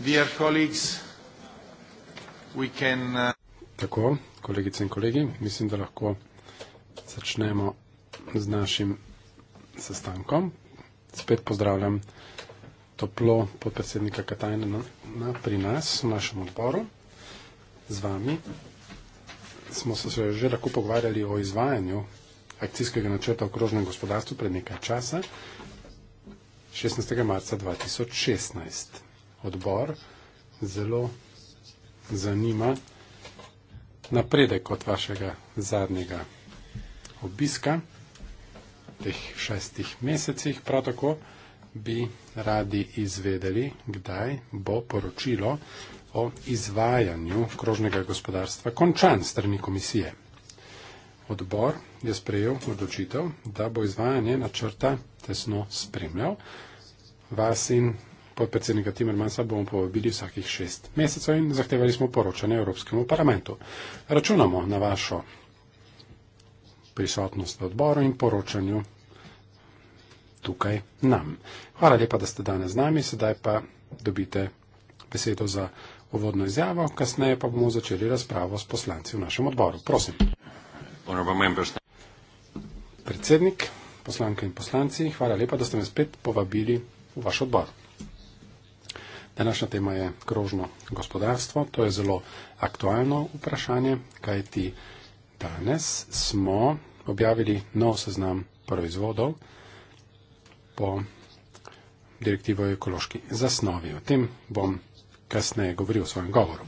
Dear colleagues, we can, uh... Tako, kolegice in kolegi, mislim, da lahko začnemo z našim sestankom. Spet pozdravljam toplo podpredsednika Katajna na, na, pri nas, v našem odboru, z vami. Smo se že lahko pogovarjali o izvajanju akcijskega načrta okrožnem gospodarstvu pred nekaj časa, 16. marca 2016 odbor zelo zanima napredek od vašega zadnjega obiska v teh šestih mesecih. Prav tako bi radi izvedeli, kdaj bo poročilo o izvajanju krožnega gospodarstva končan strani komisije. Odbor je sprejel odločitev, da bo izvajanje načrta tesno spremljal. Vas in podpredsednika Timermansa bomo povabili vsakih šest mesecev in zahtevali smo poročanje Evropskemu parlamentu. Računamo na vašo prisotnost v odboru in poročanju tukaj nam. Hvala lepa, da ste danes z nami, sedaj pa dobite besedo za uvodno izjavo, kasneje pa bomo začeli razpravo s poslanci v našem odboru. Prosim. Predsednik, poslanke in poslanci, hvala lepa, da ste me spet povabili v vaš odbor. Današnja tema je krožno gospodarstvo. To je zelo aktualno vprašanje, kajti danes smo objavili nov seznam proizvodov po direktivo o ekološki zasnovi. O tem bom kasneje govoril v svojem govoru.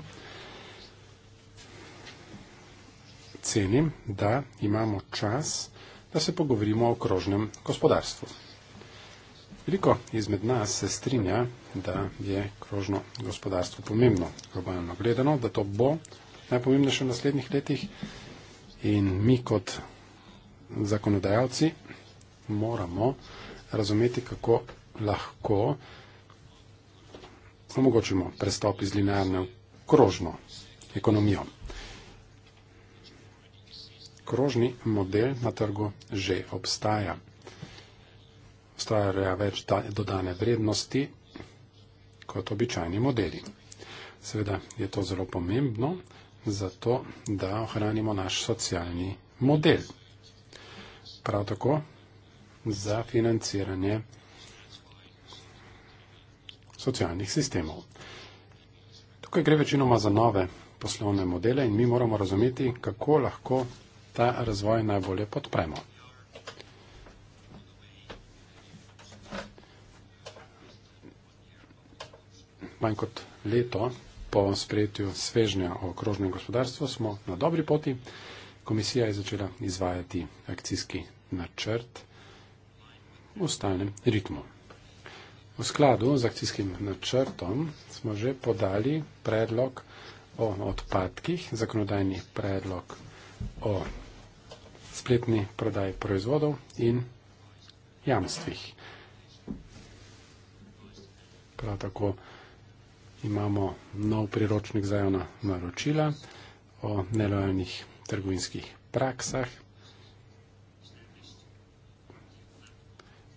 Cenim, da imamo čas, da se pogovorimo o krožnem gospodarstvu. Veliko izmed nas se strinja, da je krožno gospodarstvo pomembno, globalno gledano, da to bo najpomembnejše v naslednjih letih in mi kot zakonodajalci moramo razumeti, kako lahko omogočimo prestop iz linearne v krožno ekonomijo. Krožni model na trgu že obstaja ustvarjajo več dodane vrednosti kot običajni modeli. Seveda je to zelo pomembno, zato da ohranimo naš socialni model. Prav tako za financiranje socialnih sistemov. Tukaj gre večinoma za nove poslovne modele in mi moramo razumeti, kako lahko ta razvoj najbolje podpremo. manj kot leto po sprejetju svežnja o okrožnem gospodarstvu smo na dobri poti. Komisija je začela izvajati akcijski načrt v stalnem ritmu. V skladu z akcijskim načrtom smo že podali predlog o odpadkih, zakonodajni predlog o spletni prodaji proizvodov in jamstvih. Prav tako imamo nov priročnik za javna naročila o nelojalnih trgovinskih praksah.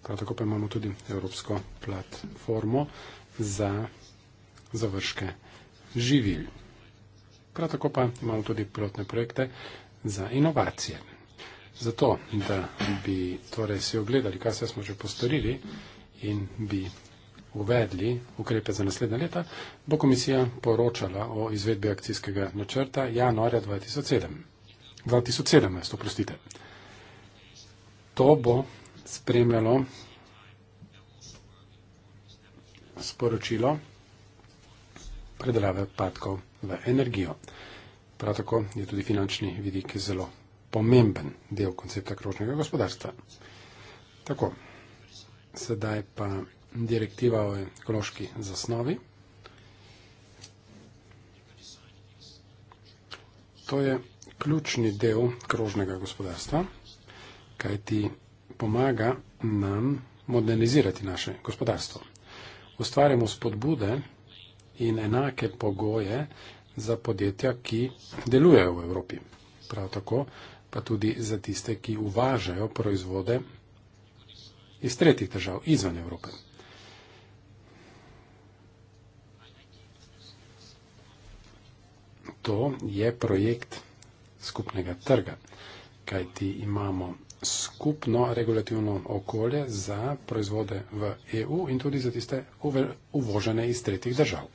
Prav tako pa imamo tudi evropsko platformo za završke živil. Prav tako pa imamo tudi pilotne projekte za inovacije. Zato, da bi torej si ogledali, kaj vse smo že postorili in bi uvedli ukrepe za naslednje leta, bo komisija poročala o izvedbi akcijskega načrta januarja 2007. 2017, oprostite. To bo spremljalo sporočilo predelave odpadkov v energijo. Prav tako je tudi finančni vidik zelo pomemben del koncepta krožnega gospodarstva. Tako, sedaj pa direktiva o ekološki zasnovi. To je ključni del krožnega gospodarstva, kaj ti pomaga nam modernizirati naše gospodarstvo. Ustvarjamo spodbude in enake pogoje za podjetja, ki delujejo v Evropi. Prav tako pa tudi za tiste, ki uvažajo proizvode iz tretjih držav, izven Evrope. to je projekt skupnega trga, kajti imamo skupno regulativno okolje za proizvode v EU in tudi za tiste uvožene iz tretjih držav.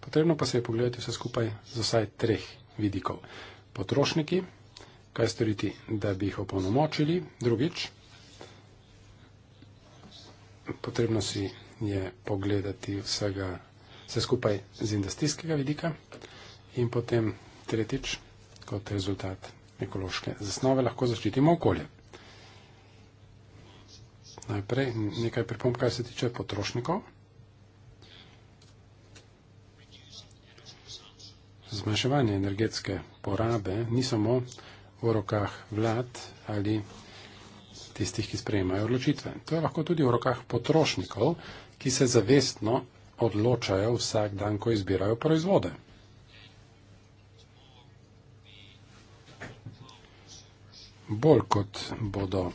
Potrebno pa se je pogledati vse skupaj z vsaj treh vidikov. Potrošniki, kaj storiti, da bi jih opolnomočili, drugič, potrebno si je pogledati vsega, vse skupaj z industrijskega vidika in potem tretjič kot rezultat ekološke zasnove lahko zaščitimo okolje. Najprej nekaj pripomb, kar se tiče potrošnikov. Zmanjševanje energetske porabe ni samo v rokah vlad ali tistih, ki sprejemajo odločitve. To je lahko tudi v rokah potrošnikov, ki se zavestno odločajo vsak dan, ko izbirajo proizvode. Bolj kot bodo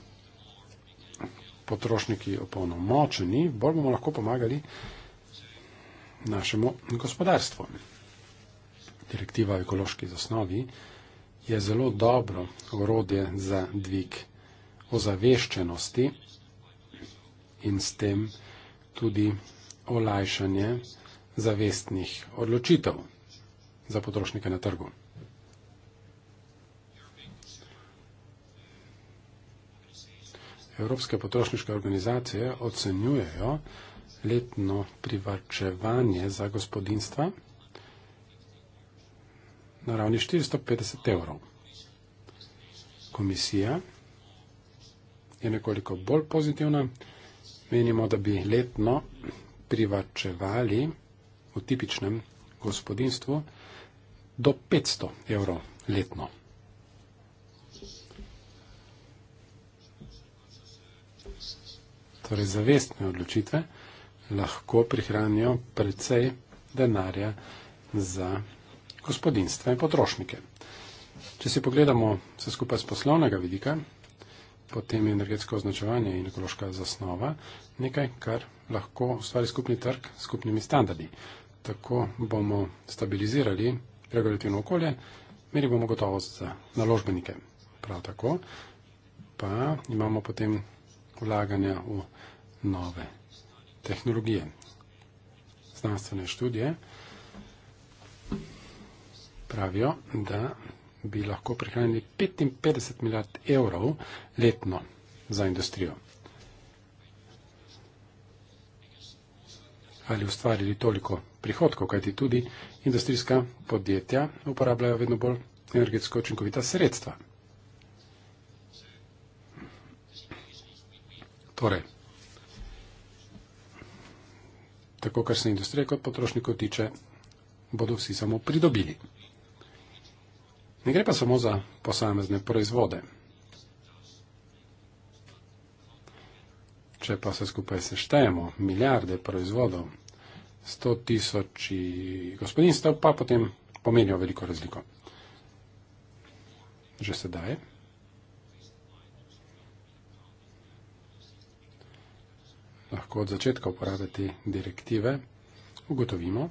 potrošniki opolnomočeni, bolj bomo lahko pomagali našemu gospodarstvu. Direktiva o ekološki zasnovi je zelo dobro orodje za dvig ozaveščenosti in s tem tudi olajšanje zavestnih odločitev za potrošnike na trgu. Evropske potrošniške organizacije ocenjujejo letno privrčevanje za gospodinstva na ravni 450 evrov. Komisija je nekoliko bolj pozitivna. Menimo, da bi letno privačevali v tipičnem gospodinstvu do 500 evrov letno. Torej zavestne odločitve lahko prihranijo precej denarja za gospodinstva in potrošnike. Če si pogledamo vse skupaj z poslovnega vidika, potem je energetsko označevanje in ekološka zasnova nekaj, kar lahko ustvari skupni trg s skupnimi standardi. Tako bomo stabilizirali regulativno okolje, imeli bomo gotovost za naložbenike. Prav tako pa imamo potem vlaganja v nove tehnologije, znanstvene študije pravijo, da bi lahko prihranili 55 milijard evrov letno za industrijo. Ali ustvarili toliko prihodkov, kajti tudi industrijska podjetja uporabljajo vedno bolj energetsko učinkovita sredstva. Torej, tako kar se industrije kot potrošnikov tiče, bodo vsi samo pridobili. Ne gre pa samo za posamezne proizvode. Če pa se skupaj seštejemo, milijarde proizvodov, sto tisoči gospodinstv, pa potem pomenijo veliko razliko. Že sedaj. Lahko od začetka uporabiti direktive, ugotovimo,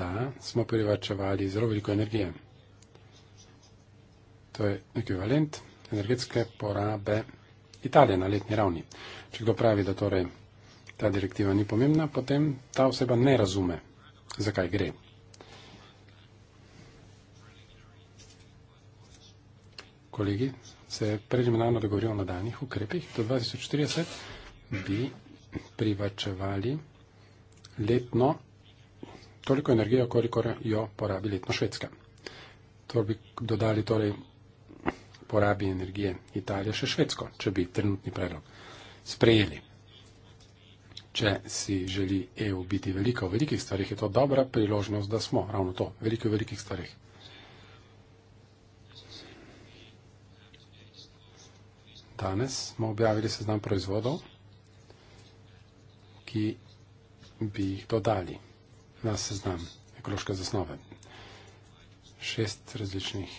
da smo privačevali zelo veliko energije. To je ekvivalent energetske porabe Italije na letni ravni. Če kdo pravi, da torej ta direktiva ni pomembna, potem ta oseba ne razume, zakaj gre. Kolegi, se je preliminarno dogovoril o nadaljnih ukrepih. Do 2040 bi privačevali letno toliko energije, koliko jo porabi letno Švedska. To bi dodali torej porabi energije Italija še Švedsko, če bi trenutni predlog sprejeli. Če si želi EU biti velika v velikih stvarih, je to dobra priložnost, da smo ravno to, veliki v velikih stvarih. Danes smo objavili seznam proizvodov, ki bi jih dodali na seznam ekološke zasnove. Šest različnih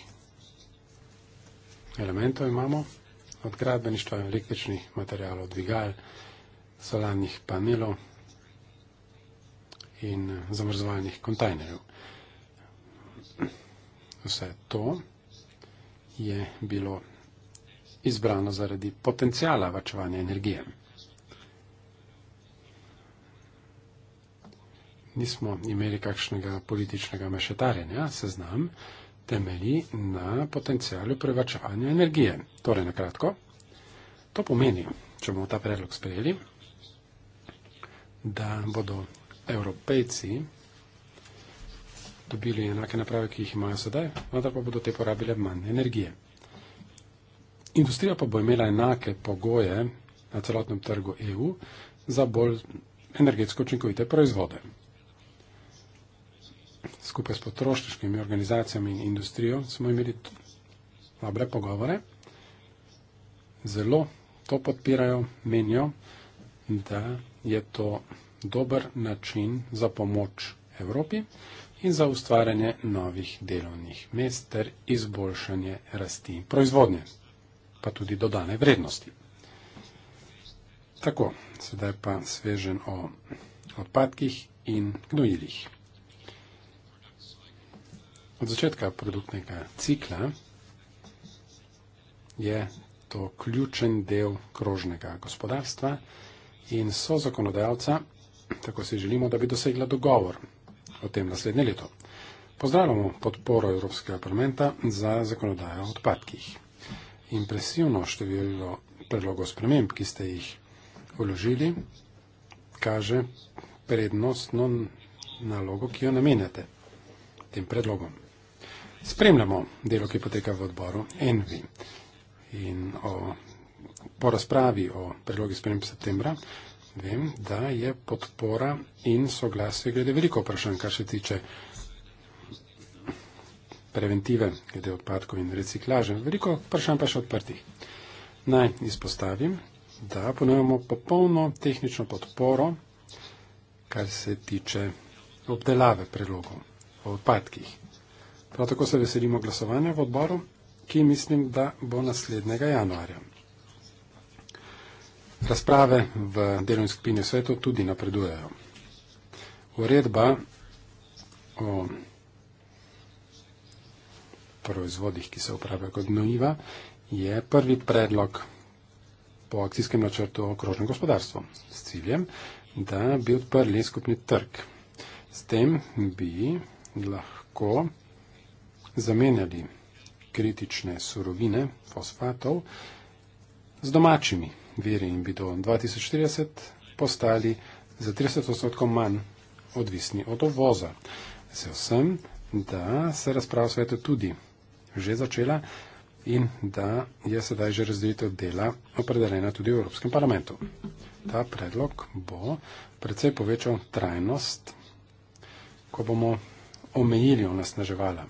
elementov imamo, od gradbeništva, električnih materijalov, dvigal, solarnih panelov in zamrzovalnih kontajnerjev. Vse to je bilo izbrano zaradi potencijala vačevanja energije. Nismo imeli kakšnega političnega mešetarjenja, se znam, temelji na potencijalu prevačevanja energije. Torej, na kratko, to pomeni, če bomo ta predlog sprejeli, da bodo evropejci dobili enake naprave, ki jih imajo sedaj, vendar pa bodo te porabile manj energije. Industrija pa bo imela enake pogoje na celotnem trgu EU za bolj energetsko učinkovite proizvode skupaj s potrošniškimi organizacijami in industrijo smo imeli dobre pogovore. Zelo to podpirajo, menijo, da je to dober način za pomoč Evropi in za ustvarjanje novih delovnih mest ter izboljšanje rasti proizvodnje, pa tudi dodane vrednosti. Tako, sedaj pa svežen o odpadkih in gnojilih. Od začetka produktnega cikla je to ključen del krožnega gospodarstva in so zakonodajalca, tako si želimo, da bi dosegla dogovor o tem naslednje leto. Pozdravljamo podporo Evropskega parlamenta za zakonodajo o odpadkih. Impresivno število predlogov sprememb, ki ste jih vložili, kaže prednostno nalogo, ki jo namenjate tem predlogom. Spremljamo delo, ki poteka v odboru Envi. In o, po razpravi o predlogi sprememb septembra vem, da je podpora in soglasje glede veliko vprašanj, kar se tiče preventive glede odpadkov in reciklaže. Veliko vprašanj pa še odprtih. Naj izpostavim, da ponujemo popolno tehnično podporo, kar se tiče obdelave predlogov o odpadkih. Prav tako se veselimo glasovanja v odboru, ki mislim, da bo naslednjega januarja. Razprave v delovni skupini v svetu tudi napredujejo. Uredba o proizvodih, ki se uporabljajo kot gnojiva, je prvi predlog po akcijskem načrtu okrožnem gospodarstvu s ciljem, da bi odprli skupni trg. S tem bi lahko zamenjali kritične surovine fosfatov z domačimi viri in bi do 2040 postali za 30 odstotkov manj odvisni od ovoza. Vesel sem, da se razprava sveta tudi že začela in da je sedaj že razdelitev dela opredeljena tudi v Evropskem parlamentu. Ta predlog bo predvsej povečal trajnost, ko bomo omejili onesnaževala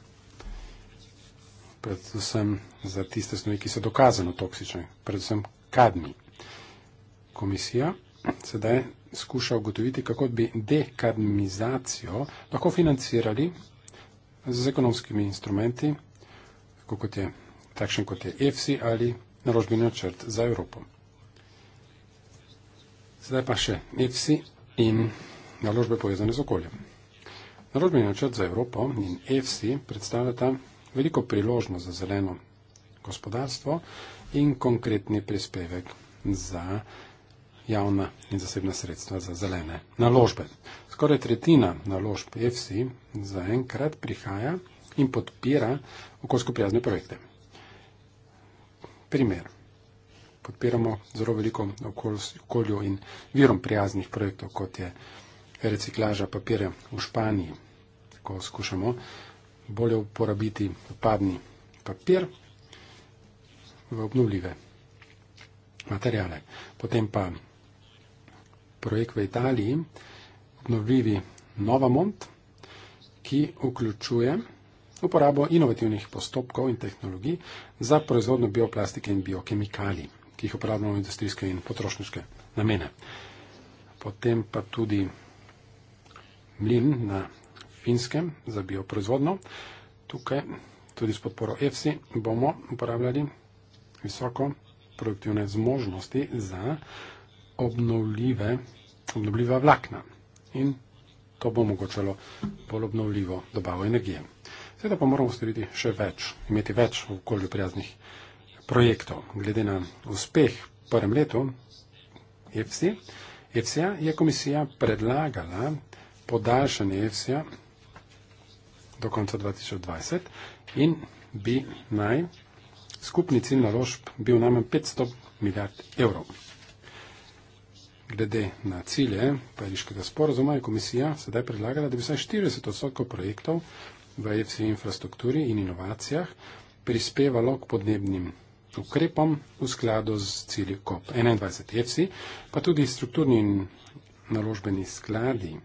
predvsem za tiste snovi, ki so dokazano toksične, predvsem kadmi. Komisija sedaj skuša ugotoviti, kako bi dekadmizacijo lahko financirali z ekonomskimi instrumenti, kot je, takšen kot je EFSI ali naložbeni načrt za Evropo. Sedaj pa še EFSI in naložbe povezane z okoljem. Naložbeni načrt za Evropo in EFSI predstavljata veliko priložnost za zeleno gospodarstvo in konkretni prispevek za javna in zasebna sredstva za zelene naložbe. Skoraj tretjina naložb EFSI zaenkrat prihaja in podpira okoljsko prijazne projekte. Primer. Podpiramo zelo veliko okolju in virom prijaznih projektov, kot je reciklaža papirja v Španiji, ko skušamo uh, bolje uporabiti odpadni papir v obnovljive materijale. Potem pa projekt v Italiji, obnovljivi Novamont, ki vključuje uporabo inovativnih postopkov in tehnologij za proizvodno bioplastike in biokemikali, ki jih uporabljamo v industrijske in potrošniške namene. Potem pa tudi mlin na Finske za bioproizvodno. Tukaj tudi s podporo EFSI bomo uporabljali visoko produktivne zmožnosti za obnovljive, obnovljiva vlakna. In to bo omogočalo bolj obnovljivo dobavo energije. Seveda pa moramo storiti še več, imeti več v okolju prijaznih projektov. Glede na uspeh v prvem letu EFSI, EFSI je komisija predlagala podaljšanje EFSI do konca 2020 in bi naj skupni cilj naložb bil najmanj 500 milijard evrov. Glede na cilje pariškega sporozuma je komisija sedaj predlagala, da bi vsaj 40 odstotkov projektov v EFSI infrastrukturi in inovacijah prispevalo k podnebnim ukrepom v skladu z cilji COP21 EFSI, e pa tudi strukturni in naložbeni skladi,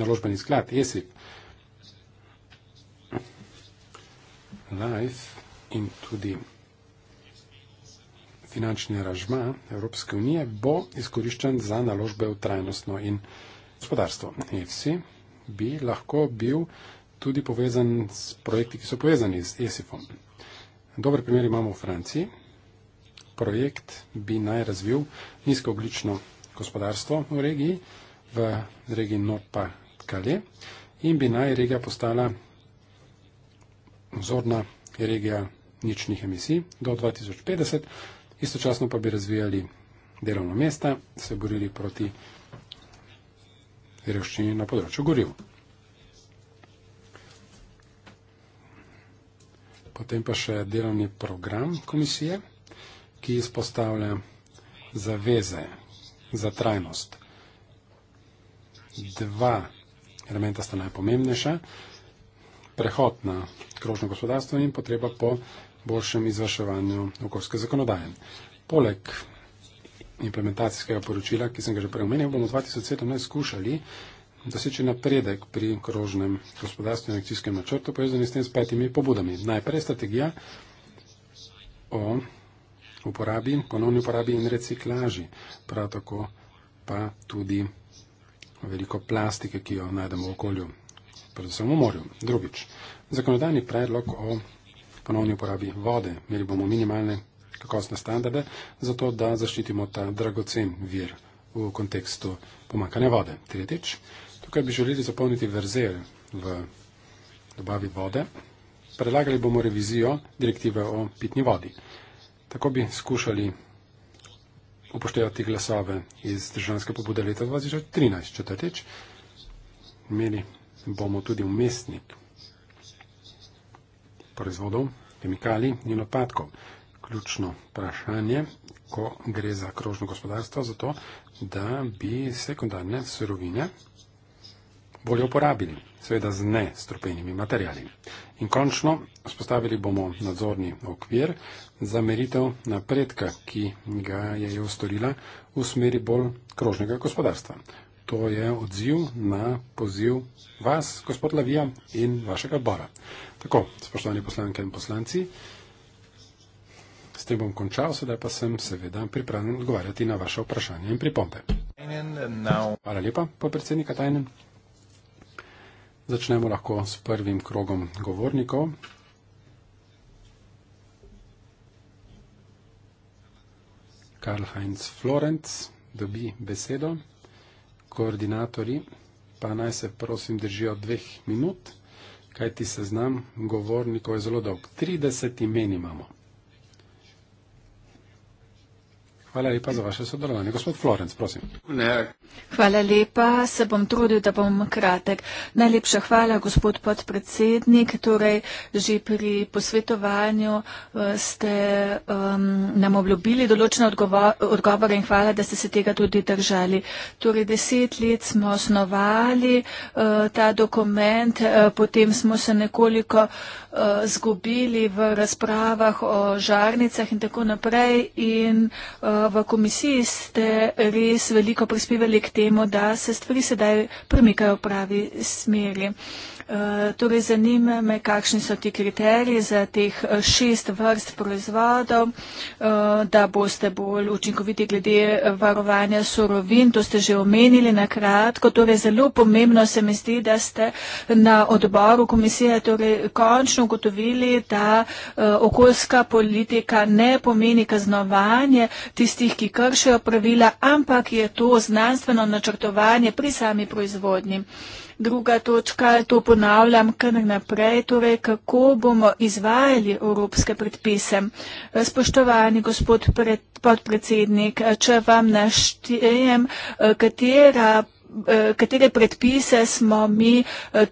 naložbeni sklad ESIP Life in tudi finančni aranžma Evropske unije bo izkoriščen za naložbe v trajnostno in gospodarstvo. EFSI bi lahko bil tudi povezan s projekti, ki so povezani z ESIF-om. Dober primer imamo v Franciji. Projekt bi naj razvil nizkooglično gospodarstvo v regiji, v regiji Nord-Pas-Calais in bi naj regija postala vzorna regija ničnih emisij do 2050. Istočasno pa bi razvijali delovno mesta, se borili proti revščini na področju goriv. Potem pa še delovni program komisije, ki izpostavlja zaveze za trajnost. Dva elementa sta najpomembnejša prehod na krožno gospodarstvo in potreba po boljšem izvrševanju okoljske zakonodaje. Poleg implementacijskega poročila, ki sem ga že prej omenil, bomo v 2017 skušali doseči napredek pri krožnem gospodarstvu in akcijskem načrtu, povezani s tem s petimi pobudami. Najprej strategija o uporabi, ponovni uporabi in reciklaži, prav tako pa tudi veliko plastike, ki jo najdemo v okolju predvsem v morju. Drugič, zakonodajni predlog o ponovni uporabi vode. Imeli bomo minimalne kakostne standarde, zato da zaščitimo ta dragocen vir v kontekstu pomankanja vode. Tretjič, tukaj bi želeli zapolniti verzel v dobavi vode. Predlagali bomo revizijo direktive o pitni vodi. Tako bi skušali upoštevati glasove iz državske pobude leta 2013. Četrtič, imeli bomo tudi umestnik proizvodov, kemikalij in odpadkov. Ključno vprašanje, ko gre za krožno gospodarstvo, zato, da bi sekundarne surovine bolje uporabili, seveda z nestrupenimi materijali. In končno, spostavili bomo nadzorni okvir za meritev napredka, ki ga je ustorila v smeri bolj krožnega gospodarstva. To je odziv na poziv vas, gospod Lavija, in vašega odbora. Tako, spoštovani poslanke in poslanci, s tem bom končal, sedaj pa sem seveda pripravljen odgovarjati na vaše vprašanje in pripombe. Hvala lepa, podpredsednika Tajne. Začnemo lahko s prvim krogom govornikov. Karl Heinz Florenc dobi besedo koordinatorji, pa naj se prosim držijo dveh minut, kaj ti seznam govornikov je zelo dolg. 30 imen imamo. Hvala lepa za vaše sodelovanje. Gospod Florenc, prosim. Ne. Hvala lepa, se bom trudil, da bom kratek. Najlepša hvala, gospod podpredsednik. Torej, že pri posvetovanju eh, ste um, nam obljubili določene odgovor, odgovore in hvala, da ste se tega tudi držali. Torej, deset let smo osnovali uh, ta dokument, uh, potem smo se nekoliko uh, zgubili v razpravah o žarnicah in tako naprej. In, uh, v komisiji ste res veliko prispevali k temu, da se stvari sedaj premikajo v pravi smeri. Eh, torej zanima me, kakšni so ti kriteriji za teh eh, šest vrst proizvodov, eh, da boste bolj učinkoviti glede varovanja surovin, to ste že omenili na kratko. Torej zelo pomembno se mi zdi, da ste na odboru komisije torej končno ugotovili, da okoljska politika ne pomeni kaznovanje tistih, ki kršijo pravila, ampak je to znanstveno načrtovanje pri sami proizvodnji. Druga točka, to ponavljam kar naprej, torej kako bomo izvajali evropske predpise. Spoštovani gospod pred, podpredsednik, če vam naštejem, katera katere predpise smo mi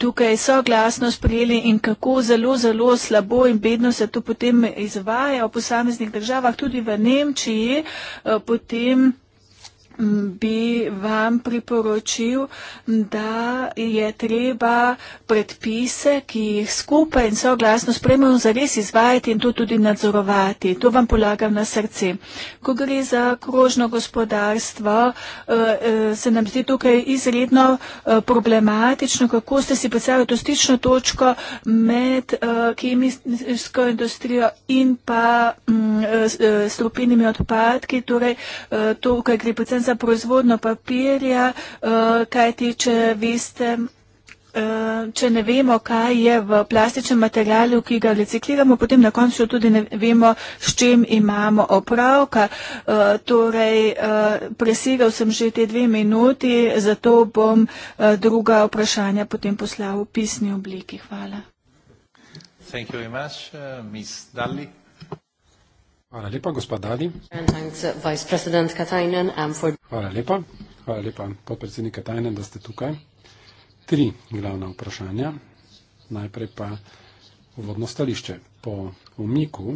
tukaj soglasno sprejeli in kako zelo, zelo slabo in bedno se to potem izvaja v posameznih državah, tudi v Nemčiji, potem bi vam priporočil, da je treba predpise, ki jih skupaj in soglasno spremljamo, zares izvajati in to tudi nadzorovati. To vam polagam na srce. Ko gre za krožno gospodarstvo, eh, eh, se nam zdi tukaj izredno eh, problematično, kako ste si predstavili to stično točko med kemijsko industrijo in pa mm, strupinimi odpadki. Torej, to, za proizvodno papirja, eh, kajti če veste. Eh, če ne vemo, kaj je v plastičnem materialu, ki ga recikliramo, potem na koncu tudi ne vemo, s čim imamo opravka. Eh, torej, presegal sem že te dve minuti, zato bom druga vprašanja potem poslal v pisni obliki. Hvala. Hvala. Hvala lepa, gospod Dadi. Uh, um, Hvala lepa. Hvala lepa, podpredsednik Katajnen, da ste tukaj. Tri glavna vprašanja. Najprej pa uvodno stališče. Po omiku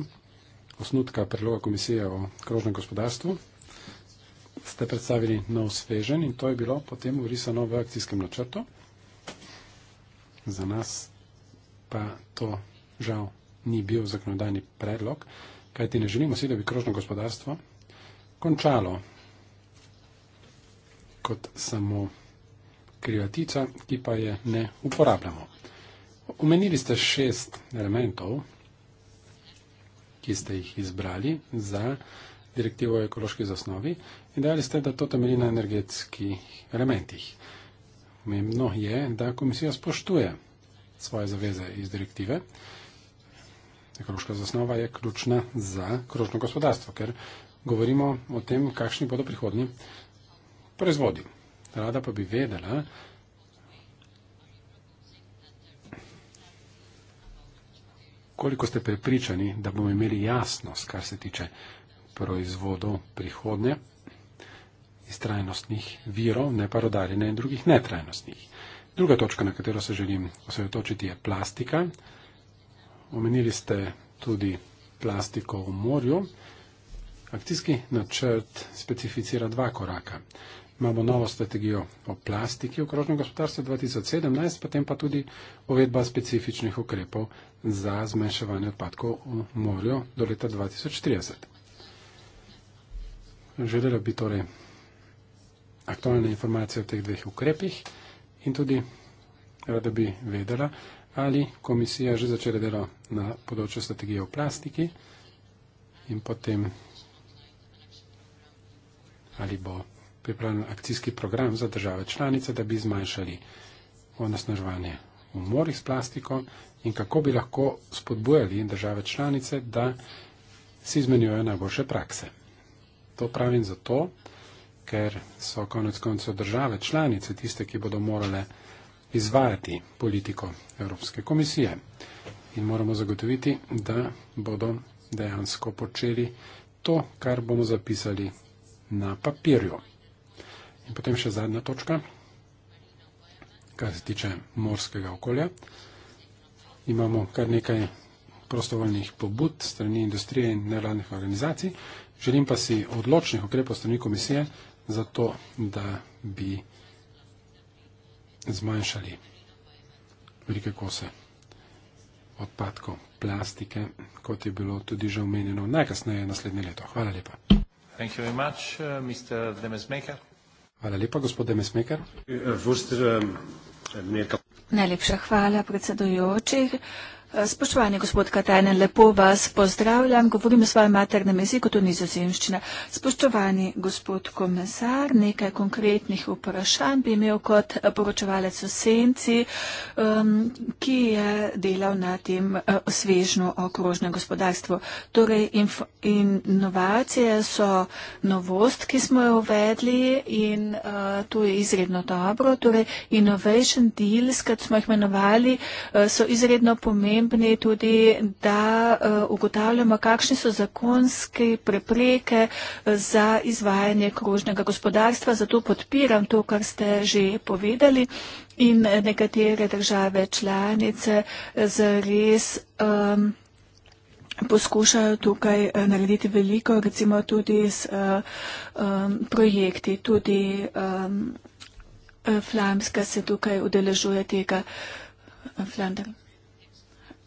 osnutka predloga komisije o krožnem gospodarstvu ste predstavili nov svežen in to je bilo potem urisano v akcijskem načrtu. Za nas pa to žal ni bil zakonodajni predlog kajti ne želimo si, da bi krožno gospodarstvo končalo kot samo krivatica, ki pa je ne uporabljamo. Umenili ste šest elementov, ki ste jih izbrali za direktivo o ekološki zasnovi in dali ste, da to temelji na energetskih elementih. Pomembno je, da komisija spoštuje svoje zaveze iz direktive ekološka zasnova je ključna za krožno gospodarstvo, ker govorimo o tem, kakšni bodo prihodni proizvodi. Rada pa bi vedela, koliko ste prepričani, da bomo imeli jasnost, kar se tiče proizvodov prihodnje iz trajnostnih virov, ne pa rodarjene in drugih netrajnostnih. Druga točka, na katero se želim osredotočiti, je plastika omenili ste tudi plastiko v morju. Akcijski načrt specificira dva koraka. Imamo novo strategijo o plastiki v krožnem gospodarstvu 2017, potem pa tudi uvedba specifičnih ukrepov za zmanjševanje odpadkov v morju do leta 2030. Želela bi torej aktualne informacije o teh dveh ukrepih in tudi rada bi vedela, ali komisija že začela delo na področju strategije v plastiki in potem ali bo pripravljen akcijski program za države članice, da bi zmanjšali onesnaževanje v morjih s plastiko in kako bi lahko spodbujali države članice, da si izmenjujejo najboljše prakse. To pravim zato, ker so konec koncev države članice tiste, ki bodo morale izvajati politiko Evropske komisije in moramo zagotoviti, da bodo dejansko počeli to, kar bomo zapisali na papirju. In potem še zadnja točka, kar se tiče morskega okolja. Imamo kar nekaj prostovoljnih pobud strani industrije in nevladnih organizacij. Želim pa si odločnih ukrepov strani komisije za to, da bi zmanjšali velike kose odpadkov plastike, kot je bilo tudi že omenjeno najkasneje naslednje leto. Hvala lepa. Thank you very much, uh, Mr. Demesmaker. Hvala lepa, gospod Demesmaker. Uh, um, Najlepša hvala, predsedujoči. Uh, Spoštovani gospod Katajnen, lepo vas pozdravljam. Govorim o svojem maternem jeziku, to ni zazemščina. Spoštovani gospod komisar, nekaj konkretnih vprašanj bi imel kot poročevalec v Senci, um, ki je delal na tem uh, svežnju okrožnem gospodarstvu. Torej, inovacije so novost, ki smo jo uvedli in uh, to je izredno dobro. Torej, innovation deals, kot smo jih imenovali, uh, so izredno pomembni pomembni tudi, da eh, ugotavljamo, kakšne so zakonske prepreke eh, za izvajanje krožnega gospodarstva. Zato podpiram to, kar ste že povedali in nekatere države članice eh, zares. Um, poskušajo tukaj narediti veliko, recimo tudi s uh, um, projekti, tudi um, Flamska se tukaj udeležuje tega Flandra.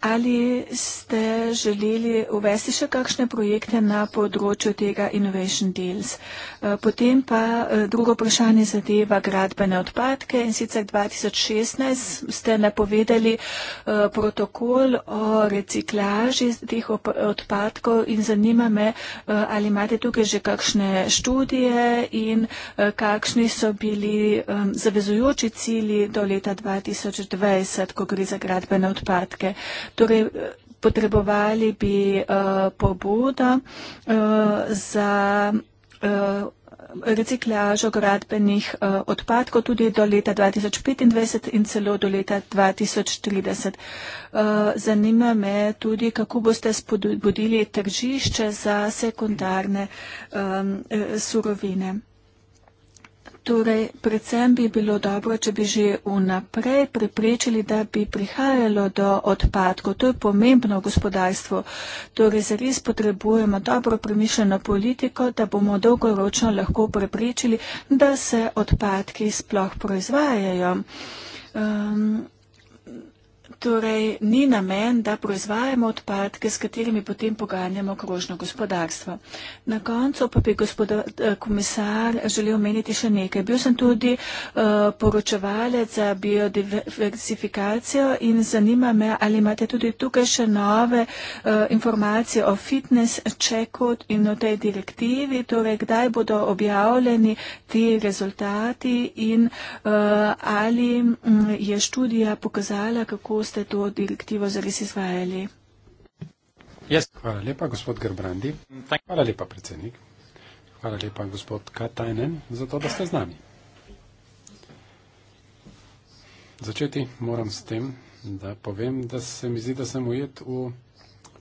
Ali ste želeli uvesti še kakšne projekte na področju tega Innovation Deals? Eh, potem pa eh, drugo vprašanje zadeva gradbene odpadke in sicer 2016 ste napovedali eh, protokol o reciklaži teh odpadkov in zanima me, ali imate tukaj že kakšne študije in kakšni so bili zavezujoči cilji do leta 2020, ko gre za gradbene odpadke. Torej, potrebovali bi uh, pobudo uh, za uh, reciklažo gradbenih uh, odpadkov tudi do leta 2025 in celo do leta 2030. Uh, zanima me tudi, kako boste spodbudili tržišče za sekundarne um, surovine. Torej, predvsem bi bilo dobro, če bi že vnaprej preprečili, da bi prihajalo do odpadkov. To je pomembno v gospodarstvu. Torej, zares potrebujemo dobro premišljeno politiko, da bomo dolgoročno lahko preprečili, da se odpadki sploh proizvajajo. Um, torej ni namen, da proizvajamo odpadke, s katerimi potem poganjamo krožno gospodarstvo. Na koncu pa bi gospodar, eh, komisar želel omeniti še nekaj. Bil sem tudi uh, poročevalec za biodiversifikacijo in zanima me, ali imate tudi tukaj še nove uh, informacije o fitness check-u in o tej direktivi, torej kdaj bodo objavljeni ti rezultati in uh, ali m, mm, je študija pokazala, kako boste to direktivo zares izvajali? Yes. Hvala lepa, gospod Gerbrandi. Hvala lepa, predsednik. Hvala lepa, gospod Katajnen, za to, da ste z nami. Začeti moram s tem, da povem, da se mi zdi, da sem ujet v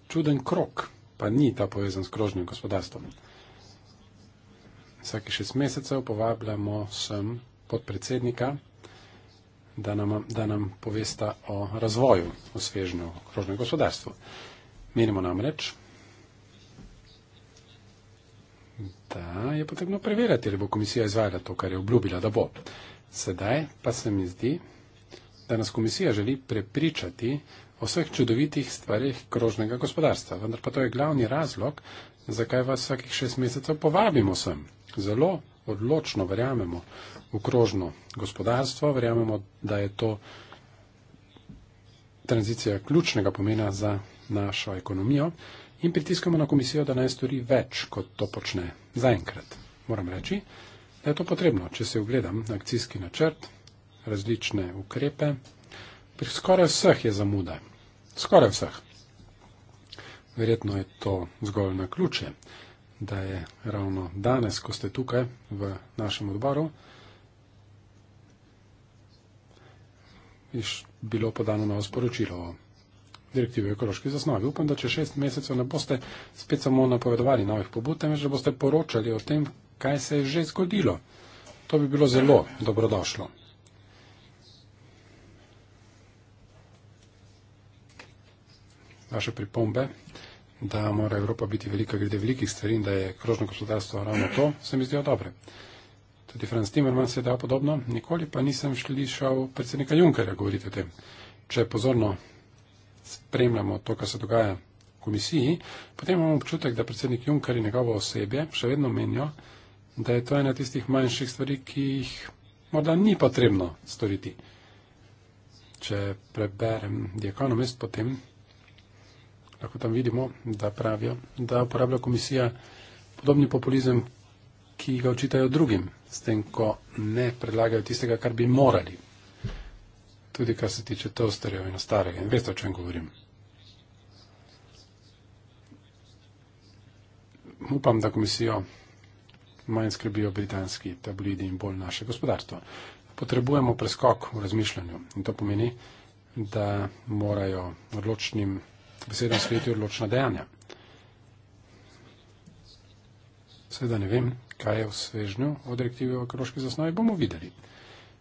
čuden krok, pa ni ta povezan s krožnim gospodarstvom. Vsake šest mesecev povabljamo sem podpredsednika da nam, da nam povesta o razvoju, o svežnju krožnega gospodarstva. Menimo namreč, da je potrebno preverjati, ali bo komisija izvajala to, kar je obljubila, da bo. Sedaj pa se mi zdi, da nas komisija želi prepričati o vseh čudovitih stvarih krožnega gospodarstva. Vendar pa to je glavni razlog, zakaj vas vsakih šest mesecev povabimo sem. Zelo odločno verjamemo v krožno gospodarstvo, verjamemo, da je to tranzicija ključnega pomena za našo ekonomijo in pritiskamo na komisijo, da naj stori več, kot to počne zaenkrat. Moram reči, da je to potrebno, če se ogledam na akcijski načrt, različne ukrepe. Pri skoraj vseh je zamuda. Skoraj vseh. Verjetno je to zgolj na ključe da je ravno danes, ko ste tukaj v našem odboru, bilo podano novo sporočilo o direktivi ekološki zasnovi. Upam, da če šest mesecev ne boste spet samo napovedovali novih pobud, temveč da boste poročali o tem, kaj se je že zgodilo. To bi bilo zelo dobrodošlo. Vaše pripombe da mora Evropa biti velika glede velikih stvari in da je krožno gospodarstvo ravno to, se mi zdijo dobre. Tudi Franz Timmermans je dal podobno, nikoli pa nisem šlišal predsednika Junkerja govoriti o tem. Če pozorno spremljamo to, kar se dogaja v komisiji, potem imamo občutek, da predsednik Junker in njegovo osebje še vedno menijo, da je to ena tistih manjših stvari, ki jih morda ni potrebno storiti. Če preberem The Economist potem, lahko tam vidimo, da pravijo, da uporablja komisija podobni populizem, ki ga očitajo drugim, s tem, ko ne predlagajo tistega, kar bi morali. Tudi kar se tiče tosterjev in starega. In veste, o čem govorim. Upam, da komisijo manj skrbijo britanski tablidi in bolj naše gospodarstvo. Potrebujemo preskok v razmišljanju in to pomeni, da morajo odločnim beseda sveti odločna dejanja. Seveda ne vem, kaj je v svežnju o direktivi o ekološki zasnovi, bomo videli.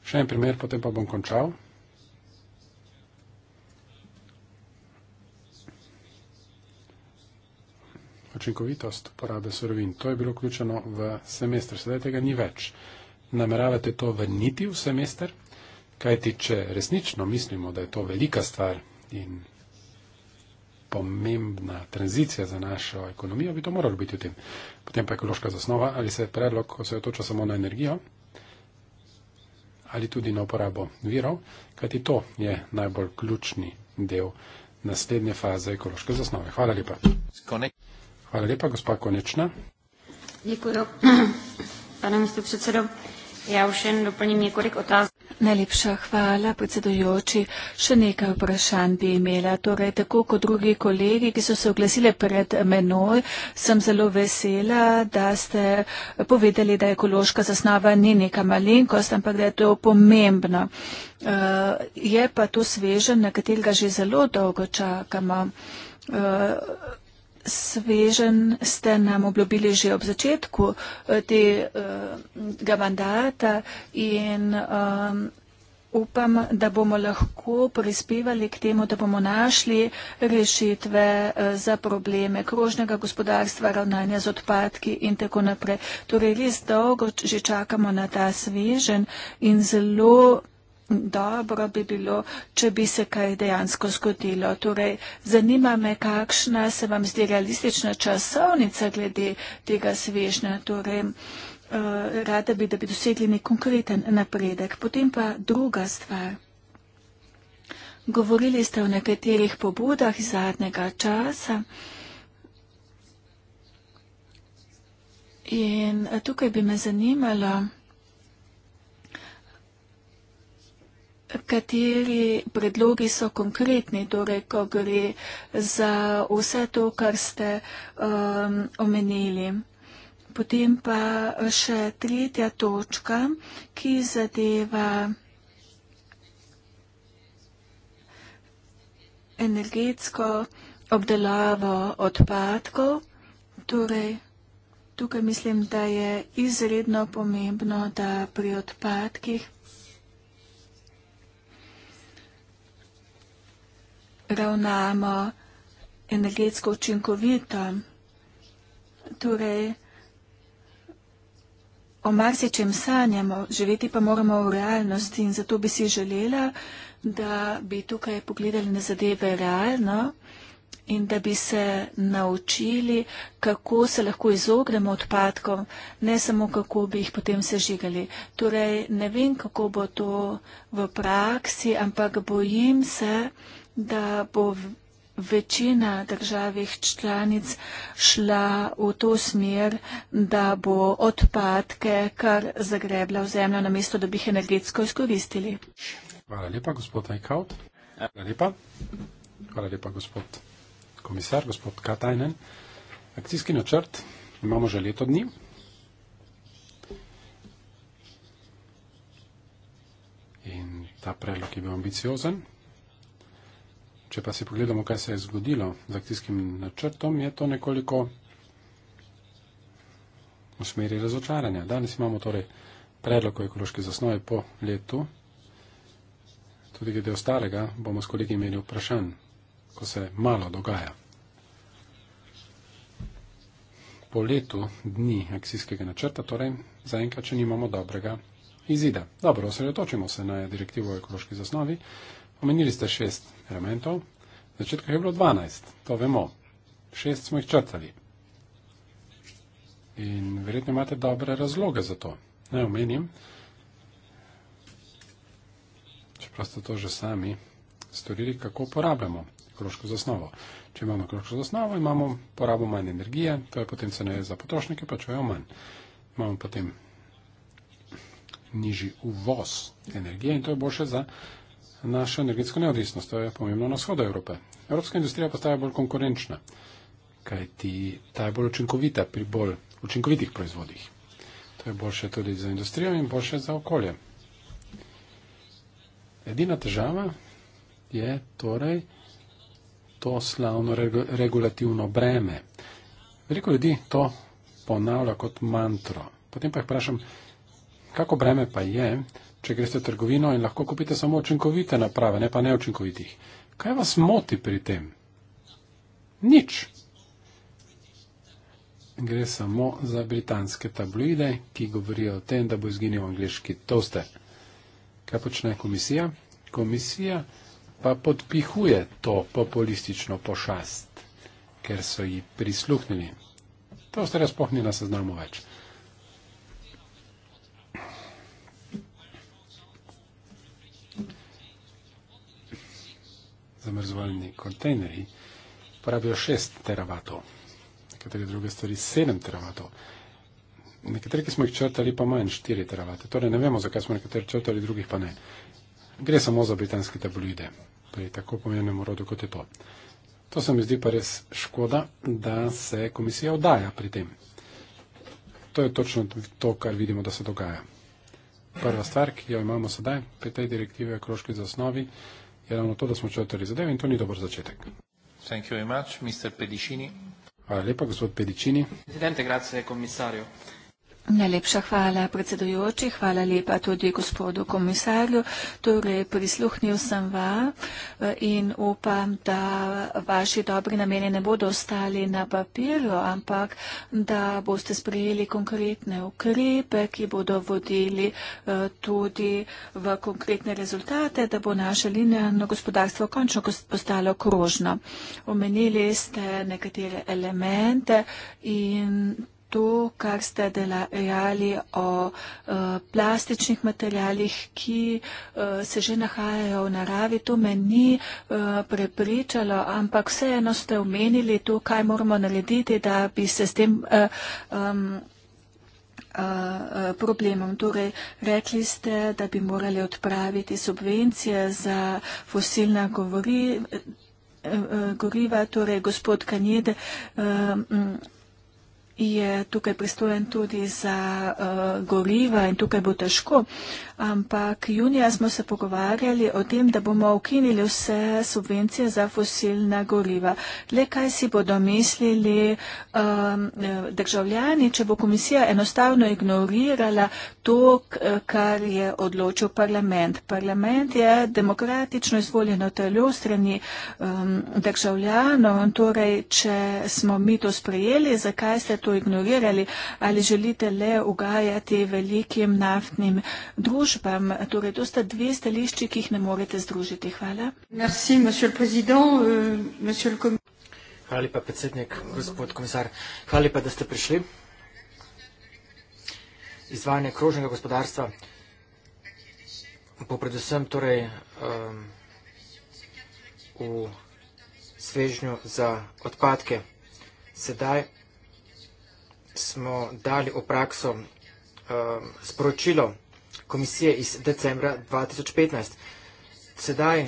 Še en primer, potem pa bom končal. Očinkovitost porabe surovin, to je bilo vključeno v semester, sedaj tega ni več. Nameravate to vrniti v semester, kajti če resnično mislimo, da je to velika stvar in pomembna tranzicija za našo ekonomijo, bi to moralo biti v tem. Potem pa ekološka zasnova, ali se predlog osredotoča samo na energijo ali tudi na uporabo virov, kajti to je najbolj ključni del naslednje faze ekološke zasnove. Hvala lepa. Hvala lepa, gospa Konečna. Děkuji, pane místo předsedo. Já už jen doplním několik otázek. Najlepša hvala, predsedujoči. Še nekaj vprašanj bi imela. Torej, tako kot drugi kolegi, ki so se oglasili pred menoj, sem zelo vesela, da ste povedali, da ekološka zasnova ni neka malenkost, ampak da je to pomembno. Eh, je pa to sveže, na katerega že zelo dolgo čakamo. Eh, svežen ste nam obljubili že ob začetku eh, tega mandata in um, upam, da bomo lahko prispevali k temu, da bomo našli rešitve eh, za probleme krožnega gospodarstva, ravnanja z odpadki in tako naprej. Torej res dolgo že čakamo na ta svežen in zelo dobro bi bilo, če bi se kaj dejansko zgodilo. Torej, zanima me, kakšna se vam zdi realistična časovnica glede tega svežnja. Torej, eh, rada bi, da bi dosegli nek konkreten napredek. Potem pa druga stvar. Govorili ste o nekaterih pobudah iz zadnjega časa. In tukaj bi me zanimalo, kateri predlogi so konkretni, torej ko gre za vse to, kar ste um, omenili. Potem pa še tretja točka, ki zadeva energetsko obdelavo odpadkov. Torej, tukaj mislim, da je izredno pomembno, da pri odpadkih ravnamo energetsko učinkovito. Torej, o marsičem sanjamo, živeti pa moramo v realnosti in zato bi si želela, da bi tukaj pogledali na zadeve realno in da bi se naučili, kako se lahko izognemo odpadkom, ne samo kako bi jih potem sežigali. Torej, ne vem, kako bo to v praksi, ampak bojim se, da da bo večina državih članic šla v to smer, da bo odpadke kar zagrebla v zemljo, namesto da bi jih energetsko izkoristili. Hvala lepa, gospod Eichhout. Hvala lepa. Hvala lepa, gospod komisar, gospod Katajnen. Akcijski načrt imamo že leto dni. In ta predlog je bil ambiciozen, Če pa si pogledamo, kaj se je zgodilo z akcijskim načrtom, je to nekoliko v smeri razočaranja. Danes imamo torej predlog o ekološki zasnovi po letu. Tudi glede ostalega bomo s kolegi imeli vprašanj, ko se malo dogaja. Po letu dni akcijskega načrta, torej zaenkrat, če nimamo dobrega izida. Dobro, osredotočimo se na direktivo o ekološki zasnovi. Omenili ste šest elementov. Na začetku je bilo 12, to vemo. Šest smo jih črtali. In verjetno imate dobre razloge za to. Ne omenim, čeprav ste to že sami storili, kako porabljamo krožko zasnovo. Če imamo krožko zasnovo, imamo porabo manj energije, to je potem cene za potrošnike, pa če jo manj. Imamo potem nižji uvoz energije in to je boljše za našo energetsko neodvisnost, to je pomembno na vzhodu Evrope. Evropska industrija postaja bolj konkurenčna, kajti ta je bolj učinkovita pri bolj učinkovitih proizvodih. To je boljše tudi za industrijo in boljše za okolje. Edina težava je torej to slavno regulativno breme. Veliko ljudi to ponavlja kot mantro. Potem pa jih vprašam, kako breme pa je, če greste v trgovino in lahko kupite samo učinkovite naprave, ne pa neučinkovitih. Kaj vas moti pri tem? Nič. Gre samo za britanske tabloide, ki govorijo o tem, da bo izginil angliški toaster. Kaj počne komisija? Komisija pa podpihuje to populistično pošast, ker so ji prisluhnili. Toaster je spohnil na seznamu več. zamrzovalni kontejnerji porabijo 6 teravatov, nekatere druge stvari 7 teravatov, nekatere, ki smo jih črtali, pa manj 4 teravate. Torej ne vemo, zakaj smo nekatere črtali, drugih pa ne. Gre samo za britanske tabloide, pri tako pomenem rodu, kot je to. To se mi zdi pa res škoda, da se komisija vdaja pri tem. To je točno to, kar vidimo, da se dogaja. Prva stvar, ki jo imamo sedaj pri tej direktivi o ekološki zasnovi, je ravno to, da smo črtali zadeve in to ni dober začetek. Hvala lepa, gospod Pedicini. Presidente, grazie, komisarju. Najlepša hvala, predsedujoči. Hvala lepa tudi gospodu komisarju. Torej, prisluhnil sem vam eh, in upam, da vaši dobri namene ne bodo ostali na papirju, ampak da boste sprejeli konkretne ukrepe, ki bodo vodili eh, tudi v konkretne rezultate, da bo naša linija na gospodarstvo končno postalo krožno. Omenili ste nekatere elemente in to, kar ste delali o eh, plastičnih materijalih, ki eh, se že nahajajo v naravi, to me ni eh, prepričalo, ampak vseeno ste omenili to, kaj moramo narediti, da bi se s tem problemom. Torej, rekli ste, da bi morali odpraviti subvencije za fosilna govori, goriva, torej gospod Kanjede je tukaj pristojen tudi za uh, goriva in tukaj bo težko. Uh, ampak junija smo se pogovarjali o tem, da bomo ukinili vse subvencije za fosilna goriva. Le kaj si bodo mislili um, državljani, če bo komisija enostavno ignorirala to, kar je odločil parlament. Parlament je demokratično izvoljeno telo strani um, državljanov, torej, če smo mi to sprejeli, zakaj ste to ignorirali, ali želite le ugajati velikim naftnim družbam službam. Torej, to sta dve stališči, ki jih ne morete združiti. Hvala. Merci, euh, Hvala lepa, predsednik, gospod komisar. Hvala lepa, da ste prišli. Izvajanje krožnega gospodarstva bo predvsem torej, um, v svežnju za odpadke. Sedaj smo dali v prakso um, sporočilo, komisije iz decembra 2015. Sedaj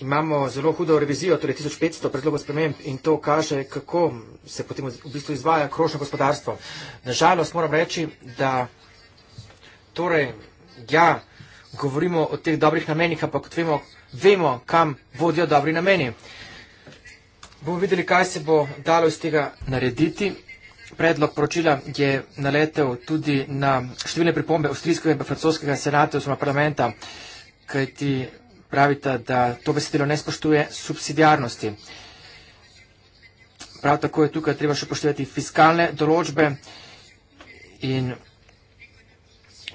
imamo zelo hudo revizijo, torej 1500 predlogov sprememb in to kaže, kako se potem v bistvu izvaja krožno gospodarstvo. Nažalost moram reči, da torej ja, govorimo o teh dobrih namenih, ampak kot vemo, vemo, kam vodijo dobri nameni. Bomo videli, kaj se bo dalo iz tega narediti. Predlog poročila je naletel tudi na številne pripombe avstrijskega in francoskega senata oziroma parlamenta, kajti pravita, da to besedilo ne spoštuje subsidijarnosti. Prav tako je tukaj treba še poštevati fiskalne določbe in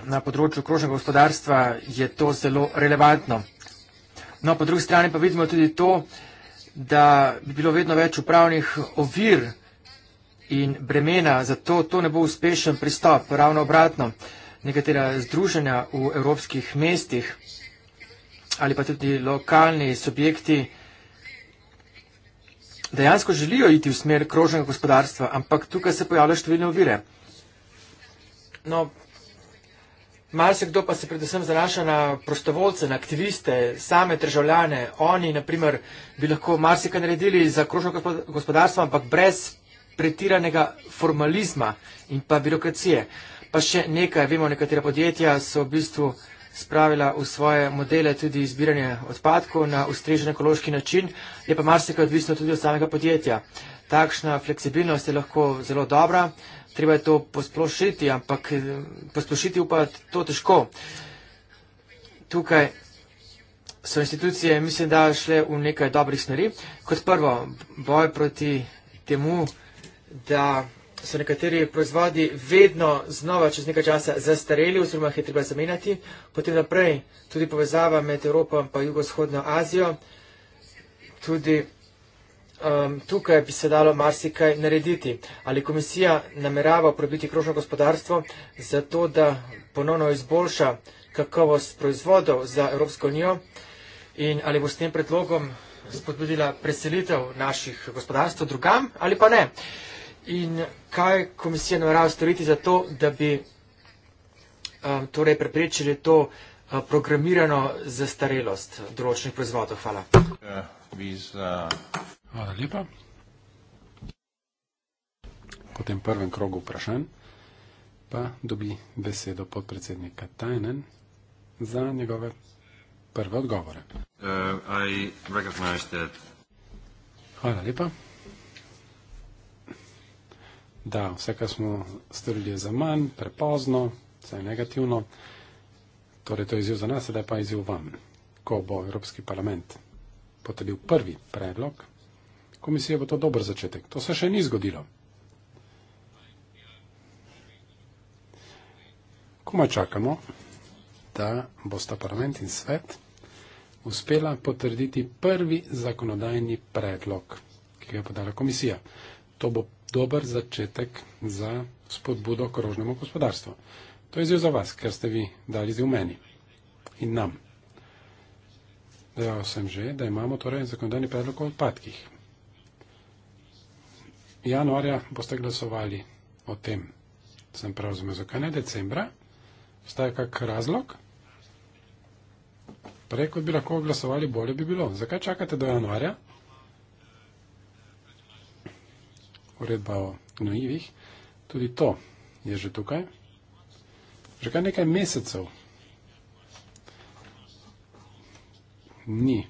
na področju krožnega gospodarstva je to zelo relevantno. No, po drugi strani pa vidimo tudi to, da bi bilo vedno več upravnih ovir, in bremena. Zato to ne bo uspešen pristop. Ravno obratno, nekatera združenja v evropskih mestih ali pa tudi lokalni subjekti dejansko želijo iti v smer krožnega gospodarstva, ampak tukaj se pojavljajo številne ovire. No, Malce kdo pa se predvsem zanaša na prostovoljce, na aktiviste, same državljane. Oni, na primer, bi lahko marsikaj naredili za krožno gospodarstvo, ampak brez pretiranega formalizma in pa birokracije. Pa še nekaj, vemo, nekatera podjetja so v bistvu spravila v svoje modele tudi izbiranje odpadkov na ustrežen ekološki način, je pa marsikaj odvisno tudi od samega podjetja. Takšna fleksibilnost je lahko zelo dobra, treba je to posplošiti, ampak eh, posplošiti upa to težko. Tukaj so institucije, mislim, da šle v nekaj dobrih smeri. Kot prvo, boj proti temu, da so nekateri proizvodi vedno znova čez nekaj časa zastareli oziroma jih je treba zamenjati. Potem naprej tudi povezava med Evropo in jugoshodno Azijo. Tudi um, tukaj bi se dalo marsikaj narediti. Ali komisija namerava uporabiti krožno gospodarstvo za to, da ponovno izboljša kakovost proizvodov za Evropsko unijo in ali bo s tem predlogom spodbudila preselitev naših gospodarstv drugam ali pa ne. In kaj komisija namerava storiti za to, da bi um, torej preprečili to uh, programirano zastarelost določenih proizvodov? Hvala. Uh, uh, Hvala lepa. Po tem prvem krogu vprašanj pa dobi besedo podpredsednika Tajnen za njegove prve odgovore. Uh, Hvala lepa da vse, kar smo storili, je za manj, prepozno, vse je negativno. Torej, to je izjiv za nas, sedaj pa izjiv vam. Ko bo Evropski parlament potrdil prvi predlog, komisije bo to dober začetek. To se še ni zgodilo. Koma čakamo, da bosta parlament in svet uspela potrditi prvi zakonodajni predlog, ki ga je podala komisija. To bo dober začetek za spodbudo k rožnemu gospodarstvu. To je zdaj za vas, ker ste vi dali zdaj v meni in nam. Dejal sem že, da imamo torej zakonodajni predlog o odpadkih. Januarja boste glasovali o tem, sem prav razumel, zakaj ne decembra. Staje kak razlog? Prej, kot bi lahko glasovali, bolje bi bilo. Zakaj čakate do januarja? uredba o gnojivih, tudi to je že tukaj. Že kar nekaj mesecev ni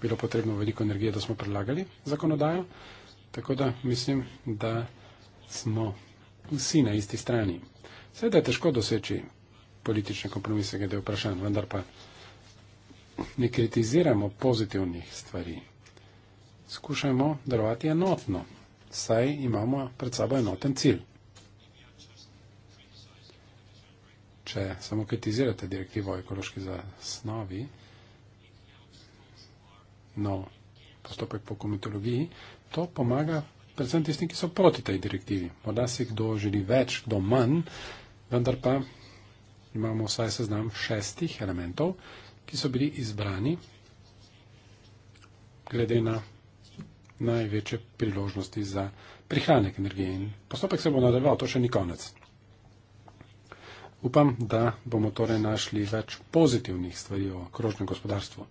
bilo potrebno veliko energije, da smo predlagali zakonodajo, tako da mislim, da smo vsi na isti strani. Seveda je težko doseči politične kompromise glede vprašanj, vendar pa ne kritiziramo pozitivnih stvari. Skušajmo delovati enotno saj imamo pred sabo enoten cilj. Če samo kritizirate direktivo o ekološki zasnovi, no, postopek po komitologiji, to pomaga predvsem tistim, ki so proti tej direktivi. Morda si kdo želi več, kdo manj, vendar pa imamo vsaj seznam šestih elementov, ki so bili izbrani glede na največje priložnosti za prihranek energije. In postopek se bo nadaljeval, to še ni konec. Upam, da bomo torej našli več pozitivnih stvari o krožnem gospodarstvu.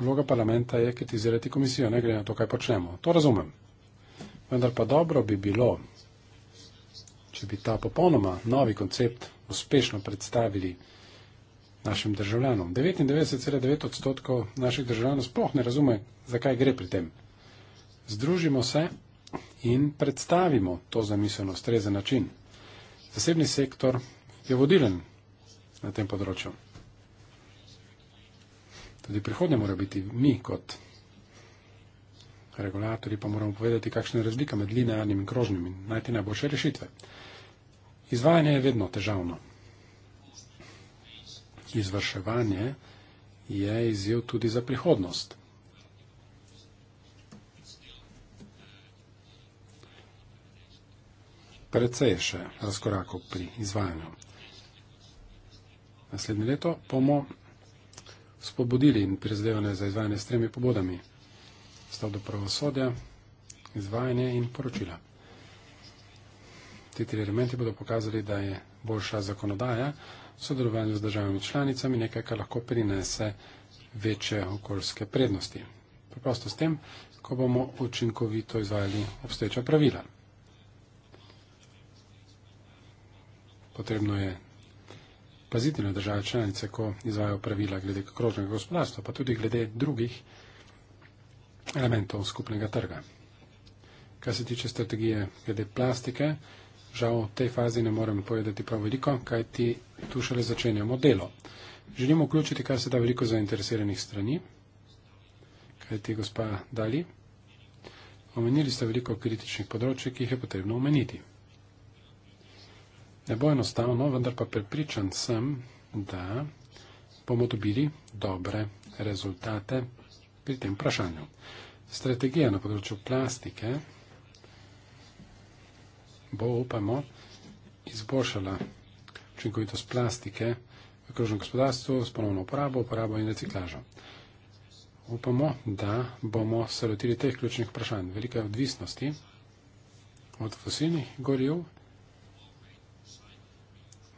Vloga parlamenta je kritizirati komisijo, ne glede na to, kaj počnemo. To razumem. Vendar pa dobro bi bilo, če bi ta popolnoma novi koncept uspešno predstavili našim državljanom. 99,9 odstotkov naših državljanov sploh ne razume, zakaj gre pri tem. Združimo se in predstavimo to zamiselnost, rezen način. Zasebni sektor je vodilen na tem področju. Tudi prihodnje mora biti mi kot regulatori, pa moramo povedati, kakšna je razlika med linearnim in krožnim in najti najboljše rešitve. Izvajanje je vedno težavno izvrševanje je izjiv tudi za prihodnost. Precej še razkorakov pri izvajanju. Naslednje leto bomo spobodili in prizadevanje za izvajanje s tremi pobodami. Stav do pravosodja, izvajanje in poročila. Ti tri elementi bodo pokazali, da je boljša zakonodaja sodelovanju z državami članicami nekaj, kar lahko prinese večje okoljske prednosti. Preprosto s tem, ko bomo učinkovito izvajali obstoječa pravila. Potrebno je paziti na države članice, ko izvajo pravila glede krožnega gospodarstva, pa tudi glede drugih elementov skupnega trga. Kar se tiče strategije glede plastike, Žal v tej fazi ne morem povedati prav veliko, kaj ti tu šele začenjamo delo. Želim vključiti kar se da veliko zainteresiranih strani, kaj ti gospa dali. Omenili ste veliko kritičnih področij, ki jih je potrebno omeniti. Ne bo enostavno, vendar pa prepričan sem, da bomo dobili dobre rezultate pri tem vprašanju. Strategija na področju plastike bo, upamo, izboljšala učinkovitost plastike v krožnem gospodarstvu s ponovno uporabo, uporabo in reciklažo. Upamo, da bomo se lotili teh ključnih vprašanj. Velike odvisnosti od fosilnih goriv,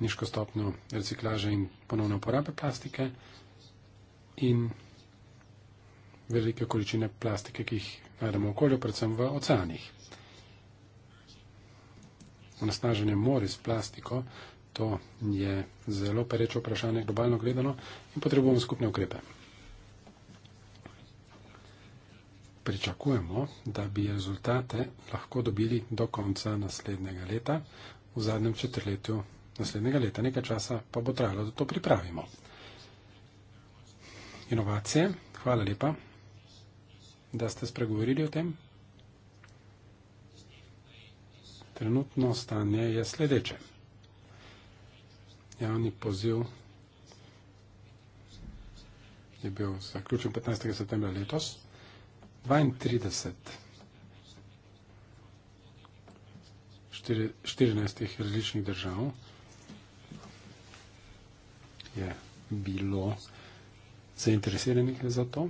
nižko stopno reciklaže in ponovno uporabe plastike in velike količine plastike, ki jih najdemo v okolju, predvsem v oceanih onesnaženje mori s plastiko, to je zelo pereče vprašanje globalno gledano in potrebujemo skupne ukrepe. Pričakujemo, da bi rezultate lahko dobili do konca naslednjega leta, v zadnjem četrtletju naslednjega leta, nekaj časa pa bo trajalo, da to pripravimo. Inovacije, hvala lepa, da ste spregovorili o tem. Trenutno stanje je sledeče. Javni poziv je bil zaključen 15. septembra letos. 32 14 različnih držav je bilo zainteresiranih za to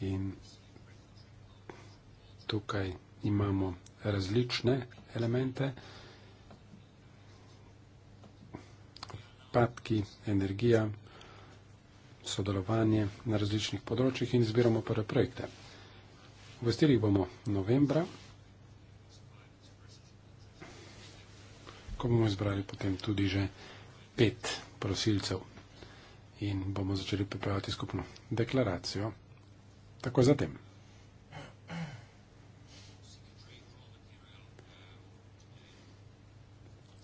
in tukaj imamo različne elemente, padki, energija, sodelovanje na različnih področjih in izbiramo prve projekte. Uvestili jih bomo novembra, ko bomo izbrali potem tudi že pet prosilcev in bomo začeli pripravljati skupno deklaracijo. Tako zatem.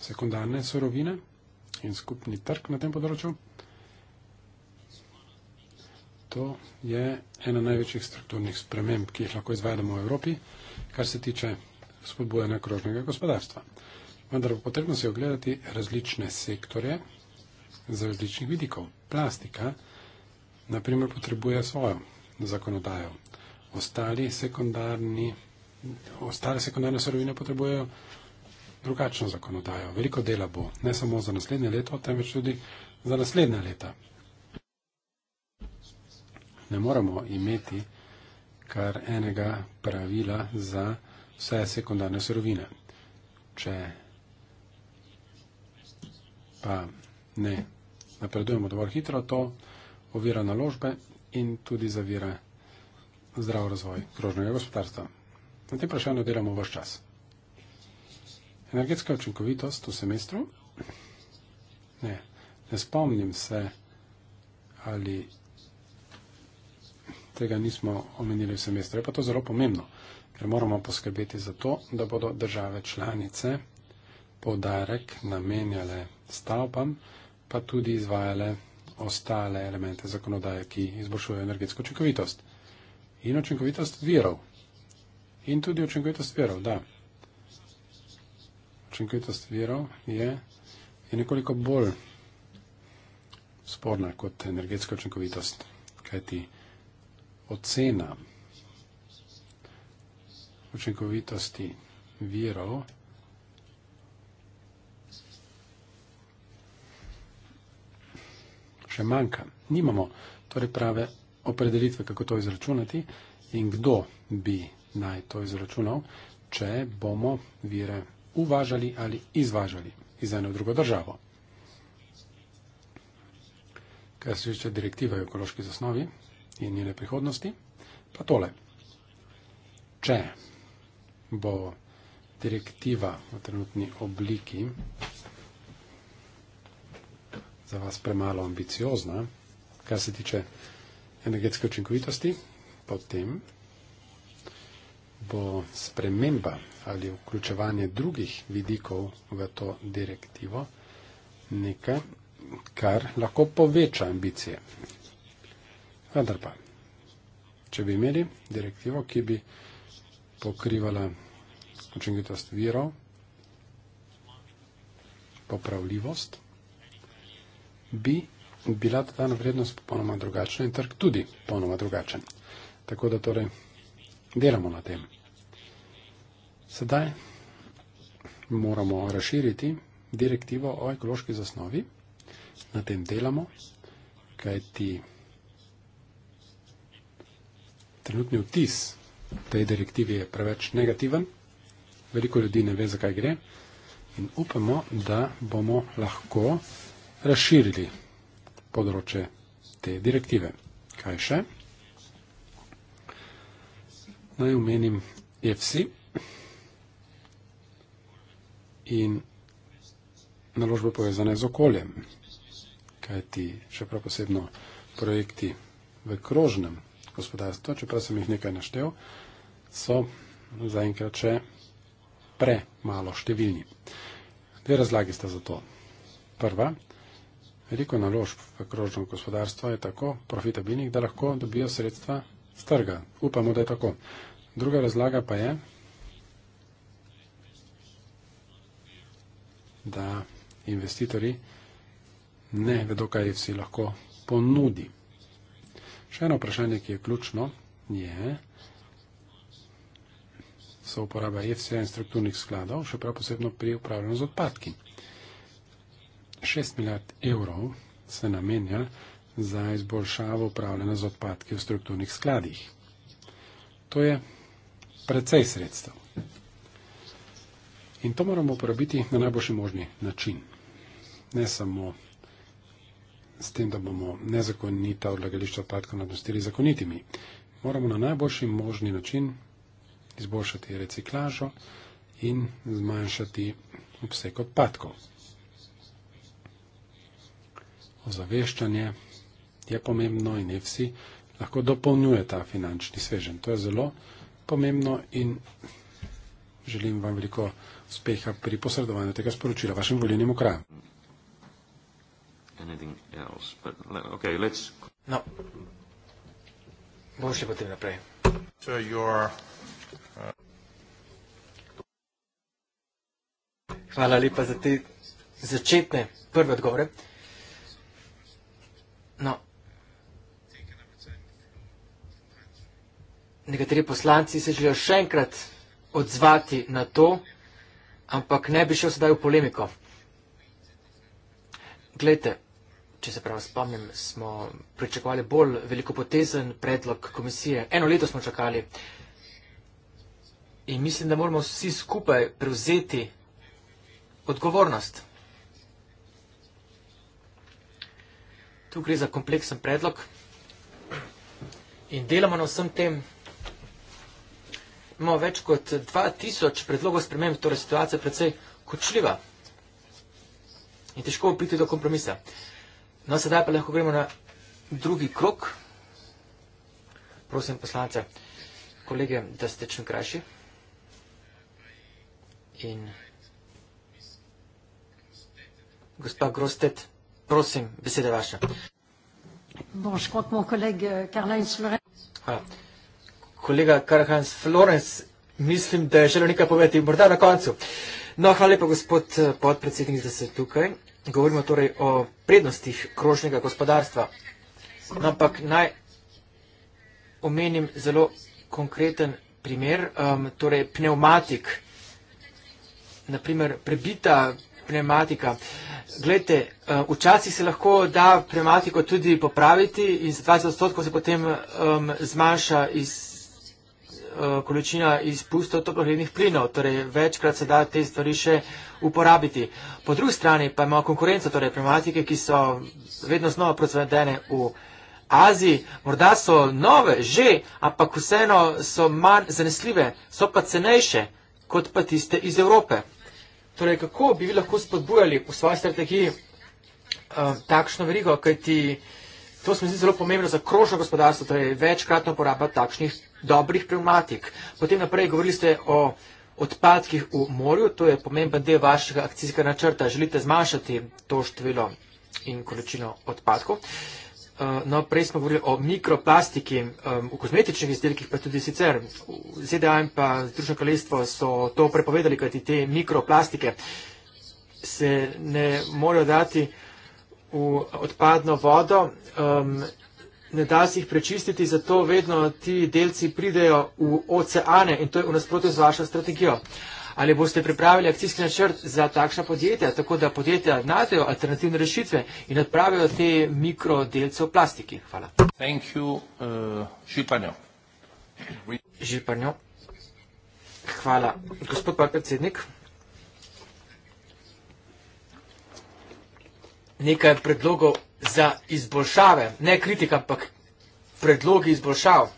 sekundarne sorovine in skupni trg na tem področju. To je ena največjih strukturnih sprememb, ki jih lahko izvajamo v Evropi, kar se tiče spodbujanja krožnega gospodarstva. Vendar bo potrebno se ogledati različne sektorje z različnih vidikov. Plastika, naprimer, potrebuje svojo zakonodajo. Ostali sekundarni, ostale sekundarne sorovine potrebujejo drugačno zakonodajo. Veliko dela bo, ne samo za naslednje leto, temveč tudi za naslednja leta. Ne moramo imeti kar enega pravila za vse sekundarne surovine. Če pa ne napredujemo dovolj hitro, to ovira naložbe in tudi zavira zdrav razvoj krožnega gospodarstva. Na tem vprašanju delamo vse čas energetska učinkovitost v semestru? Ne, ne spomnim se, ali tega nismo omenili v semestru. Je pa to zelo pomembno, ker moramo poskrbeti za to, da bodo države članice podarek namenjale stavbam, pa tudi izvajale ostale elemente zakonodaje, ki izboljšujejo energetsko učinkovitost. In učinkovitost virov. In tudi učinkovitost virov, da učinkovitost virov je, je nekoliko bolj sporna kot energetska učinkovitost, kajti ocena učinkovitosti virov še manjka. Nimamo torej prave opredelitve, kako to izračunati in kdo bi naj to izračunal, če bomo vire uvažali ali izvažali iz ene v drugo državo. Kaj se tiče direktive o ekološki zasnovi in njene prihodnosti, pa tole. Če bo direktiva v trenutni obliki za vas premalo ambiciozna, kar se tiče energetske učinkovitosti, potem bo sprememba ali vključevanje drugih vidikov v to direktivo nekaj, kar lahko poveča ambicije. Vendar pa, če bi imeli direktivo, ki bi pokrivala učinkovitost virov, popravljivost, bi bila ta dana vrednost popolnoma drugačna in trg tudi popolnoma drugačen. Tako da torej delamo na tem. Sedaj moramo razširiti direktivo o ekološki zasnovi. Na tem delamo, kaj ti trenutni vtis tej direktivi je preveč negativen. Veliko ljudi ne ve, zakaj gre. In upamo, da bomo lahko razširili področje te direktive. Kaj še? Naj omenim EFSI in naložbe povezane z okoljem. Kaj ti še prav posebno projekti v krožnem gospodarstvu, čeprav sem jih nekaj naštel, so zaenkrat še premalo številni. Dve razlagi sta za to. Prva, veliko naložb v krožno gospodarstvo je tako profitabilnih, da lahko dobijo sredstva z trga. Upamo, da je tako. Druga razlaga pa je, da investitorji ne vedo, kaj si lahko ponudi. Še eno vprašanje, ki je ključno, je so uporaba EFSA in strukturnih skladov, še prav posebno pri upravljanju z odpadki. 6 milijard evrov se namenja za izboljšavo upravljanja z odpadki v strukturnih skladih. To je precej sredstev. In to moramo uporabiti na najboljši možni način. Ne samo s tem, da bomo nezakonita odlagališča odpadkov nadomestili zakonitimi. Moramo na najboljši možni način izboljšati reciklažo in zmanjšati obseg odpadkov. Ozaveščanje je pomembno in ne vsi lahko dopolnjuje ta finančni svežen. To je zelo pomembno in želim vam veliko pomembno uspeha pri posredovanju tega sporočila vašim volilnim okrajem. No. Bomo šli potem naprej. Uh, Hvala lepa za te začetne prve odgovore. No. Nekateri poslanci se želijo še enkrat odzvati na to, Ampak ne bi šel sedaj v polemiko. Glejte, če se prav spomnim, smo pričakovali bolj velikopotezen predlog komisije. Eno leto smo čakali. In mislim, da moramo vsi skupaj prevzeti odgovornost. Tu gre za kompleksen predlog. In delamo na vsem tem imamo več kot 2000 predlogov sprememb, torej situacija je precej kočljiva in težko upiti do kompromisa. No, sedaj pa lahko gremo na drugi krok. Prosim poslance, kolege, da ste čim krajši. In gospa Grostet, prosim, beseda vaša. Bon, je kot moj kolega Karlajn Sloven. Hvala kolega Karhans Florenc, mislim, da je želel nekaj povedati, morda na koncu. No, hvala lepa, gospod eh, podpredsednik, da ste tukaj. Govorimo torej o prednostih krožnega gospodarstva. Ampak naj omenim zelo konkreten primer, um, torej pneumatik, naprimer prebita pneumatika. Glejte, eh, včasih se lahko da pneumatiko tudi popraviti in za 20 odstotkov se potem um, zmanjša iz Eh, količina izpustov toplogrednih plinov, torej večkrat se da te stvari še uporabiti. Po drugi strani pa imamo konkurenco, torej pneumatike, ki so vedno znova proizvedene v Aziji, morda so nove, že, ampak vseeno so manj zanesljive, so pa cenejše kot pa tiste iz Evrope. Torej, kako bi vi lahko spodbujali v svoji strategiji uh, takšno verigo, kajti. ti To se mi zdi zelo pomembno za krožno gospodarstvo, to torej je večkratna uporaba takšnih dobrih pneumatik. Potem naprej govorili ste o odpadkih v morju, to je pomemben del vašega akcijskega načrta. Želite zmanjšati to število in količino odpadkov. Eh, no, prej smo govorili o mikroplastiki v kozmetičnih izdelkih, pa tudi sicer ZDA in pa Združeno kraljestvo so to prepovedali, kajti te mikroplastike se ne morejo dati v odpadno vodo, um, ne da se jih prečistiti, zato vedno ti delci pridejo v oceane in to je v nasprotju z vašo strategijo. Ali boste pripravili akcijski načrt za takšna podjetja, tako da podjetja najdejo alternativne rešitve in odpravijo te mikrodelce v plastiki? Hvala. You, uh, žipanjo. žipanjo. Hvala, gospod podpredsednik. nekaj predlogov za izboljšave, ne kritika, ampak predlogi izboljšav.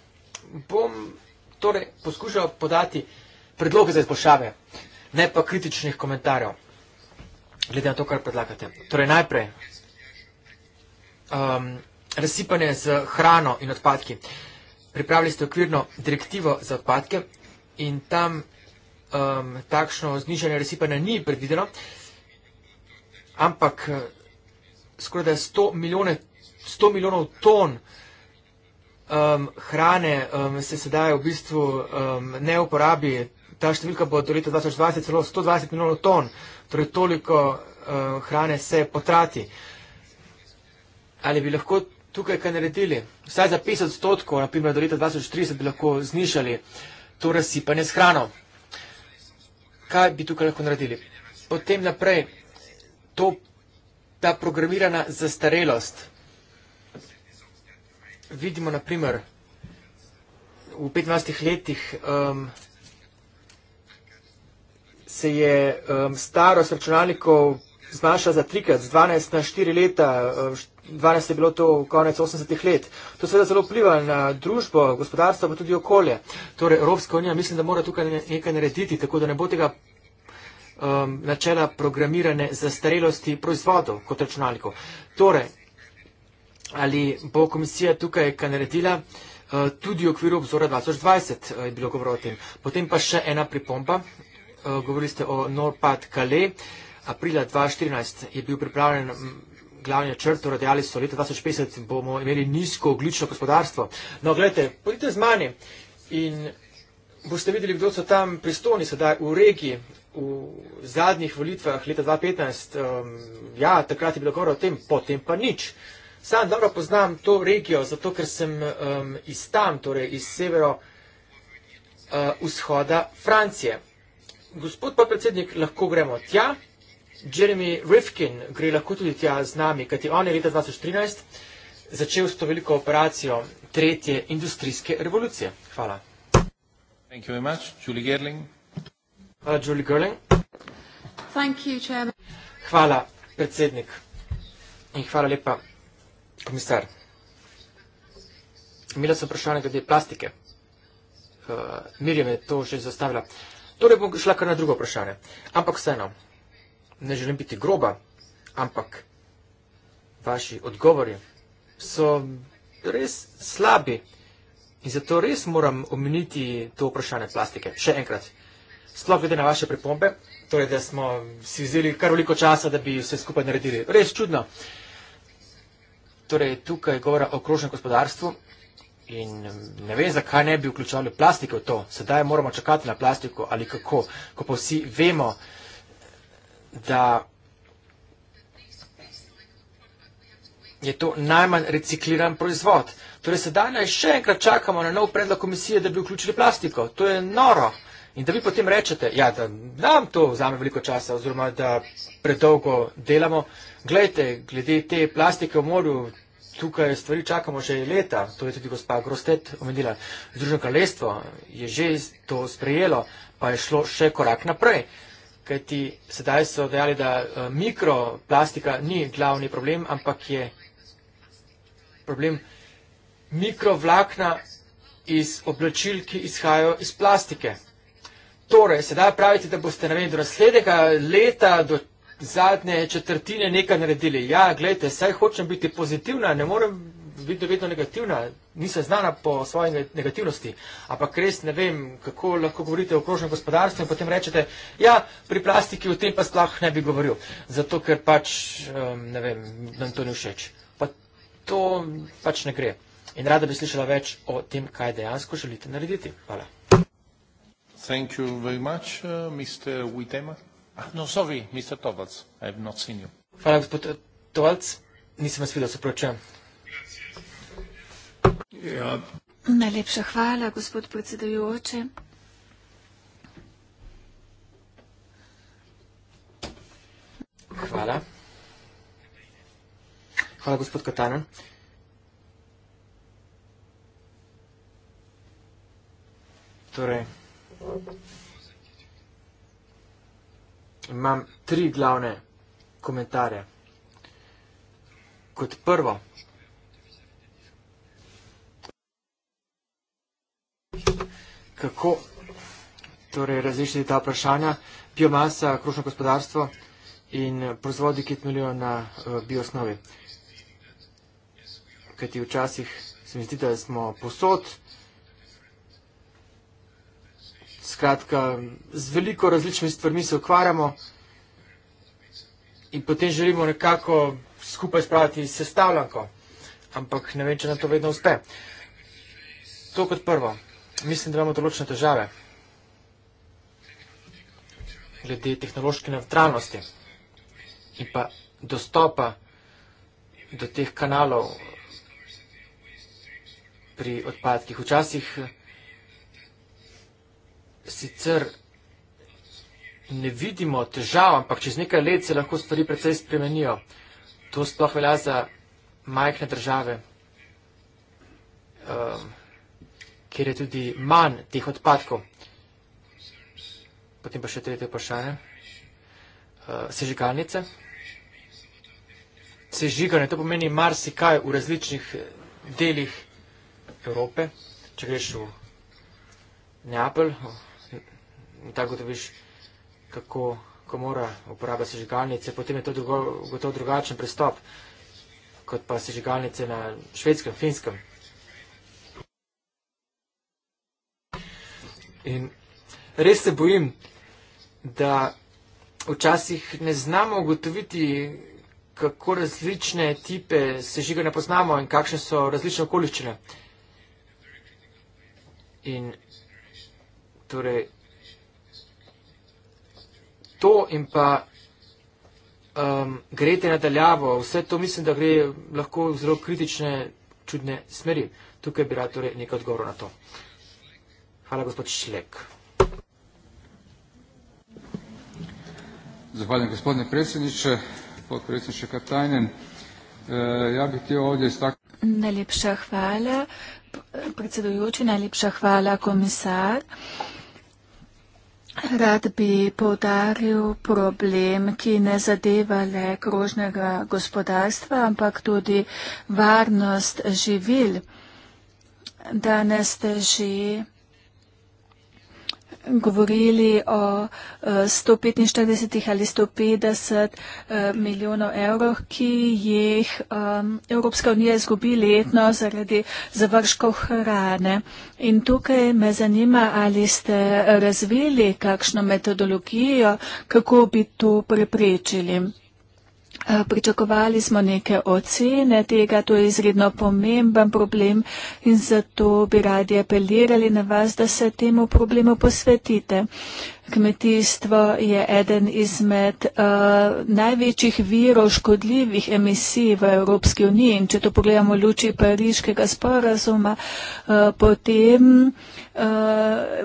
Bom torej poskušal podati predloge za izboljšave, ne pa kritičnih komentarjev, glede na to, kar predlagate. Torej najprej, um, razsipanje z hrano in odpadki. Pripravili ste okvirno direktivo za odpadke in tam um, takšno znižanje razsipanja ni predvideno, ampak skoraj da je 100, milijone, 100 milijonov ton um, hrane um, se sedaj v bistvu um, ne uporabi. Ta številka bo do leta 2020 celo 120 milijonov ton, torej toliko um, hrane se potrati. Ali bi lahko tukaj kaj naredili? Vsaj za 50 odstotkov, naprimer do leta 2030, bi lahko znišali to razsipanje s hrano. Kaj bi tukaj lahko naredili? Potem naprej, to ta programirana zastarelost. Vidimo naprimer v 15 letih um, se je um, starost računalnikov zmanjšala za trikrat, z 12 na 4 leta, 12 um, je bilo to v konec 80-ih let. To seveda zelo vpliva na družbo, gospodarstvo, pa tudi okolje. Torej, Evropska unija mislim, da mora tukaj nekaj narediti, tako da ne bo tega um, načela programirane zastarelosti proizvodov kot računalnikov. Torej, ali bo komisija tukaj kaj naredila? Uh, tudi v okviru obzora 2020 uh, je bilo govor o tem. Potem pa še ena pripomba. Uh, govorili ste o Norpad Kale. Aprila 2014 je bil pripravljen glavni črt, torej dejali so, leta 2050 bomo imeli nizko oglično gospodarstvo. No, gledajte, pojdite z mani in boste videli, kdo so tam pristojni sedaj v regiji v zadnjih volitvah leta 2015, um, ja, takrat je bilo govora o tem, potem pa nič. Sam dobro poznam to regijo, zato ker sem um, iz tam, torej iz severo uh, vzhoda Francije. Gospod podpredsednik, lahko gremo tja. Jeremy Rifkin gre lahko tudi tja z nami, kajti on je leta 2013 začel s to veliko operacijo tretje industrijske revolucije. Hvala. Thank you very much, Julie Gerling. Hvala, uh, Julie Gerling. Thank you, hvala, predsednik. In hvala lepa, komisar. Imela sem vprašanje glede plastike. Uh, Mirje me to že zastavila. Torej bom šla kar na drugo vprašanje. Ampak vseeno, ne želim biti groba, ampak vaši odgovori so res slabi. In zato res moram omeniti to vprašanje plastike. Še enkrat, sploh glede na vaše pripombe, torej da smo si vzeli kar veliko časa, da bi vse skupaj naredili. Res čudno. Torej, tukaj govora o krožnem gospodarstvu in ne vem, zakaj ne bi vključovali plastike v to. Sedaj moramo čakati na plastiko ali kako, ko pa vsi vemo, da je to najmanj recikliran proizvod. Torej, sedaj naj še enkrat čakamo na nov predlog komisije, da bi vključili plastiko. To je noro. In da vi potem rečete, ja, da nam to vzame veliko časa oziroma da predolgo delamo. Glejte, glede te plastike v morju, tukaj stvari čakamo že leta. To je tudi gospa Grostet omenila. Združeno kraljestvo je že to sprejelo, pa je šlo še korak naprej. Kaj ti sedaj so dejali, da eh, mikroplastika ni glavni problem, ampak je problem mikrovlakna iz oblačil, ki izhajajo iz plastike. Torej, sedaj pravite, da boste, ne vem, do naslednjega leta, do zadnje četrtine nekaj naredili. Ja, gledajte, saj hočem biti pozitivna, ne morem biti vedno negativna, nisem znana po svoji negativnosti. Ampak res ne vem, kako lahko govorite o krožnem gospodarstvu in potem rečete, ja, pri plastiki o tem pa sploh ne bi govoril. Zato, ker pač, ne vem, nam to ni všeč. Pa to pač ne gre. In rada bi slišala več o tem, kaj dejansko želite narediti. Hvala. Thank you very much. Uh, Mr. Wijtema? Ah, no, sorry, Mr. Towers. I have not seen you. Farag Towers, Nissim Sfida, se opravičujem. Ja. Najlepša hvala, gospod predsedujoči. Hvala. Hvala, gospod Katanen. Torej... Imam tri glavne komentarje. Kot prvo, kako torej različiti ta vprašanja, biomasa, krušno gospodarstvo in proizvodi, ki temeljijo na eh, biosnovi. Kajti včasih se mi zdi, da smo posod, Skratka, z veliko različnimi stvarmi se ukvarjamo in potem želimo nekako skupaj spraviti sestavljanko. Ampak ne vem, če nam to vedno uspe. To kot prvo. Mislim, da imamo določene težave glede tehnološke neutralnosti in pa dostopa do teh kanalov pri odpadkih. Včasih sicer ne vidimo težav, ampak čez nekaj let se lahko stvari precej spremenijo. To sploh velja za majhne države, um, kjer je tudi manj teh odpadkov. Potem pa še tretje vprašanje. Uh, sežigalnice. Sežiganje, to pomeni marsikaj v različnih delih Evrope. Če greš v Neapelj, in tako gotoviš, kako, ko mora uporabljati sežigalnice, potem je to drugo, gotovo drugačen pristop, kot pa sežigalnice na švedskem, finskem. In res se bojim, da včasih ne znamo ugotoviti, kako različne tipe sežiga ne poznamo in kakšne so različne okoliščine. In torej to in pa um, grete nadaljavo, vse to mislim, da gre lahko v zelo kritične, čudne smeri. Tukaj bi rad torej nekaj odgovor na to. Hvala, gospod Šlek. Zahvaljujem, gospodine predsedniče, podpredsedniče Katajnen. E, ja bi ti ovdje istakl... Najlepša hvala, predsedujoči, najlepša hvala, komisar. E, Rad bi podaril problem, ki ne zadeva le krožnega gospodarstva, ampak tudi varnost živil. Danes ste že. Živi govorili o 145 e, ali 150 e, milijonov evrov, ki jih e, Evropska unija izgubi letno zaradi završkov hrane. In tukaj me zanima, ali ste razvili kakšno metodologijo, kako bi to preprečili. Eh, pričakovali smo neke ocene tega, to je izredno pomemben problem in zato bi radi apelirali na vas, da se temu problemu posvetite. Uh, kmetijstvo je eden izmed uh, največjih virov škodljivih emisij v Evropski uniji. In če to pogledamo v luči pariškega sporazuma, uh, potem uh,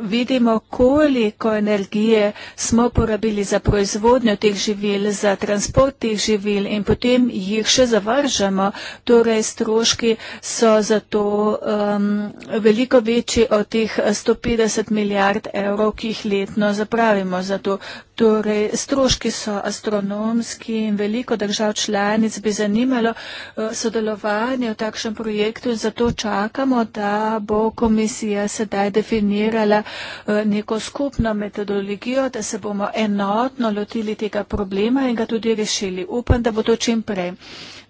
vidimo, koliko energije smo porabili za proizvodnjo teh živil, za transport teh živil in potem jih še zavržemo. Torej, stroški so zato um, veliko večji od teh 150 milijard evrov, ki jih letno zaprašujemo pripravimo za to. Torej, stroški so astronomski in veliko držav članic bi zanimalo eh, sodelovanje v takšnem projektu in zato čakamo, da bo komisija sedaj definirala eh, neko skupno metodologijo, da se bomo enotno lotili tega problema in ga tudi rešili. Upam, da bo to čim prej.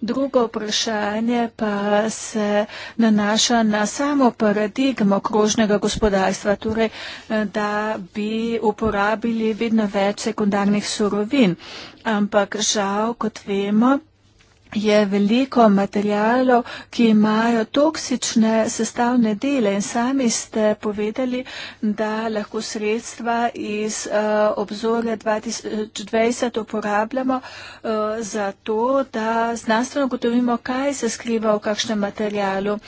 Drugo vprašanje pa se nanaša na samo paradigmo krožnega gospodarstva, torej eh, da bi uporabili vedno več sekundarnih surovin. Ampak žal, kot vemo, je veliko materijalov, ki imajo toksične sestavne dele in sami ste povedali, da lahko sredstva iz uh, obzorja 2020 uporabljamo uh, za to, da znanstveno gotovimo, kaj se skriva v kakšnem materijalu. Uh,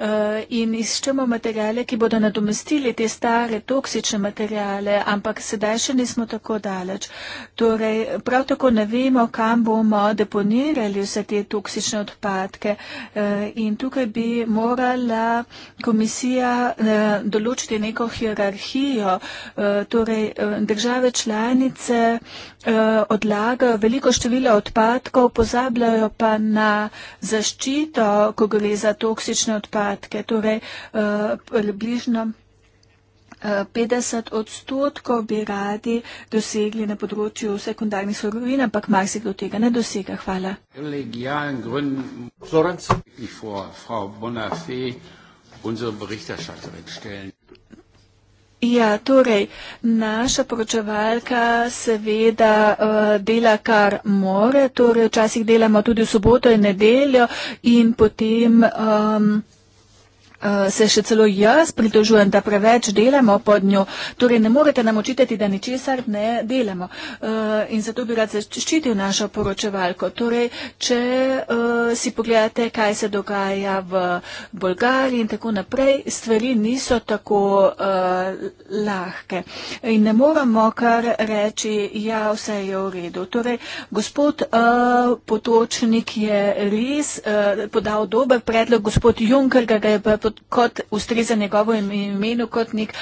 Eh, in iščemo materijale, ki bodo nadomestili te stare toksične materijale, ampak sedaj še nismo tako daleč. Torej, prav tako ne vemo, kam bomo deponirali vse te toksične odpadke eh, in tukaj bi morala komisija eh, določiti neko hierarhijo. Torej, države članice Eh, odlagajo veliko število odpadkov, pozabljajo pa na zaščito, ko gre za toksične odpadke. Torej, eh, približno 50 eh, odstotkov bi radi dosegli na področju sekundarnih sorovin, ampak marsikdo tega ne dosega. Hvala. Florence, Ja, torej, naša poročevalka seveda eh, dela, kar more, torej včasih delamo tudi v soboto in nedeljo in potem. Um, Eh, se še celo jaz pritožujem, da preveč delamo pod njo. Torej, ne morete nam očitati, da ničesar ne delamo. Eh, in zato bi rad zaščitil našo poročevalko. Torej, če eh, si pogledate, kaj se dogaja v Bolgariji in tako naprej, stvari niso tako lahke. In ne moramo kar reči, ja, vse je v redu. Torej, gospod Potočnik je res podal dober predlog, gospod Junker ga je pa podal kot, kot ustreza njegovem imenu, kot nek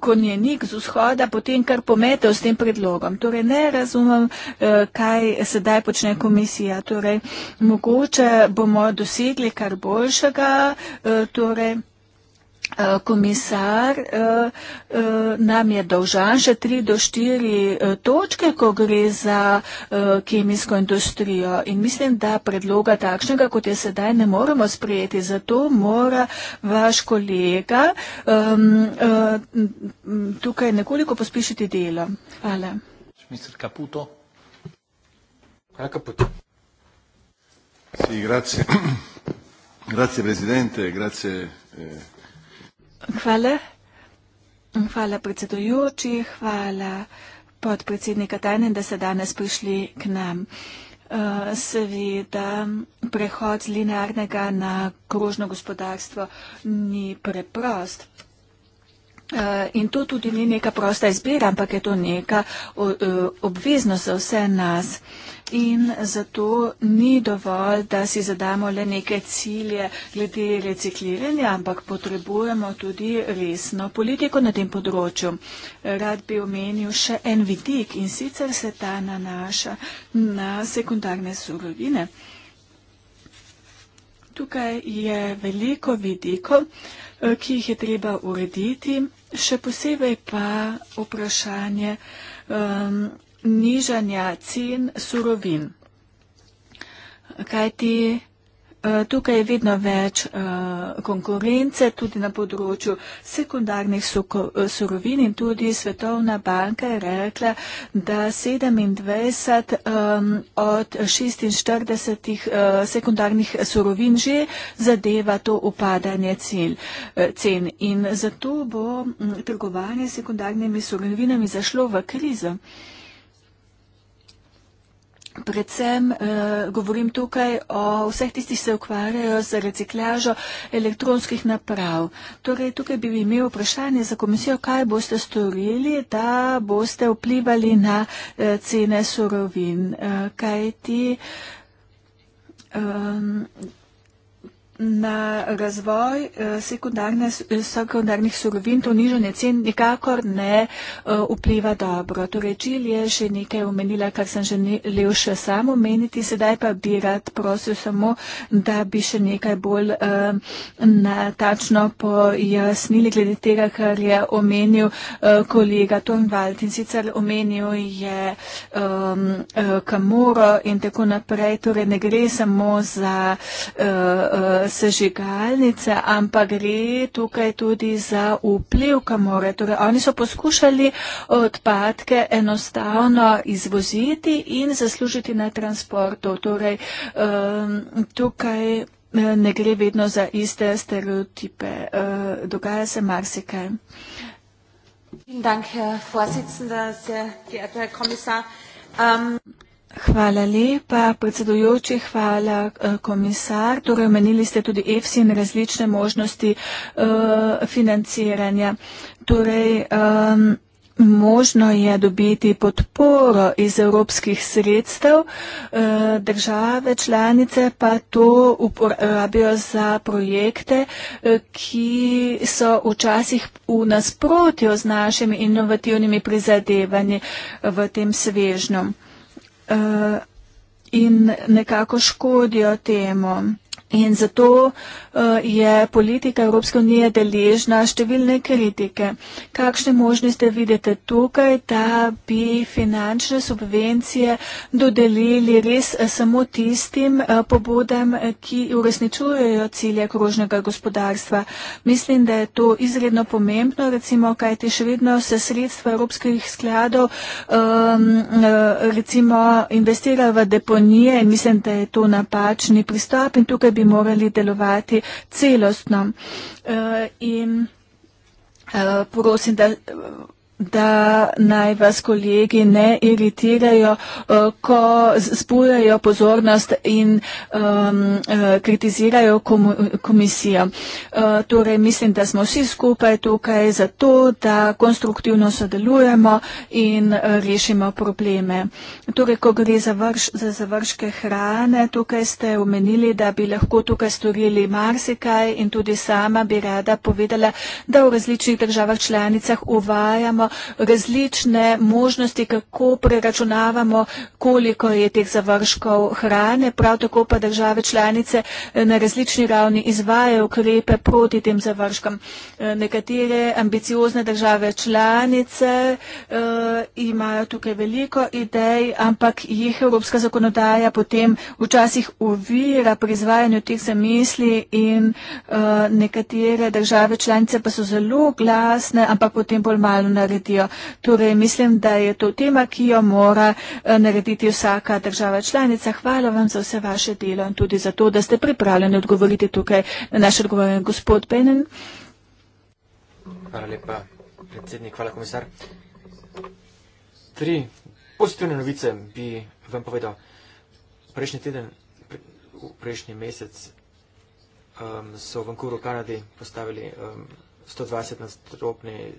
konjenik z vzhoda, potem kar pometel s tem predlogom. Torej, ne razumem, eh, kaj sedaj počne komisija. Torej, mogoče bomo dosegli kar boljšega. Eh, torej, Eh, komisar eh, eh, nam je dolžan še tri do štiri točke, ko gre za kemijsko industrijo. In mislim, da predloga takšnega, kot je sedaj, ne moremo sprejeti. Zato mora vaš kolega ehm, tukaj nekoliko pospišiti delo. Hvala. Mr. Caputo. Hvala, Caputo. Sì, grazie. grazie Presidente, grazie eh, Hvala. Hvala predsedujoči, hvala podpredsednika Tajne, da ste danes prišli k nam. Eh, seveda prehod z linearnega na krožno gospodarstvo ni preprost. Eh, in to tudi ni neka prosta izbira, ampak je to neka e, obveznost za vse nas. In zato ni dovolj, da si zadamo le neke cilje glede recikliranja, ampak potrebujemo tudi resno politiko na tem področju. Rad bi omenil še en vidik in sicer se ta nanaša na sekundarne surovine. Tukaj je veliko vidikov, eh, ki jih je treba urediti še posebej pa vprašanje um, nižanja cen surovin. Kaj ti Eh, tukaj je vedno več eh, konkurence, tudi na področju sekundarnih eh, surovin in tudi Svetovna banka je rekla, da 27 od 46 sekundarnih surovin že zadeva to upadanje cen. In zato bo trgovanje sekundarnimi surovinami zašlo v krizo. Predvsem eh, govorim tukaj o vseh tistih, ki se ukvarjajo z reciklažo elektronskih naprav. Torej, tukaj bi imel vprašanje za komisijo, kaj boste storili, da boste vplivali na eh, cene surovin. Eh, kaj ti? Eh, na razvoj eh, sekundarne, eh, sekundarnih surovin to nižanje cen nikakor ne eh, vpliva dobro. Torej, Čil je še nekaj omenila, kar sem želel še sam omeniti, sedaj pa bi rad prosil samo, da bi še nekaj bolj natačno pojasnili glede tega, kar je omenil kolega Tornvald in sicer omenil je ehm, kamoro in tako naprej. Torej, ne gre samo za sežigalnice, ampak gre tukaj tudi za vpliv, ki mora. Torej, oni so poskušali odpadke enostavno izvoziti in zaslužiti na transportu. Torej, tukaj ne gre vedno za iste stereotipe. Dogaja se marsikaj. Dank, Herr Vorsitzender, sehr geehrter Herr Kommissar. Ähm Hvala lepa, predsedujoči, hvala eh, komisar. Torej, omenili ste tudi EFSI in različne možnosti uh, financiranja. Torej, um, možno je dobiti podporo iz evropskih sredstev, eh, države članice pa to uporabijo za projekte, ki so včasih v nasprotju z našimi inovativnimi prizadevanji v tem svežnom uh, in nekako škodijo temu. In zato uh, je politika Evropske unije deležna številne kritike. Kakšne možnosti vidite tukaj, da bi finančne subvencije dodelili res eh, samo tistim uh, eh, pobudem, ki uresničujejo cilje krožnega gospodarstva? Mislim, da je to izredno pomembno, recimo, kajti še vedno se sredstva evropskih skladov um, recimo investirajo v deponije in mislim, da je to napačni pristop bi morali delovati celostno. Uh, in uh, prosim, da. Uh, da naj vas kolegi ne iritirajo, eh, ko spurajo pozornost in um, kritizirajo komisijo. Eh, torej, mislim, da smo vsi skupaj tukaj zato, da konstruktivno sodelujemo in rešimo probleme. Torej, ko gre za, vrš, za završke hrane, tukaj ste omenili, da bi lahko tukaj storili marsikaj in tudi sama bi rada povedala, da v različnih državah članicah uvajamo različne možnosti, kako preračunavamo, koliko je teh završkov hrane, prav tako pa države članice eh, na različni ravni izvajajo ukrepe proti tem završkom. Eh, nekatere ambiciozne države članice eh, imajo tukaj veliko idej, ampak jih evropska zakonodaja potem včasih uvira pri izvajanju teh zamisli in nekatere države članice pa so zelo glasne, ampak potem bolj malo naredijo naredijo. Torej, mislim, da je to tema, ki jo mora eh, narediti vsaka država članica. Hvala vam za vse vaše delo in tudi za to, da ste pripravljeni odgovoriti tukaj na naš odgovor. Gospod Benen. Hvala lepa, predsednik. Hvala, komisar. Tri pozitivne novice bi vam povedal. Prejšnji teden, prejšnji mesec. Um, so v Vancouvru, Kanadi, postavili um, 120 nastropni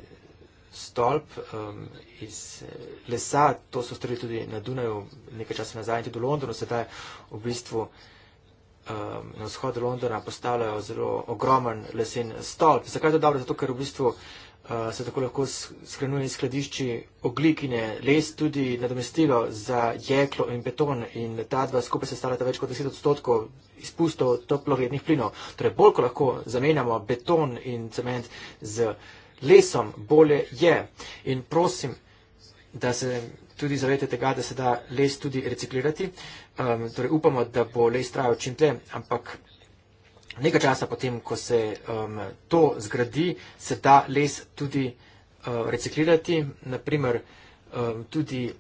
stolp um, iz eh, lesa, to so storili tudi na Dunaju nekaj časa nazaj in tudi v Londonu, sedaj v bistvu um, na vzhodu Londona postavljajo zelo ogromen lesen stolp. Zakaj je to dobro? Zato, ker v bistvu uh, se tako lahko skrenuje iz skladišči oglik in je les tudi nadomestilo za jeklo in beton in ta dva skupaj se stavljata več kot 10 odstotkov izpustov toplogrednih plinov. Torej, bolj ko lahko zamenjamo beton in cement z. Uh, lesom bolje je. In prosim, da se tudi zavete tega, da se da les tudi reciklirati. Um, torej upamo, da bo les trajal čim dlje, ampak nekaj časa potem, ko se um, to zgradi, se da les tudi uh, reciklirati. Naprimer, um, tudi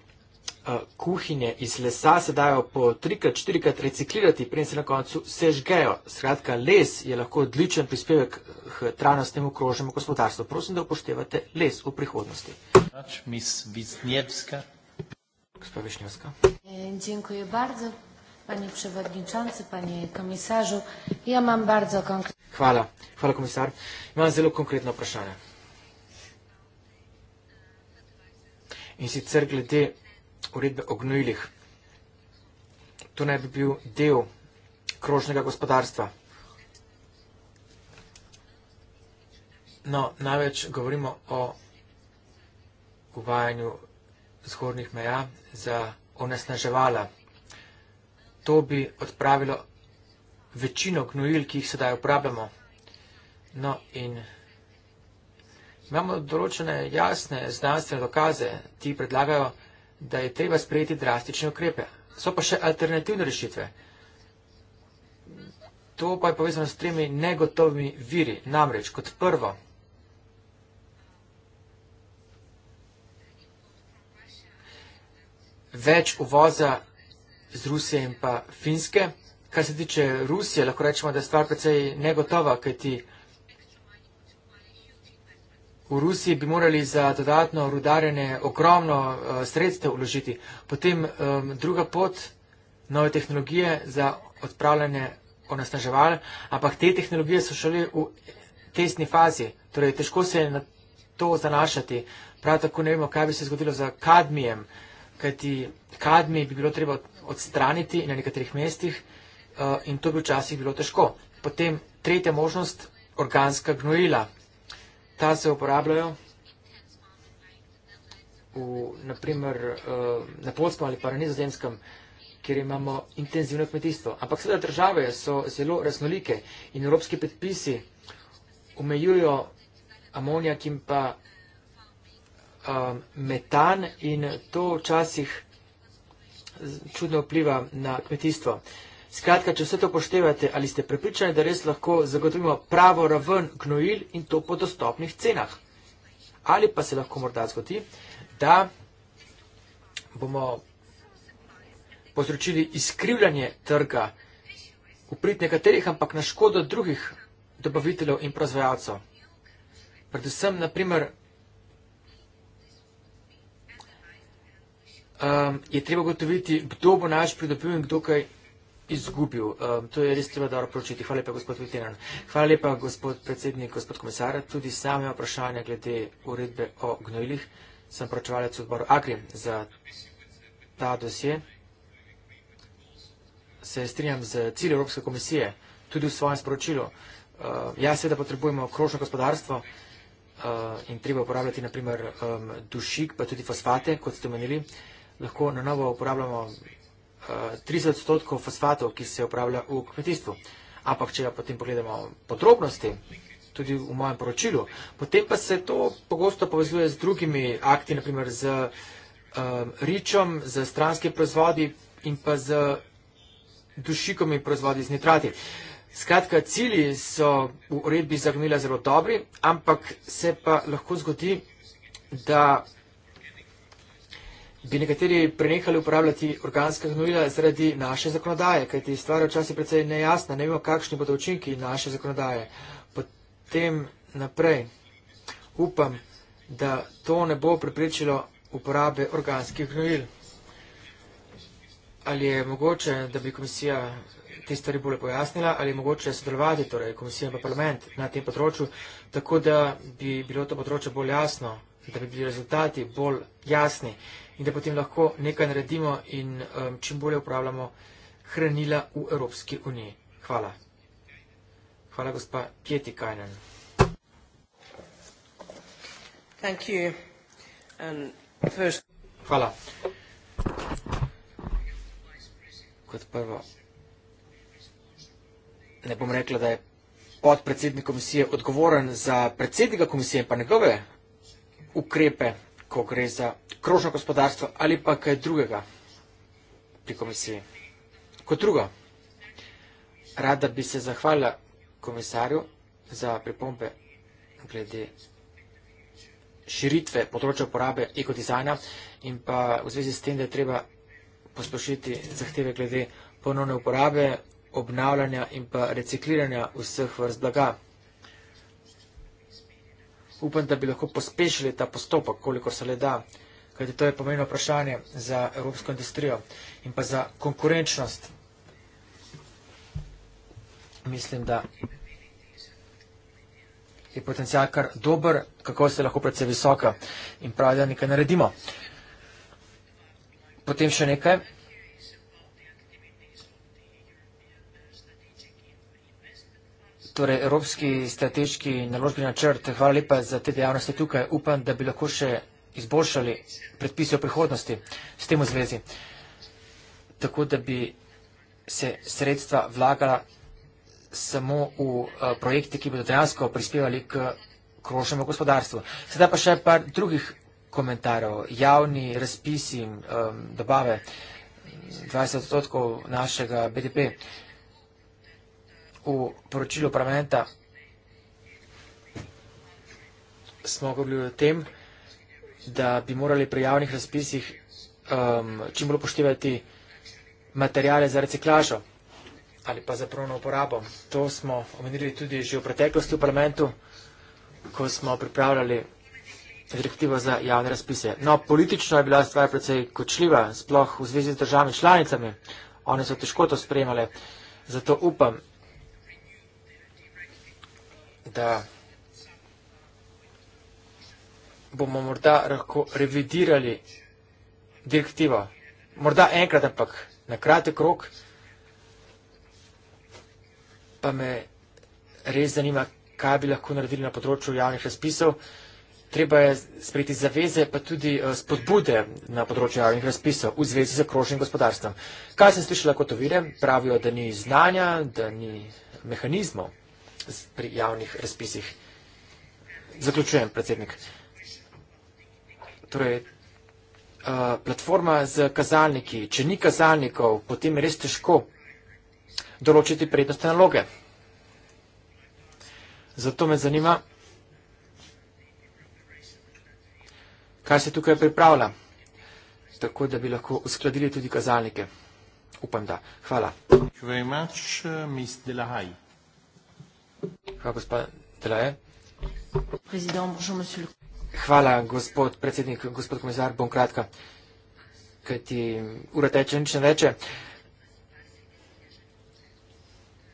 Eh, kuhinje iz lesa se dajo po trikrat, štirikrat reciklirati, preden se na koncu sežgejo. Skratka, les je lahko odličen prispevek k trajnostnemu krožnemu gospodarstvu. Prosim, da upoštevate les v prihodnosti. Pač e, ja Hvala. Hvala, komisar. Imam zelo konkretno vprašanje. In sicer glede uredbe o gnojilih. To naj bi bil del krožnega gospodarstva. No, največ govorimo o uvajanju zgornjih meja za onesnaževala. To bi odpravilo večino gnojil, ki jih sedaj uporabljamo. No, in imamo določene jasne znanstvene dokaze, ti predlagajo, da je treba sprejeti drastične ukrepe. So pa še alternativne rešitve. To pa je povezano s tremi negotovimi viri. Namreč, kot prvo, več uvoza z Rusije in pa Finske. Kar se tiče Rusije, lahko rečemo, da je stvar precej negotova, kajti uh, v Rusiji bi morali za dodatno rudarjenje okromno eh, sredstev vložiti. Potem druga pot, nove tehnologije za odpravljanje onasnaževal, ampak te tehnologije so šele v tesni fazi, torej težko se je na to zanašati. Prav tako ne vemo, kaj bi se zgodilo za kadmijem, kajti kadmi bi bilo treba odstraniti na nekaterih mestih eh, in to bi včasih bilo težko. Potem tretja možnost, organska gnojila. Ta se uporabljajo v, naprimer, na eh, polskem ali pa na nizozemskem, kjer imamo intenzivno kmetijstvo. Ampak seveda države so zelo raznolike in evropski predpisi omejujo amonijak in pa eh, metan in to včasih čudno vpliva na kmetijstvo. Skratka, če vse to poštevate, ali ste prepričani, da res lahko zagotovimo pravo raven gnojil in to po dostopnih cenah? Ali pa se lahko morda zgodi, da bomo povzročili izkrivljanje trga v prid nekaterih, ampak na škodo drugih dobaviteljev in proizvajalcev. Predvsem, naprimer, um, je treba gotoviti, kdo bo naš pridobil in kdo kaj izgubil. To je res treba dobro pročiti. Hvala lepa, gospod Viteran. Hvala lepa, gospod predsednik, gospod komisar. Tudi same vprašanja glede uredbe o gnojilih. Sem pročevalec odboru Agri za ta dosje. Se strinjam z cilj Evropske komisije, tudi v svojem sporočilu. Ja, seveda potrebujemo krožno gospodarstvo in treba uporabljati naprimer dušik, pa tudi fosfate, kot ste omenili. Lahko na novo uporabljamo 30 odstotkov fosfatov, ki se upravlja v kmetijstvu. Ampak, če ga potem pogledamo podrobnosti, tudi v mojem poročilu, potem pa se to pogosto povezuje z drugimi akti, naprimer z um, ričom, z stranskimi proizvodi in pa z dušikom in proizvodi z nitrati. Skratka, cilji so v uredbi zagnila zelo dobri, ampak se pa lahko zgodi, da bi nekateri prenehali uporabljati organska gnojila zaradi naše zakonodaje, kajti stvar je včasih precej nejasna, ne vemo, kakšni bodo učinki naše zakonodaje. Potem naprej upam, da to ne bo pripričilo uporabe organskih gnojil. Ali je mogoče, da bi komisija te stvari bolje pojasnila, ali je mogoče sodelovati, torej komisija in pa parlament na tem področju, tako da bi bilo to področje bolj jasno, da bi bili rezultati bolj jasni in da potem lahko nekaj naredimo in um, čim bolje upravljamo hranila v Evropski uniji. Hvala. Hvala, gospa Pieti Kajnen. Um, Hvala. Kot prvo, ne bom rekla, da je podpredsednik komisije odgovoren za predsednika komisije in pa njegove ukrepe, ko gre za krožno gospodarstvo ali pa kaj drugega pri komisiji. Kot drugo, rada bi se zahvalila komisarju za pripombe glede širitve področja uporabe ekodizajna in pa v zvezi s tem, da je treba pospošiti zahteve glede ponovne uporabe, obnavljanja in pa recikliranja vseh vrst blaga upam, da bi lahko pospešili ta postopek, koliko se le da, kajti to je pomembno vprašanje za evropsko industrijo in pa za konkurenčnost. Mislim, da je potencijal kar dober, kako se lahko predvsej visoka in pravi, da nekaj naredimo. Potem še nekaj, torej Evropski strateški naložbi načrt. Hvala lepa za te dejavnosti tukaj. Upam, da bi lahko še izboljšali predpise o prihodnosti s tem v zvezi, tako da bi se sredstva vlagala samo v eh, projekte, ki bodo dejansko prispevali k krošnemu gospodarstvu. Sedaj pa še par drugih komentarjev. Javni razpisi, eh, dobave 20 odstotkov našega BDP v poročilu parlamenta smo govorili o tem, da bi morali pri javnih razpisih um, čim bolj upoštevati materijale za reciklažo ali pa za pravno uporabo. To smo omenili tudi že v preteklosti v parlamentu, ko smo pripravljali direktivo za javne razpise. No, politično je bila stvar precej kočljiva, sploh v zvezi z državami članicami. One so težko to spremljale, zato upam, da bomo morda lahko revidirali direktivo. Morda enkrat, ampak na kratek rok. Pa me res zanima, kaj bi lahko naredili na področju javnih razpisov. Treba je sprejeti zaveze, pa tudi eh, spodbude na področju javnih razpisov v zvezi z okrožnim gospodarstvom. Kaj sem slišala kot ovire? Pravijo, da ni znanja, da ni mehanizmov pri javnih razpisih. Zaključujem, predsednik. Torej, eh, platforma z kazalniki, če ni kazalnikov, potem je res težko določiti prednostne naloge. Zato me zanima, kaj se tukaj pripravlja, tako da bi lahko uskladili tudi kazalnike. Upam, da. Hvala. Hvala. Hvala, gospod predsednik, gospod komisar, bom kratka, kaj ti ura teče, nič ne reče.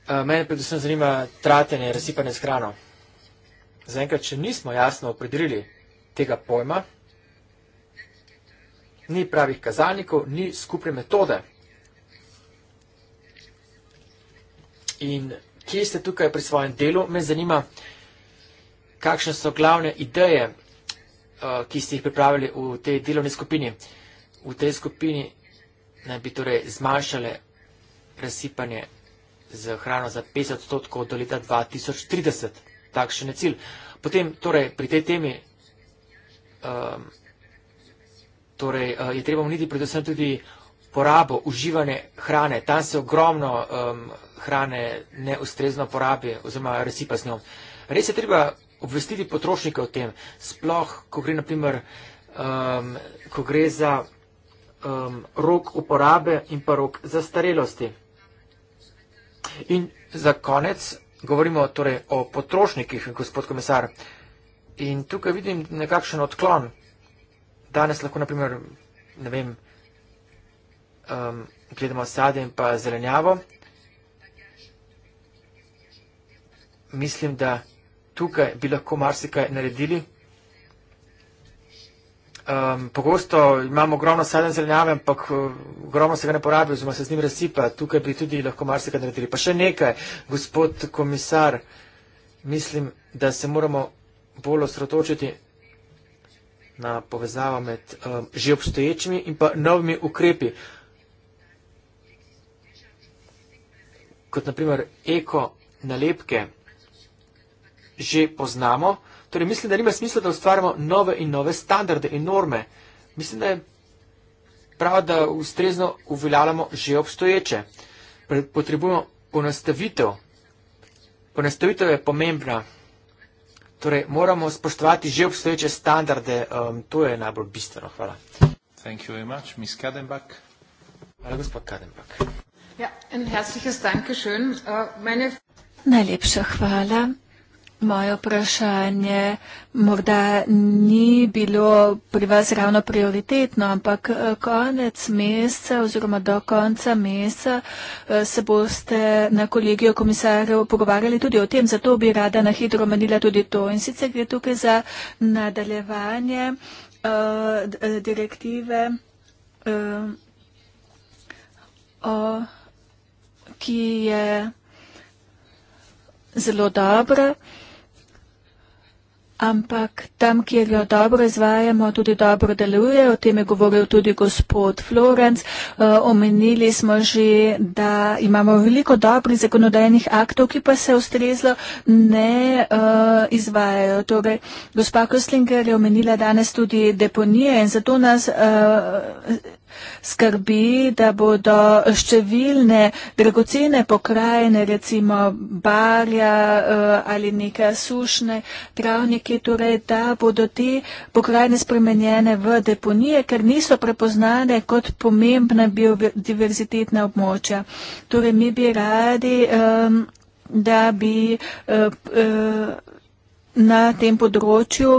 Eh, mene predvsem zanima tratenje, razsipanje s hrano. Zaenkrat, če nismo jasno opredelili tega pojma, ni pravih kazalnikov, ni skupne metode. In kje ste tukaj pri svojem delu, me zanima, kakšne so glavne ideje, eh, ki ste jih pripravili v tej delovni skupini. V tej skupini naj bi torej zmanjšale razsipanje z hrano za 50 odstotkov do leta 2030. Takšen je cilj. Potem torej pri tej temi um, torej, eh, je treba omeniti predvsem tudi porabo, uživanje hrane. Tam se ogromno um, hrane neustrezno porabi oziroma resipa z njo. Res je treba obvestiti potrošnike o tem. Sploh, ko gre, naprimer, um, ko gre za um, rok uporabe in pa rok zastarelosti. In za konec govorimo torej o potrošnikih, gospod komisar. In tukaj vidim nekakšen odklon. Danes lahko, naprimer, ne vem, um, gledamo sadje in pa zelenjavo, mislim, da tukaj bi lahko marsikaj naredili. Um, pogosto imamo ogromno sadja in zelenjave, ampak uh, ogromno se ga ne porabi, oziroma se z njim razsipa. Tukaj bi tudi lahko marsikaj naredili. Pa še nekaj, gospod komisar, mislim, da se moramo bolj osredotočiti na povezavo med um, že obstoječimi in pa novimi ukrepi. kot naprimer eko nalepke, že poznamo. Torej, mislim, da nima smisla, da ustvarjamo nove in nove standarde in norme. Mislim, da je prav, da ustrezno uveljavljamo že obstoječe. Potrebujemo ponastavitev. Ponastavitev je pomembna. Torej, moramo spoštovati že obstoječe standarde. Um, to je najbolj bistveno. Hvala. Hvala, gospod Kadenbak. Ja, ein herzliches Dankeschön. Äh, meine Najlepša hvala. Moje vprašanje morda ni bilo pri vas ravno prioritetno, ampak äh, konec meseca oziroma do konca meseca äh, se boste na kolegijo komisarjev pogovarjali tudi o tem, zato bi rada na hitro omenila tudi to. In sicer gre tukaj za nadaljevanje uh, direktive uh, o ki je zelo dobra, ampak tam, kjer jo dobro izvajamo, tudi dobro deluje. O tem je govoril tudi gospod Florenc. E, omenili smo že, da imamo veliko dobrih zakonodajnih aktov, ki pa se ustrezlo ne e, izvajajo. Torej, gospa Koslinger je omenila danes tudi deponije in zato nas. E, skrbi, da bodo številne dragocene pokrajine, recimo barja eh, ali neke sušne travnike, torej da bodo te pokrajine spremenjene v deponije, ker niso prepoznane kot pomembna biodiverzitetna območja. Torej mi bi radi, eh, da bi eh, na tem področju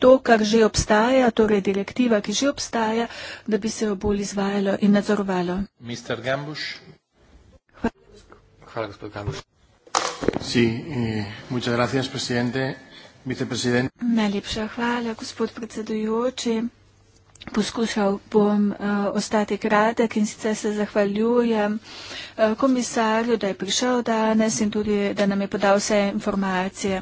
to, kar že obstaja, torej direktiva, ki že obstaja, da bi se jo bolj izvajalo in nadzorovalo. Mr. Gambuš. Hvala, gospod Gambuš. Sí, eh, muchas gracias, presidente. Najlepša hvala, gospod predsedujoči. Poskušal bom uh, ostati kratek in sicer se zahvaljujem uh, komisarju, da je prišel danes in tudi, da nam je podal vse informacije.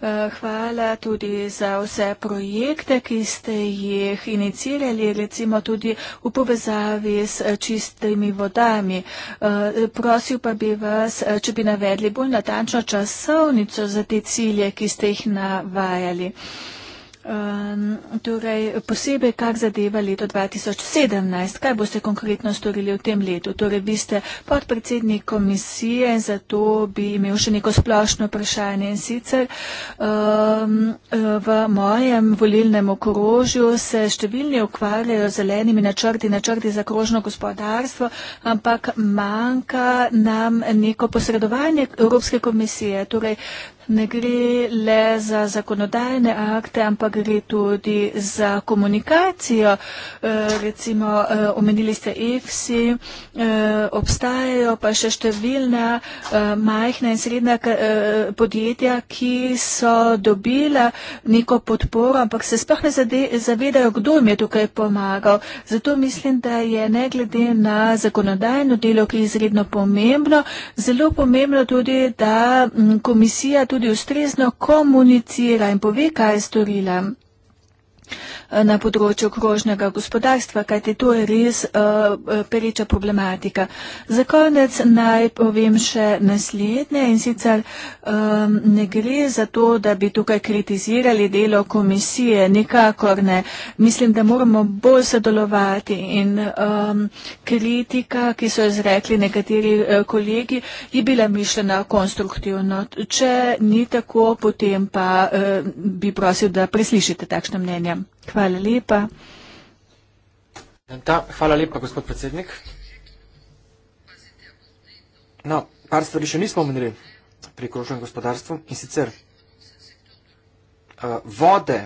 Uh, hvala tudi za vse projekte, ki ste jih inicirali, recimo tudi v povezavi s čistimi vodami. Uh, prosil pa bi vas, če bi navedli bolj natančno časovnico za te cilje, ki ste jih navajali. Uh, Um, torej, posebej, kar zadeva leto 2017, kaj boste konkretno storili v tem letu? Torej, vi ste podpredsednik komisije, zato bi imel še neko splošno vprašanje in sicer um, v mojem volilnem okrožju se številni ukvarjajo zelenimi načrti, načrti za krožno gospodarstvo, ampak manjka nam neko posredovanje Evropske komisije. Torej, Ne gre le za zakonodajne akte, ampak gre tudi za komunikacijo. Eh, recimo, eh, omenili ste EFSI, eh, obstajajo pa še številna majhna in srednja podjetja, ki so dobila neko podporo, ampak se sploh ne zavedajo, kdo jim je tukaj pomagal. Zato mislim, da je ne glede na zakonodajno delo, ki je izredno pomembno, zelo pomembno tudi, da mm, komisija tudi tudi ustrezno komunicira in pove, kaj je storila. Eh, na področju krožnega gospodarstva, kajti to je res eh, pereča problematika. Za konec naj povem še naslednje in sicer ehm, ne gre za to, da bi tukaj kritizirali delo komisije, nikakor ne. Mislim, da moramo bolj sodelovati in ehm, kritika, ki so izrekli nekateri eh, kolegi, je bila mišljena konstruktivno. Če ni tako, potem pa bi prosil, da preslišite takšne mnenja. Izvolim. Hvala lepa. Da, hvala lepa, gospod predsednik. No, par stvari še nismo omenili pri krožnem gospodarstvu in sicer uh, vode,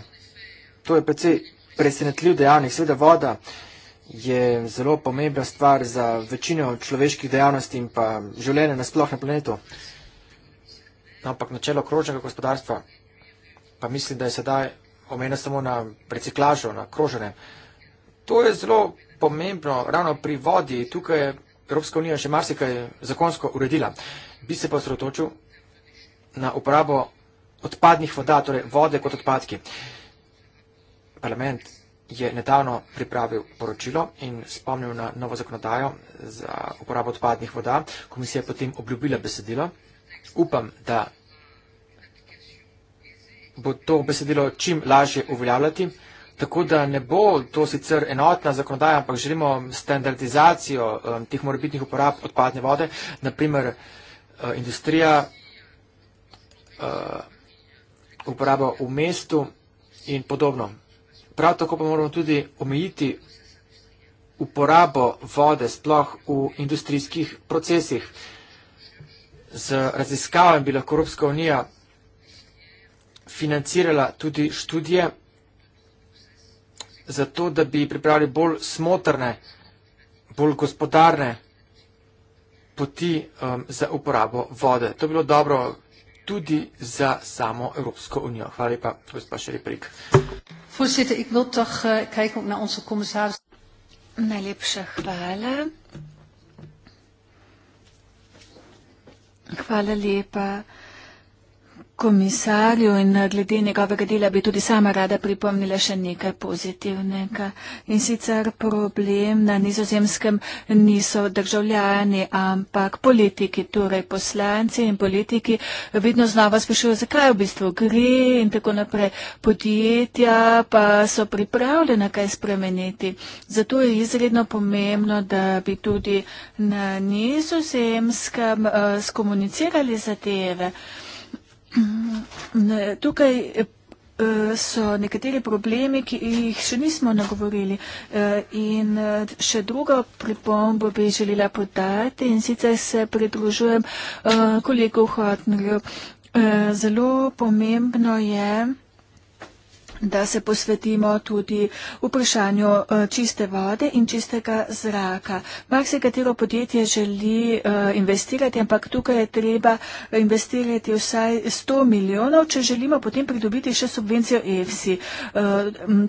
to je precej presenetljiv dejavnik, seveda voda je zelo pomembna stvar za večino človeških dejavnosti in pa življenja na splošno planetu. No, ampak načelo krožnega gospodarstva pa mislim, da je sedaj omenja samo na reciklažo, na krožene. To je zelo pomembno, ravno pri vodi. Tukaj je Evropska unija še marsikaj zakonsko uredila. Bi se pa osredotočil na uporabo odpadnih voda, torej vode kot odpadki. Parlament je nedavno pripravil poročilo in spomnil na novo zakonodajo za uporabo odpadnih voda. Komisija je potem obljubila besedilo. Upam, da bo to besedilo čim lažje uveljavljati. Tako da ne bo to sicer enotna zakonodaja, ampak želimo standardizacijo um, tih morbitnih uporab odpadne vode. Naprimer, uh, industrija uh, uporaba v mestu in podobno. Prav tako pa moramo tudi omejiti uporabo vode sploh v industrijskih procesih. Z raziskavami bi lahko Evropska unija financirala tudi študije, zato da bi pripravili bolj smotrne, bolj gospodarne poti um, za uporabo vode. To bi bilo dobro tudi za samo Evropsko unijo. Hvala lepa, gospod Šeriprik. Eh, Najlepša hvala. Hvala lepa komisarju in glede njegovega dela bi tudi sama rada pripomnila še nekaj pozitivnega. In sicer problem na nizozemskem niso državljani, ampak politiki, torej poslanci in politiki vedno znova sprašujejo, zakaj v bistvu gre in tako naprej. Podjetja pa so pripravljena kaj spremeniti. Zato je izredno pomembno, da bi tudi na nizozemskem uh, skomunicirali zadeve. Ne, tukaj eh, so nekateri problemi, ki jih še nismo nagovorili. Eh, in eh, še drugo pripombo bi želela podati in sicer se pridružujem kolegu Hotnerju. Zelo pomembno je, da se posvetimo tudi vprašanju eh, čiste vode in čistega zraka. Mar se katero podjetje želi eh, investirati, ampak tukaj je treba investirati vsaj 100 milijonov, če želimo potem pridobiti še subvencijo EFSI. Eh,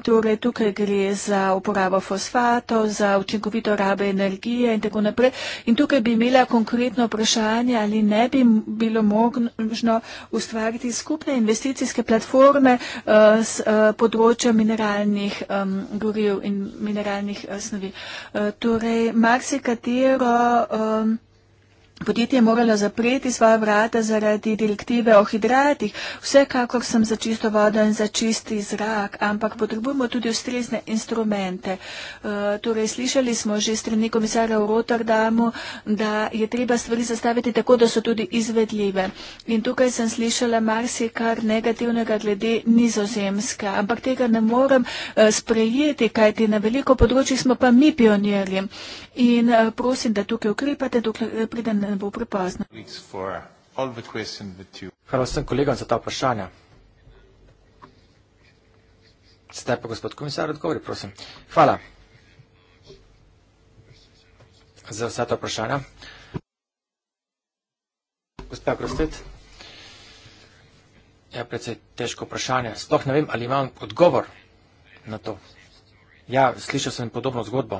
torej, tukaj gre za uporabo fosfatov, za učinkovito rabe energije in tako naprej. In tukaj bi imela konkretno vprašanje, ali ne bi bilo možno ustvariti skupne investicijske platforme s področja mineralnih um, goriv in mineralnih eh, snovi. Uh, torej, marsikatero um, podjetje moralo zapreti svoje vrata zaradi direktive o hidratih. Vsekakor sem za čisto vodo in za čisti zrak, ampak potrebujemo tudi ustrezne instrumente. Eh, torej, slišali smo že strani komisarja v Rotterdamu, da je treba stvari zastaviti tako, da so tudi izvedljive. In tukaj sem slišala marsikar negativnega glede nizozemske, ampak tega ne morem eh, sprejeti, kajti na veliko področjih smo pa mi pionirji. In eh, prosim, da tukaj ukrepate, dokler pride na ne bo prepozno. Hvala vsem kolegom za ta vprašanja. Sedaj pa gospod komisar odgovori, prosim. Hvala za vsa ta vprašanja. Gospod Krostet, je ja, precej težko vprašanje. Sploh ne vem, ali imam odgovor na to. Ja, slišal sem podobno zgodbo.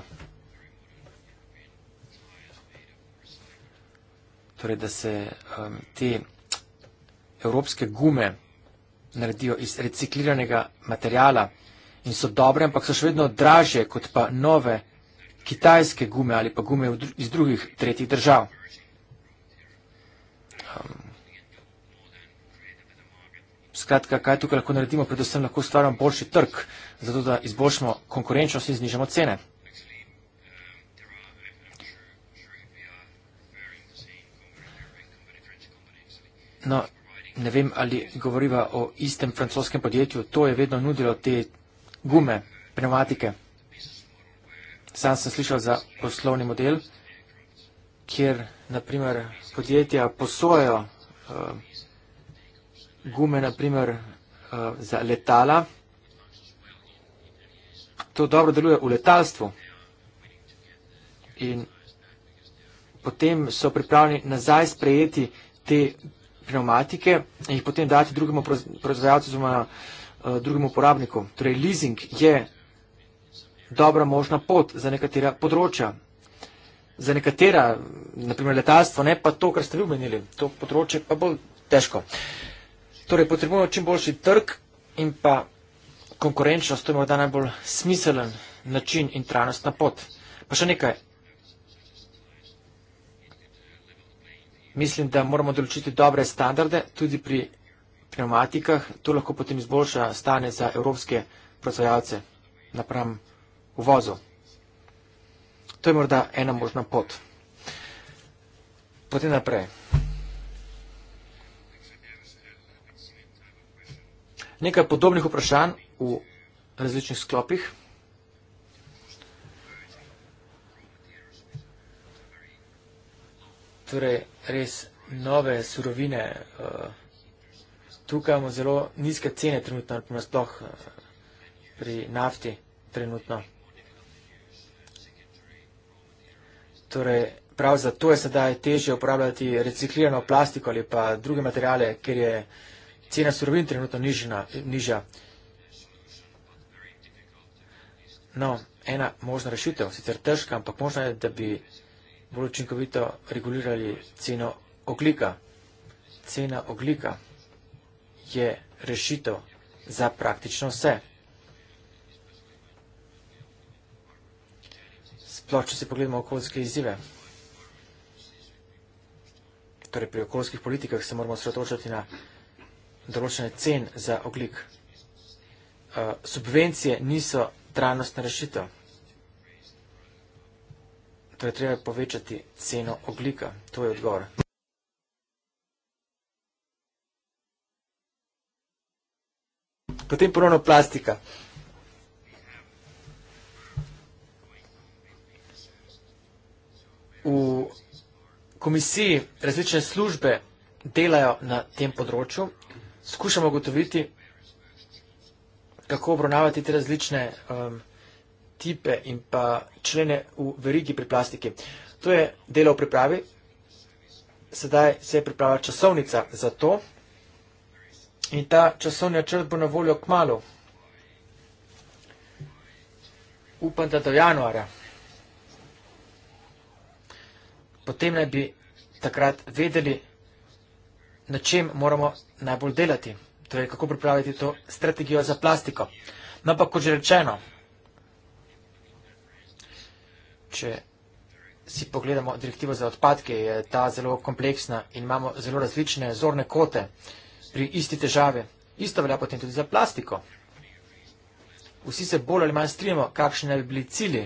torej da se um, te evropske gume naredijo iz recikliranega materijala in so dobre, ampak so še vedno draže kot pa nove kitajske gume ali pa gume iz drugih tretjih držav. Um, skratka, kaj tukaj lahko naredimo? Predvsem lahko ustvarjamo boljši trg, zato da izboljšamo konkurenčnost in znižamo cene. No, ne vem, ali govoriva o istem francoskem podjetju, to je vedno nudilo te gume, pneumatike. Sam sem slišal za poslovni model, kjer naprimer podjetja posojajo uh, gume naprimer uh, eh, za letala. To dobro deluje v letalstvu. In potem so pripravljeni nazaj sprejeti te pneumatike in jih potem dati drugemu proizvajalcu oziroma eh, drugemu uporabniku. Torej, leasing je dobra možna pot za nekatera področja. Za nekatera, naprimer letalstvo, ne pa to, kar ste vi omenili, to področje pa bolj težko. Torej, potrebujemo čim boljši trg in pa konkurenčnost, to je morda najbolj smiselen način in trajnostna pot. Pa še nekaj, mislim, da moramo določiti dobre standarde tudi pri pneumatikah. To lahko potem izboljša stane za evropske proizvajalce napram uvozu. To je morda ena možna pot. Potem naprej. Nekaj podobnih vprašanj v različnih sklopih. Torej, res nove surovine. Eh, Tukaj imamo zelo nizke cene trenutno, naprimer sploh eh, pri nafti trenutno. Torej, prav zato je sedaj težje uporabljati reciklirano plastiko ali pa druge materijale, ker je cena surovin trenutno nižina, nižja. No, ena možna rešitev, sicer težka, ampak možno je, da bi bolj učinkovito regulirali ceno oglika. Cena oglika je rešitev za praktično vse. Sploh, če se pogledamo okoljske izzive. Torej, pri okoljskih politikah se moramo sredočati na določene cen za oglik. Eh, subvencije niso trajnostna rešitev to torej je treba povečati ceno oglika, to je odgovor. Potem ponovno plastika. V komisiji različne službe delajo na tem področju. Skušamo ugotoviti, kako obravnavati te različne um, tipe in pa člene v verigi pri plastiki. To je delo v pripravi. Sedaj se je pripravila časovnica za to in ta časovni načrt bo na voljo k malu. Upam, da do januarja. Potem naj bi takrat vedeli, na čem moramo najbolj delati, torej kako pripraviti to strategijo za plastiko. No pa, kot že rečeno, če si pogledamo direktivo za odpadke, je ta zelo kompleksna in imamo zelo različne zorne kote pri isti težavi. Isto velja potem tudi za plastiko. Vsi se bolj ali manj strinjamo, kakšni naj bi bili cili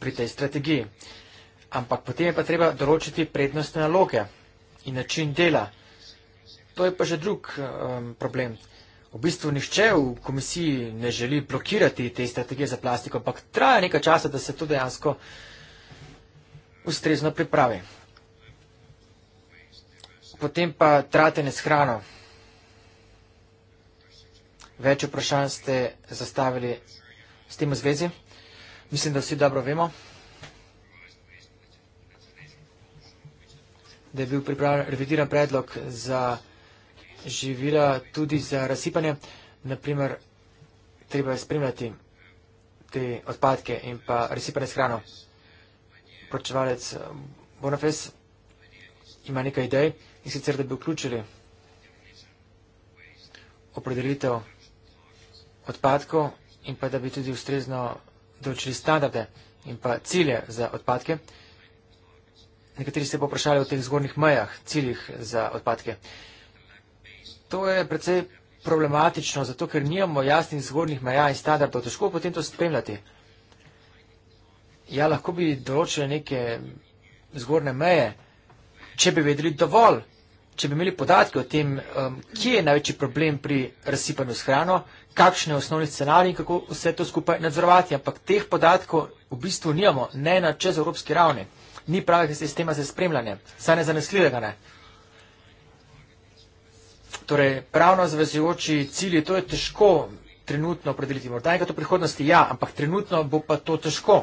pri tej strategiji. Ampak potem je pa treba določiti prednostne naloge in način dela. To je pa že drug um, problem v bistvu nihče v komisiji ne želi blokirati te strategije za plastiko, ampak traja nekaj časa, da se to dejansko ustrezno pripravi. Potem pa tratene s hrano. Več vprašanj ste zastavili s tem v zvezi. Mislim, da vsi dobro vemo, da je bil pripravljen revidiran predlog za vsega, živila tudi za razsipanje. Naprimer, treba je spremljati te odpadke in pa razsipanje s hrano. Pročevalec eh, Bonafes ima nekaj idej in sicer, da bi vključili opredelitev odpadkov in pa da bi tudi ustrezno določili standarde in pa cilje za odpadke. Nekateri ste poprašali o teh zgornjih mejah, ciljih za odpadke to je precej problematično, zato ker nijemo jasnih zgornjih meja in standardov. Težko je potem to spremljati. Ja, lahko bi določili neke zgornje meje, če bi vedeli dovolj, če bi imeli podatke o tem, um, kje je največji problem pri razsipanju s hrano, kakšne osnovne scenarije in kako vse to skupaj nadzorovati. Ampak teh podatkov v bistvu nijemo, ne na čez evropski ravni. Ni pravega sistema za spremljanje, saj ne zanesljivega ne. Torej, pravno zavezujoči cilji, to je težko trenutno opredeliti. Morda nekaj v prihodnosti, ja, ampak trenutno bo pa to težko.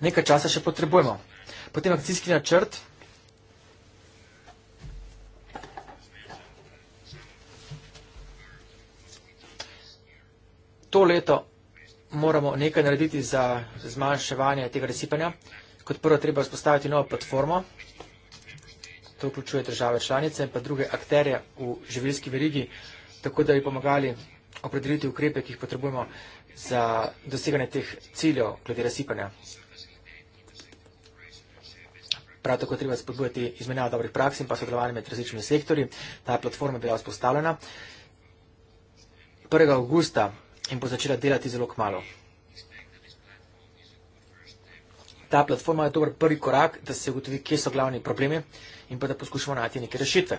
Nekaj časa še potrebujemo. Potem akcijski načrt. To leto moramo nekaj narediti za zmanjševanje tega resipanja. Kot prvo treba vzpostaviti novo platformo, to vključuje države članice in pa druge akterje v živilski verigi, tako da bi pomagali opredeliti ukrepe, ki jih potrebujemo za doseganje teh ciljev glede razsipanja. Prav tako treba spodbujati izmenjavo dobrih praks in pa sodelovanje med različnimi sektorji. Ta platforma je bila vzpostavljena 1. avgusta in bo začela delati zelo kmalo. ta platforma je dober prvi korak, da se ugotovi, kje so glavni problemi in pa da poskušamo najti neke rešitve.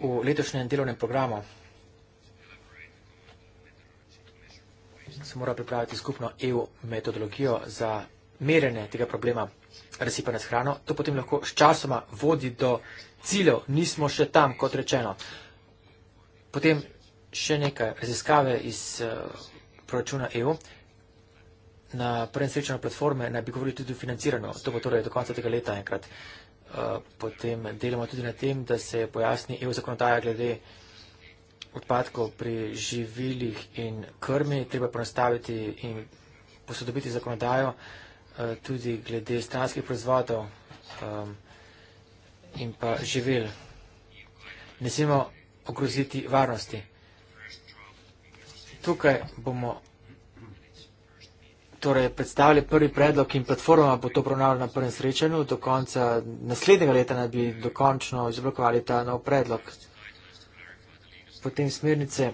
V letošnjem delovnem programu se mora pripraviti skupno EU metodologijo za merjenje tega problema razsipanja s hrano. To potem lahko s časoma vodi do ciljev. Nismo še tam, kot rečeno. Potem še nekaj raziskave iz uh, proračuna EU na prvem srečanju platforme naj bi govorili tudi o financiranju. To bo torej do konca tega leta enkrat. Uh, potem delamo tudi na tem, da se pojasni EU zakonodaja glede odpadkov pri živilih in krmi. Treba ponastaviti in posodobiti zakonodajo uh, tudi glede stranskih proizvodov um, in pa živil. Ne smemo ogroziti varnosti. Tukaj bomo torej predstavili prvi predlog in platforma bo to obravnavala na prvem srečanju, do konca naslednjega leta naj bi mhm. dokončno izblokovali ta nov predlog. Potem smernice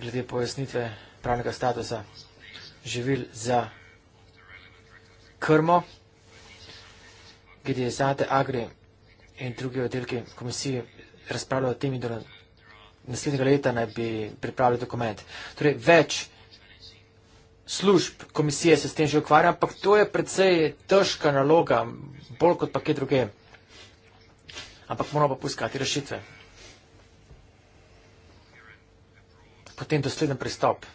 glede pojasnitve pravnega statusa živil za krmo, glede zate Agri in druge oddelke komisije razpravljajo o tem in do naslednjega leta naj bi pripravili dokument. Torej, več služb komisije se s tem že ukvarja, ampak to je predvsej težka naloga, bolj kot pa kje druge. Ampak moramo pa poiskati rešitve. Potem dosleden pristop.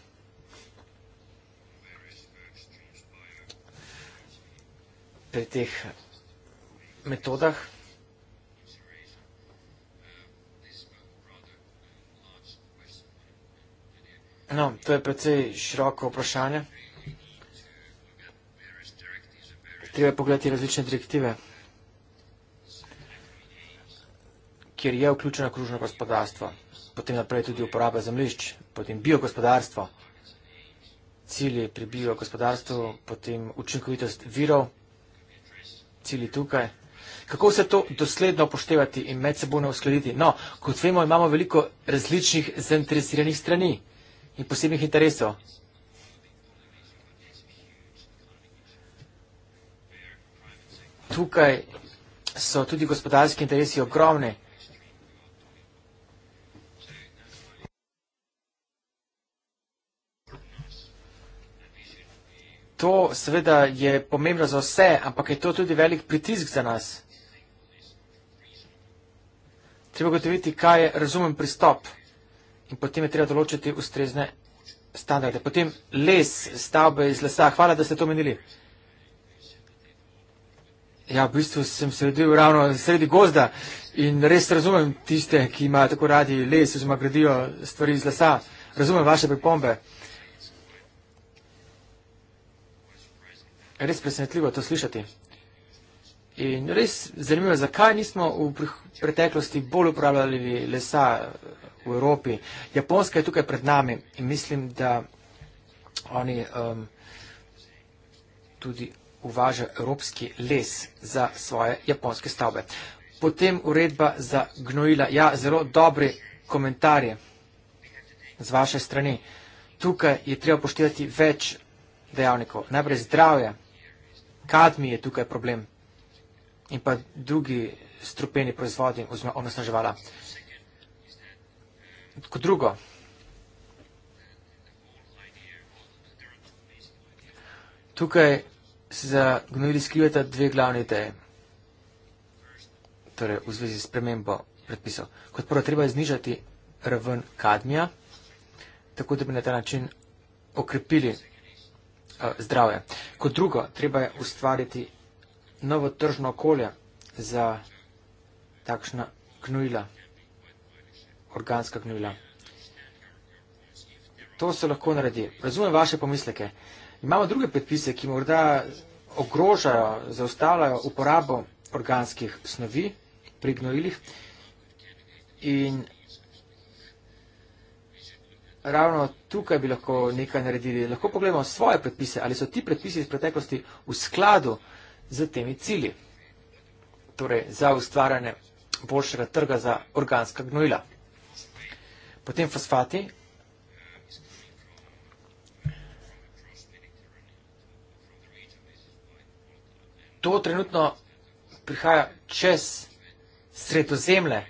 Pri teh metodah No, to je precej široko vprašanje. Treba je pogledati različne direktive, kjer je vključeno kružno gospodarstvo, potem naprej tudi uporaba zemlišč, potem biogospodarstvo, cilje pri biogospodarstvu, potem učinkovitost virov, cilji tukaj. Kako se to dosledno upoštevati in medsebojno uskladiti? No, kot vemo, imamo veliko različnih zainteresiranih strani in posebnih interesov. Tukaj so tudi gospodarski interesi ogromne. To seveda je pomembno za vse, ampak je to tudi velik pritisk za nas. Treba gotoviti, kaj je razumen pristop in potem je treba določiti ustrezne standarde. Potem les, stavbe iz lesa. Hvala, da ste to menili. Ja, v bistvu sem se rodil ravno sredi gozda in res razumem tiste, ki imajo tako radi les oziroma gradijo stvari iz lesa. Razumem vaše pripombe. Res presenetljivo je to slišati. In res zanimivo, zakaj nismo v preteklosti bolj uporabljali lesa v Evropi. Japonska je tukaj pred nami in mislim, da oni um, tudi uvažajo evropski les za svoje japonske stavbe. Potem uredba za gnojila. Ja, zelo dobri komentarje z vaše strani. Tukaj je treba poštevati več dejavnikov. Najprej zdravje. Kadmi je tukaj problem. In pa drugi strupeni proizvodi oziroma onesnaževala. Kot drugo, tukaj se za gnojili skrivata dve glavne ideje, torej v zvezi s premembo predpisov. Kot prvo, treba je znižati raven kadmija, tako da bi na ta način okrepili uh, zdravje. Kot drugo, treba je ustvariti novo tržno okolje za takšna gnojila organska gnojila. To se lahko naredi. Razumem vaše pomisleke. Imamo druge predpise, ki morda ogrožajo, zaustavljajo uporabo organskih snovi pri gnojilih. In ravno tukaj bi lahko nekaj naredili. Lahko pogledamo svoje predpise, ali so ti predpisi iz preteklosti v skladu z temi cilji. Torej, za ustvarjanje boljšega trga za organska gnojila. Potem fosfati. To trenutno prihaja čez sredozemlje.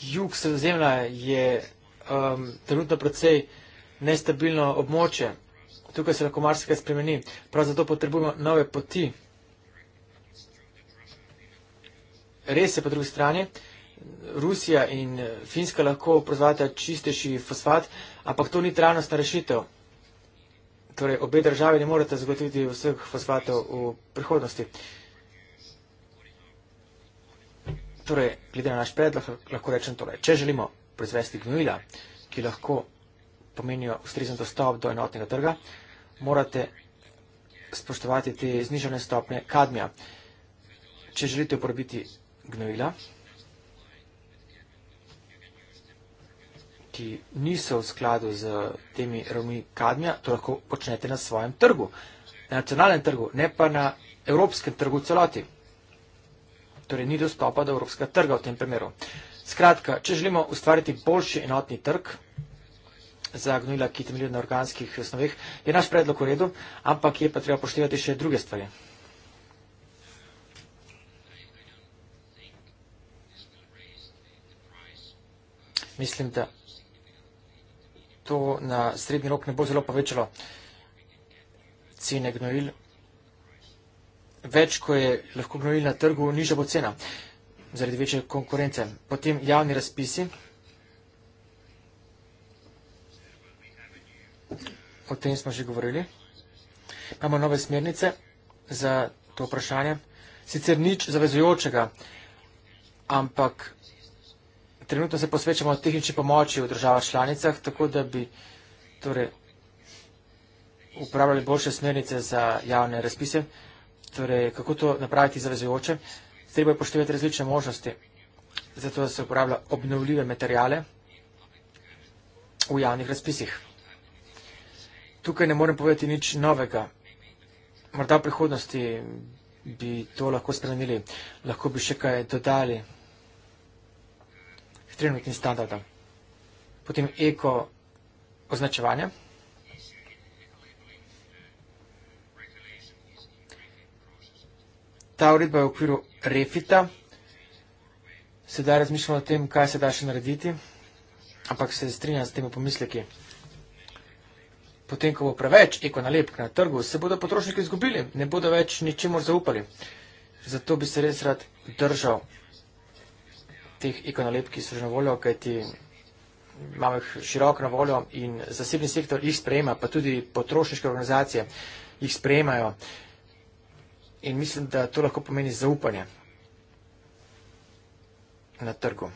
Jug sredozemlja je um, trenutno precej nestabilno območje. Tukaj se lahko marsikaj spremeni. Prav zato potrebujemo nove poti. Res je po drugi strani. Uh, Rusija in Finska lahko proizvajata čistejši fosfat, ampak to ni trajnostna rešitev. Torej, obe države ne morete zagotoviti vseh fosfatov v prihodnosti. Torej, glede na naš predlog, lahko rečem tole. Če želimo proizvesti gnojila, ki lahko pomenijo ustrezen dostop do enotnega trga, morate spoštovati te znižene stopnje kadmija. Če želite uporabiti gnojila, ki niso v skladu z temi ravni kadmija, to lahko počnete na svojem trgu, na nacionalnem trgu, ne pa na evropskem trgu celoti. Torej, ni dostopa do evropskega trga v tem primeru. Skratka, če želimo ustvariti boljši enotni trg za gnojila, ki temeljijo na organskih osnovih, je naš predlog v redu, ampak je pa treba poštevati še druge stvari. Mislim, da to na srednji rok ne bo zelo povečalo cene gnojil. Več, ko je lahko gnojil na trgu, niža bo cena zaradi večje konkurence. Potem javni razpisi. O tem smo že govorili. Imamo nove smernice za to vprašanje. Sicer nič zavezujočega, ampak trenutno se posvečamo tehnični pomoči v državah članicah, tako da bi torej, upravljali boljše smernice za javne razpise. Torej, kako to napraviti zavezujoče? Treba je poštevati različne možnosti, zato se uporablja obnovljive materijale v javnih razpisih. Tukaj ne morem povedati nič novega. Morda v prihodnosti bi to lahko spremenili, lahko bi še kaj dodali trenutnim standardom. Potem eko označevanje. Ta uredba je v okviru refita. Sedaj razmišljamo o tem, kaj se da še narediti, ampak se strinjam s temi pomisleki. Potem, ko bo preveč eko nalepk na trgu, se bodo potrošniki izgubili, ne bodo več ničemu zaupali. Zato bi se res rad držal teh ikonolep, ki so že na voljo, kajti imamo jih široko na voljo in zasebni sektor jih sprejema, pa tudi potrošniške organizacije jih sprejemajo. In mislim, da to lahko pomeni zaupanje na trgu.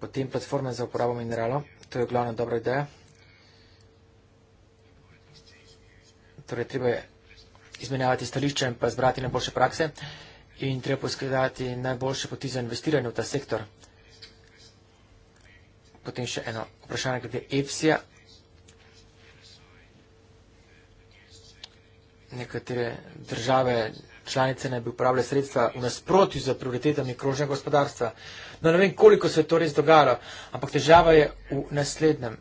Potem platforma za uporabo mineralov, to je glavna dobra ideja. Torej, treba je izmenjavati stališče in pa zbrati najboljše prakse in treba poskrati najboljše poti za investiranje v ta sektor. Potem še eno vprašanje, kde je EPSI-a. Nekatere države članice ne bi upravljali sredstva v nasprotju za prioritetami krožnega gospodarstva. No, ne vem, koliko se je to res dogajalo, ampak težava je v naslednjem.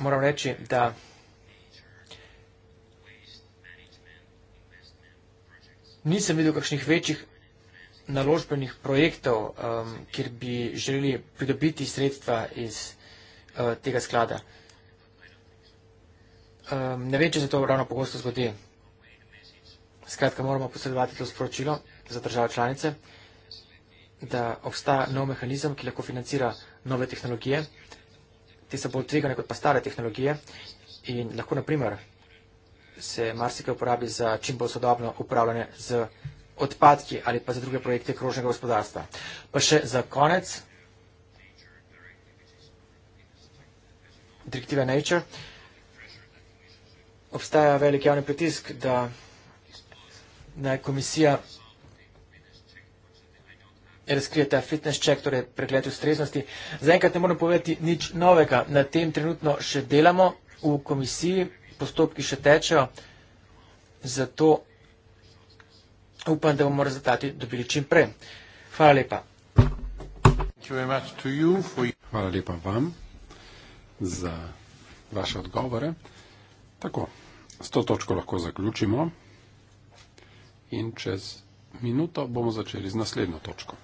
Moram reči, da nisem videl kakšnih večjih naložbenih projektov, um, kjer bi želeli pridobiti sredstva iz uh, tega sklada. Um, ne vem, če se to ravno pogosto zgodi. Skratka, moramo posredovati to sporočilo za države članice, da obstaja nov mehanizem, ki lahko financira nove tehnologije. Te so bolj tvegane kot pa stare tehnologije in lahko, na primer, se marsikaj uporabi za čim bolj sodobno upravljanje z odpadki ali pa za druge projekte krožnega gospodarstva. Pa še za konec. Direktive Nature. Obstaja velik javni pritisk, da naj komisija razkrije ta fitness check, torej pregled ustreznosti. Zaenkrat ne moram povedati nič novega. Na tem trenutno še delamo v komisiji postopki še tečejo, zato upam, da bomo rezultati dobili čim prej. Hvala lepa. Hvala lepa vam za vaše odgovore. Tako, s to točko lahko zaključimo in čez minuto bomo začeli z naslednjo točko.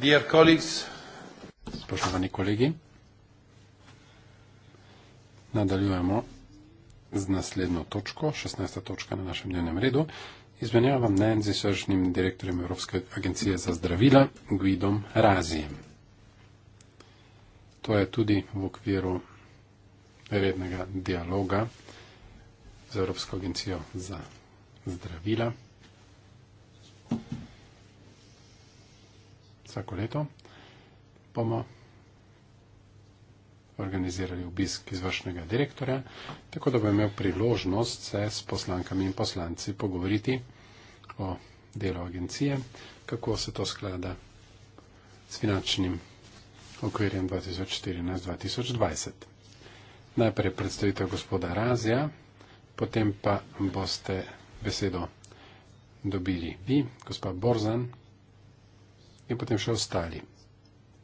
Dear colleagues. Spoštovani kolegi. Nadaljujemo z naslednjo točko, 16. točka na našem dnevnem redu. Izmenjava mnen z izvršnim direktorjem Evropske agencije za zdravila Guidom Razijem. To je tudi v okviru rednega dialoga z Evropsko agencijo za zdravila. vsako leto, bomo organizirali obisk izvršnega direktorja, tako da bo imel priložnost se s poslankami in poslanci pogovoriti o delu agencije, kako se to sklada s finančnim okvirjem 2014-2020. Najprej predstavitev gospoda Razija, potem pa boste besedo dobili vi, gospod Borzan in potem še ostali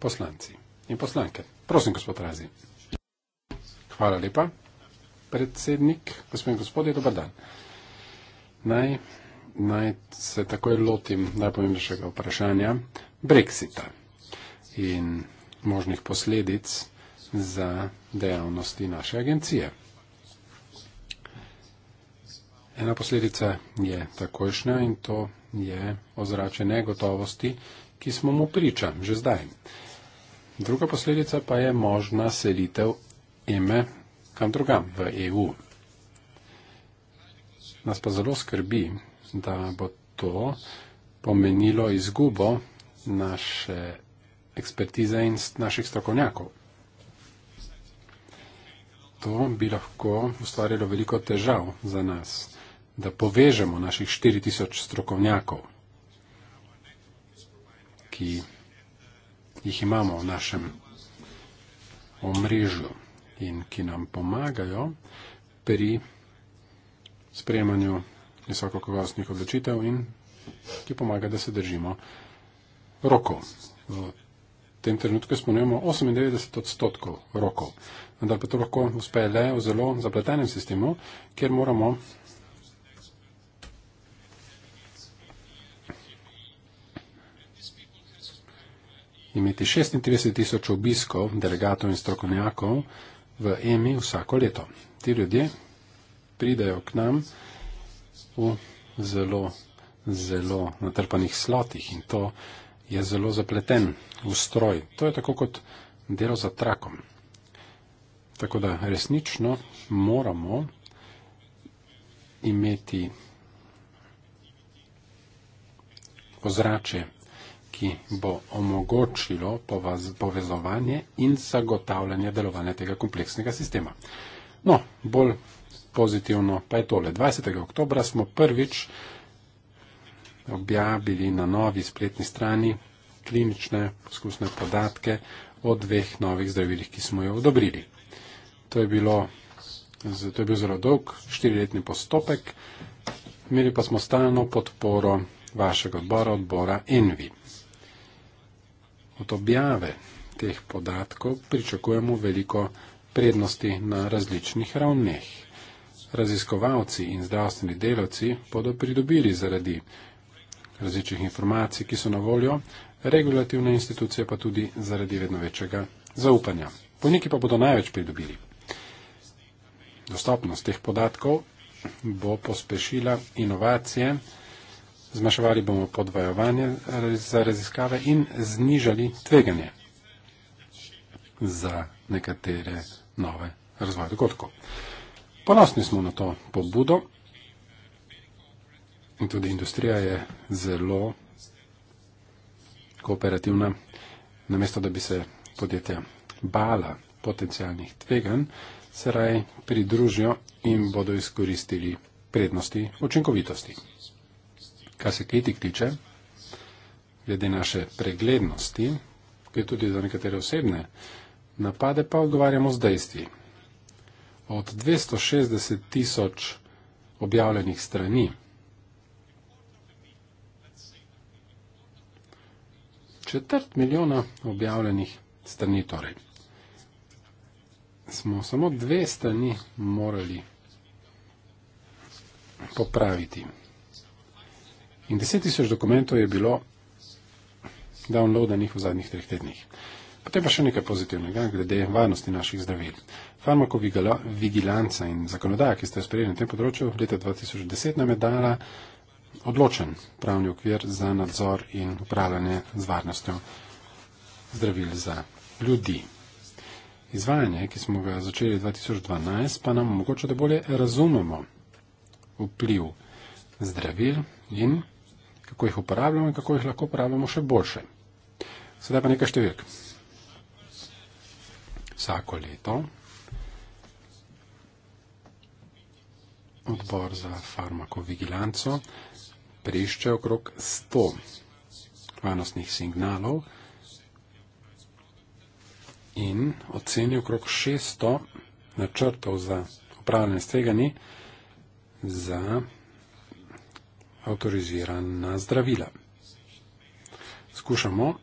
poslanci in poslanke. Prosim, gospod Razi. Hvala lepa, predsednik, gospod in gospodje, dobar dan. Naj, naj se takoj lotim najpomembnejšega vprašanja Brexita in možnih posledic za dejavnosti naše agencije. Ena posledica je takojšnja in to je ozračenje gotovosti ki smo mu priča že zdaj. Druga posledica pa je možna selitev EME kam drugam v EU. Nas pa zelo skrbi, da bo to pomenilo izgubo naše ekspertize in naših strokovnjakov. To bi lahko ustvarjalo veliko težav za nas, da povežemo naših 4000 strokovnjakov ki jih imamo v našem omrežju in ki nam pomagajo pri sprejemanju visokokakovostnih odločitev in ki pomaga, da se držimo rokov. V tem trenutku izpolnjujemo 98 odstotkov rokov, vendar pa to lahko uspe le v zelo zapletenem sistemu, kjer moramo imeti 36 tisoč obiskov delegatov in strokovnjakov v EMI vsako leto. Ti ljudje pridajo k nam v zelo, zelo natrpanih slotih in to je zelo zapleten ustroj. To je tako kot delo za trakom. Tako da resnično moramo imeti ozrače ki bo omogočilo povezovanje in zagotavljanje delovanja tega kompleksnega sistema. No, bolj pozitivno pa je tole. 20. oktobra smo prvič objavili na novi spletni strani klinične poskusne podatke o dveh novih zdravilih, ki smo jo odobrili. To je, bilo, to je bil zelo dolg, štiriletni postopek. Imeli pa smo stalno podporo vašega odbora, odbora Envi od objave teh podatkov pričakujemo veliko prednosti na različnih ravneh. Raziskovalci in zdravstveni delavci bodo pridobili zaradi različnih informacij, ki so na voljo, regulativne institucije pa tudi zaradi vedno večjega zaupanja. Poniki pa bodo največ pridobili. Dostopnost teh podatkov bo pospešila inovacije, zmanjševali bomo podvajovanje za raziskave in znižali tveganje za nekatere nove razvoje dogodkov. Ponosni smo na to pobudo in tudi industrija je zelo kooperativna. Namesto, da bi se podjetja bala potencijalnih tveganj, se raj pridružijo in bodo izkoristili prednosti učinkovitosti kar se kritik tiče, glede naše preglednosti, ki je tudi za nekatere osebne napade, pa odgovarjamo z dejstvi. Od 260 tisoč objavljenih strani četrt milijona objavljenih strani torej. Smo samo dve strani morali popraviti. In 10 tisoč dokumentov je bilo downloadanih v zadnjih treh tednih. Potem pa še nekaj pozitivnega glede varnosti naših zdravil. Farmakovigilanca in zakonodaja, ki ste jo sprejeli na tem področju, leta 2010 nam je dala odločen pravni okvir za nadzor in upravljanje z varnostjo zdravil za ljudi. Izvajanje, ki smo ga začeli 2012, pa nam omogoča, da bolje razumemo vpliv zdravil in kako jih uporabljamo in kako jih lahko uporabljamo še boljše. Sedaj pa nekaj številk. Vsako leto odbor za farmakovigilanco prišče okrog 100 varnostnih signalov in oceni okrog 600 načrtov za upravljanje stregani za avtorizirana zdravila. Skušamo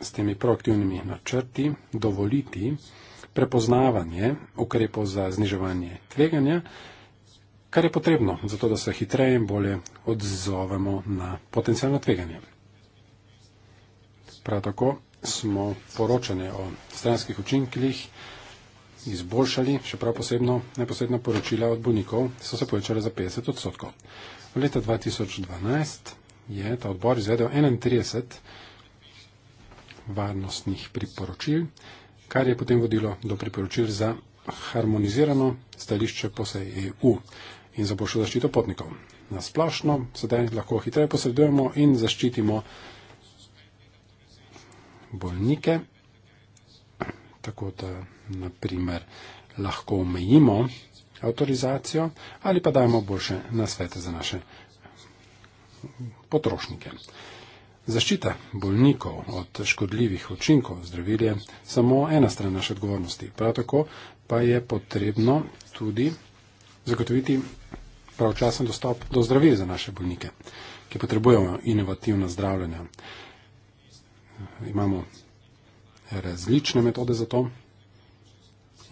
s temi proaktivnimi načrti dovoliti prepoznavanje ukrepov za zniževanje tveganja, kar je potrebno, zato da se hitreje in bolje odzovemo na potencijalno tveganje. Prav tako smo poročanje o stranskih učinkih izboljšali, še prav posebno, neposredna poročila od bolnikov so se povečala za 50 odstotkov leta 2012 je ta odbor izvedel 31 varnostnih priporočil, kar je potem vodilo do priporočil za harmonizirano stališče posej EU in za boljšo zaščito potnikov. Na splošno sedaj lahko hitreje posredujemo in zaščitimo bolnike, tako da naprimer lahko omejimo avtorizacijo ali pa dajemo boljše nasvete za naše potrošnike. Zaščita bolnikov od škodljivih učinkov zdravil je samo ena stran naše odgovornosti. Prav tako pa je potrebno tudi zagotoviti pravočasen dostop do zdravil za naše bolnike, ki potrebujemo inovativna zdravljenja. Imamo različne metode za to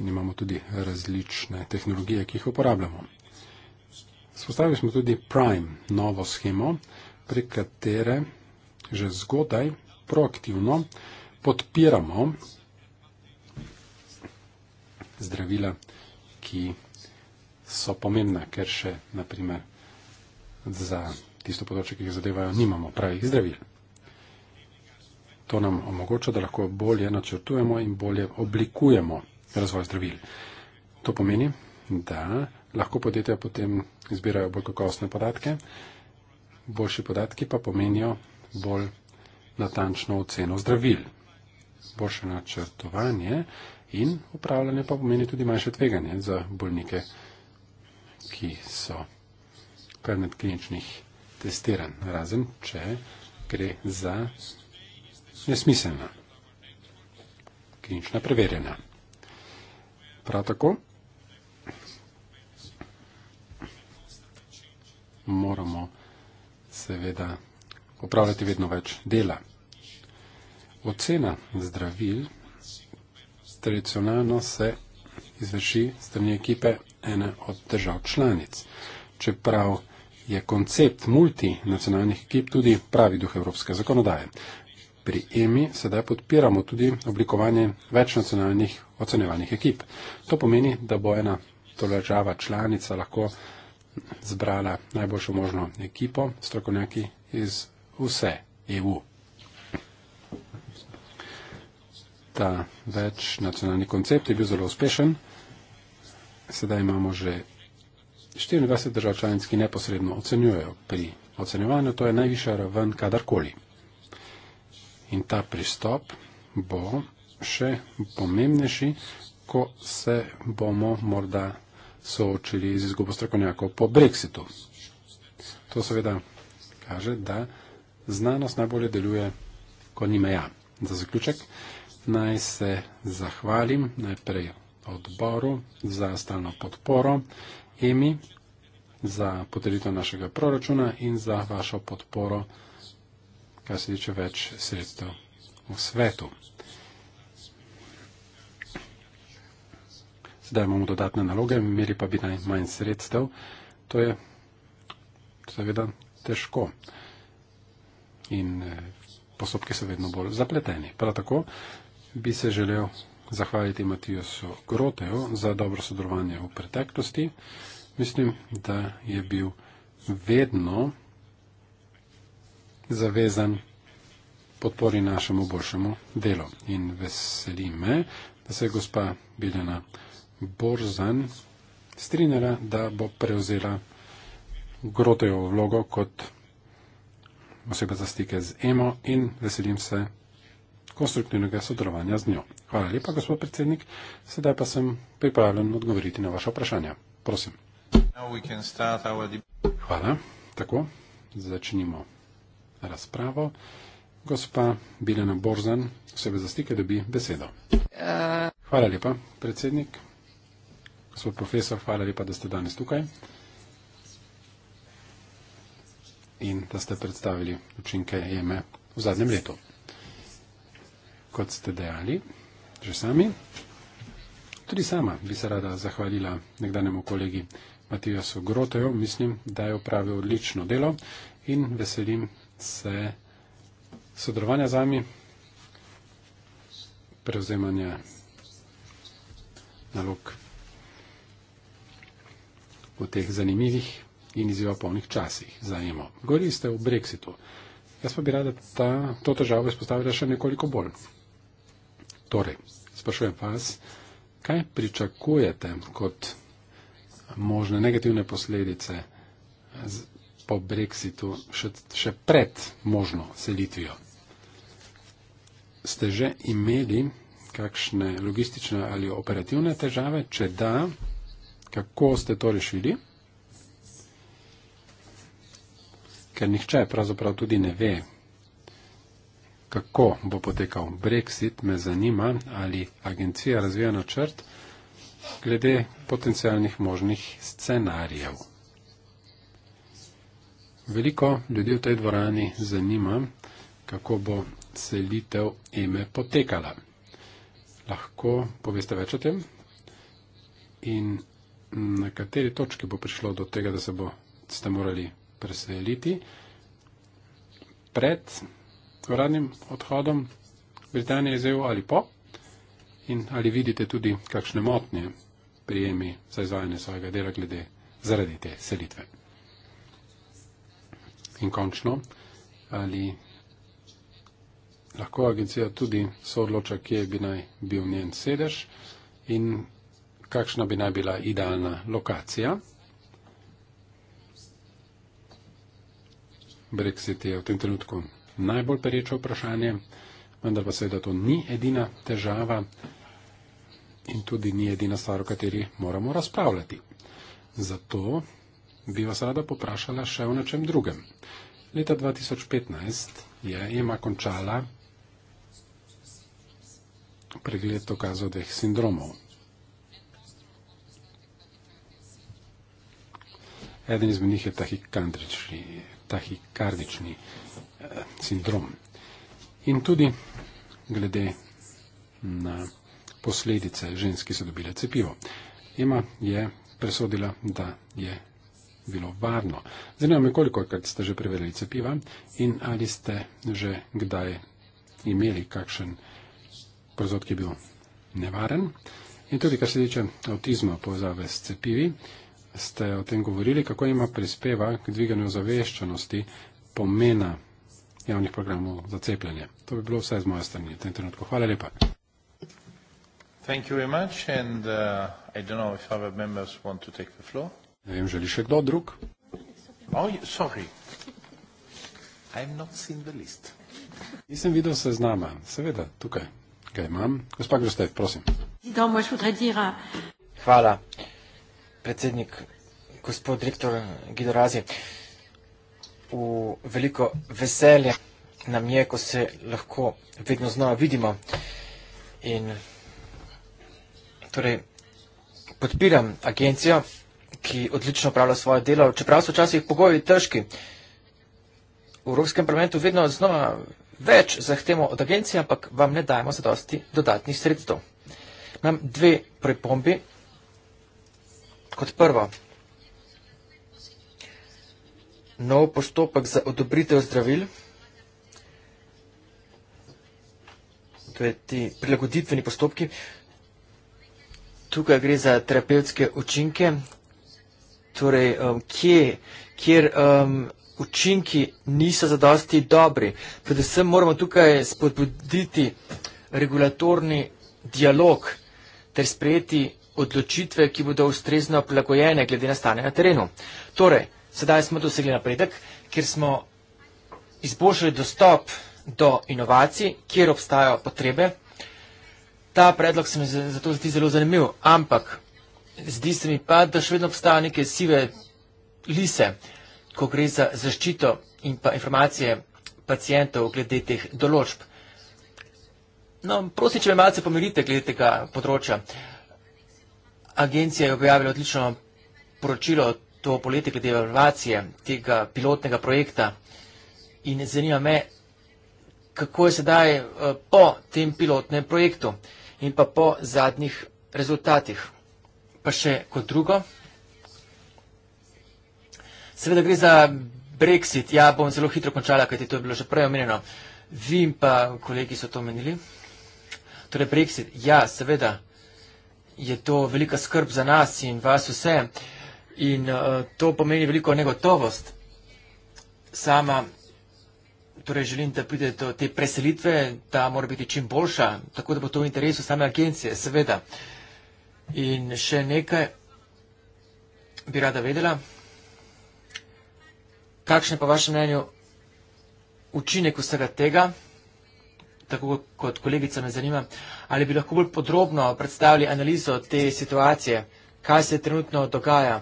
in imamo tudi različne tehnologije, ki jih uporabljamo. Spostavili smo tudi Prime, novo schemo, pri katere že zgodaj proaktivno podpiramo zdravila, ki so pomembna, ker še naprimer za tisto področje, ki jih zadevajo, nimamo pravih zdravil. To nam omogoča, da lahko bolje načrtujemo in bolje oblikujemo razvoj zdravil. To pomeni, da lahko podjetja potem izbirajo bolj kakovostne podatke, boljši podatki pa pomenijo bolj natančno oceno zdravil, boljše načrtovanje in upravljanje pa pomeni tudi manjše tveganje za bolnike, ki so predmet kliničnih testiranj, razen če gre za nesmiselna klinična preverjanja prav tako. Moramo seveda opravljati vedno več dela. Ocena zdravil tradicionalno se izvrši strani ekipe ene od držav članic. Čeprav je koncept multinacionalnih ekip tudi pravi duh evropske zakonodaje pri EMI sedaj podpiramo tudi oblikovanje večnacionalnih ocenevalnih ekip. To pomeni, da bo ena tolažava članica lahko zbrala najboljšo možno ekipo, strokovnjaki iz vse EU. Ta večnacionalni koncept je bil zelo uspešen. Sedaj imamo že 24 držav članic, ki neposredno ocenjujejo pri ocenjevanju. To je najvišja raven kadarkoli. In ta pristop bo še pomembnejši, ko se bomo morda soočili z izgubo strokovnjakov po brexitu. To seveda kaže, da znanost najbolje deluje, ko ni meja. Za zaključek naj se zahvalim najprej odboru za stalno podporo, EMI, za potreditev našega proračuna in za vašo podporo kar se tiče več sredstev v svetu. Zdaj imamo dodatne naloge, imeli pa bi najmanj sredstev. To je seveda težko. In eh, postopki so vedno bolj zapleteni. Prav tako bi se želel zahvaliti Matijosu Groteju za dobro sodelovanje v preteklosti. Mislim, da je bil vedno zavezan podpori našemu boljšemu delu. In veseli me, da se je gospa Biljana Borzan strinjala, da bo prevzela grotejo vlogo kot oseba za stike z EMO in veselim se konstruktivnega sodelovanja z njo. Hvala lepa, gospod predsednik. Sedaj pa sem pripravljen odgovoriti na vaše vprašanja. Prosim. Hvala. Tako, začnimo razpravo. Gospa Biljana Borzan, osebe za stike, dobi besedo. Hvala lepa, predsednik. Gospod profesor, hvala lepa, da ste danes tukaj in da ste predstavili učinke EME e v zadnjem letu. Kot ste dejali, že sami, tudi sama bi se rada zahvalila nekdanjemu kolegi Matijasu Grotojo, mislim, da je opravil odlično delo in veselim se sodelovanja z vami, prevzemanje nalog v teh zanimivih in izjiva polnih časih za emo. Govorili ste o brexitu. Jaz pa bi rada ta, to težavo izpostavila še nekoliko bolj. Torej, sprašujem vas, kaj pričakujete kot možne negativne posledice po brexitu, še, še pred možno selitvijo, ste že imeli kakšne logistične ali operativne težave? Če da, kako ste to rešili? Ker nihče pravzaprav tudi ne ve, kako bo potekal brexit, me zanima, ali agencija razvija načrt glede potencijalnih možnih scenarijev. Veliko ljudi v tej dvorani zanima, kako bo selitev EME potekala. Lahko poveste več o tem in na kateri točki bo prišlo do tega, da se bo, ste morali preseliti pred uradnim odhodom Britanije iz EU ali po in ali vidite tudi kakšne motnje prijemi za izvajanje svojega dela glede zaradi te selitve. In končno, ali lahko agencija tudi soodloča, kje bi naj bil njen sedež in kakšna bi naj bila idealna lokacija. Brexit je v tem trenutku najbolj pereče vprašanje, vendar pa seveda to ni edina težava in tudi ni edina stvar, o kateri moramo razpravljati. Zato bi vas rada poprašala še o nečem drugem. Leta 2015 je EMA končala pregled dokazov teh sindromov. Eden izmed njih je tahikandrični, tahikardični eh, sindrom. In tudi glede na posledice ženski so dobile cepivo. EMA je presodila, da je bilo varno. Zanima me, koliko krat ste že preverili cepiva in ali ste že kdaj imeli kakšen proizvod, ki je bil nevaren. In tudi, kar se tiče avtizma povezave s cepivi, ste o tem govorili, kako ima prispeva k dviganju zaveščenosti pomena javnih programov za cepljenje. To bi bilo vse z moje strani v tem trenutku. Hvala lepa. Thank you very much and uh, I don't know if other members want to take the floor. Ne vem, želi še kdo drug? Oh, Nisem videl seznama, seveda, tukaj ga imam. Gospod Grostev, prosim. Hvala, predsednik, gospod direktor Gido Razi. V veliko veselje nam je, ko se lahko vedno znova vidimo. In torej, podpiram agencijo, ki odlično pravlja svoje delo, čeprav so včasih pogoji težki. V Evropskem parlamentu vedno znova več zahtemo od agencije, ampak vam ne dajemo za dosti dodatnih sredstev. Imam dve pripombi. Kot prvo, nov postopek za odobritev zdravil, to je ti prilagoditveni postopki. Tukaj gre za terapevtske učinke, torej, um, kje, kjer um, učinki niso zadosti dobri. Predvsem moramo tukaj spodbuditi regulatorni dialog ter sprejeti odločitve, ki bodo ustrezno prilagojene glede na stanje na terenu. Torej, sedaj smo dosegli napredek, ker smo izboljšali dostop do inovacij, kjer obstajajo potrebe. Ta predlog se mi zato zdi zelo zanimiv, ampak zdi se mi pa, da še vedno obstaja neke sive lise, ko gre za zaščito in pa informacije pacijentov glede teh določb. No, prosim, če me malce pomirite glede tega področja. Agencija je objavila odlično poročilo to poletje glede evaluacije tega pilotnega projekta in zanima me, kako je sedaj eh, po tem pilotnem projektu in pa po zadnjih rezultatih. Pa še kot drugo. Seveda gre za Brexit. Ja, bom zelo hitro končala, kajti to je bilo že prej omenjeno. Vi in pa kolegi so to omenili. Torej, Brexit, ja, seveda je to velika skrb za nas in vas vse. In uh, to pomeni veliko negotovost. Sama torej želim, da pride do te preselitve, da mora biti čim boljša, tako da bo to v interesu same agencije, seveda. Uh, In še nekaj bi rada vedela. Kakšen je po vašem mnenju učinek vsega tega, tako kot kolegica me zanima, ali bi lahko bolj podrobno predstavili analizo te situacije, kaj se trenutno dogaja.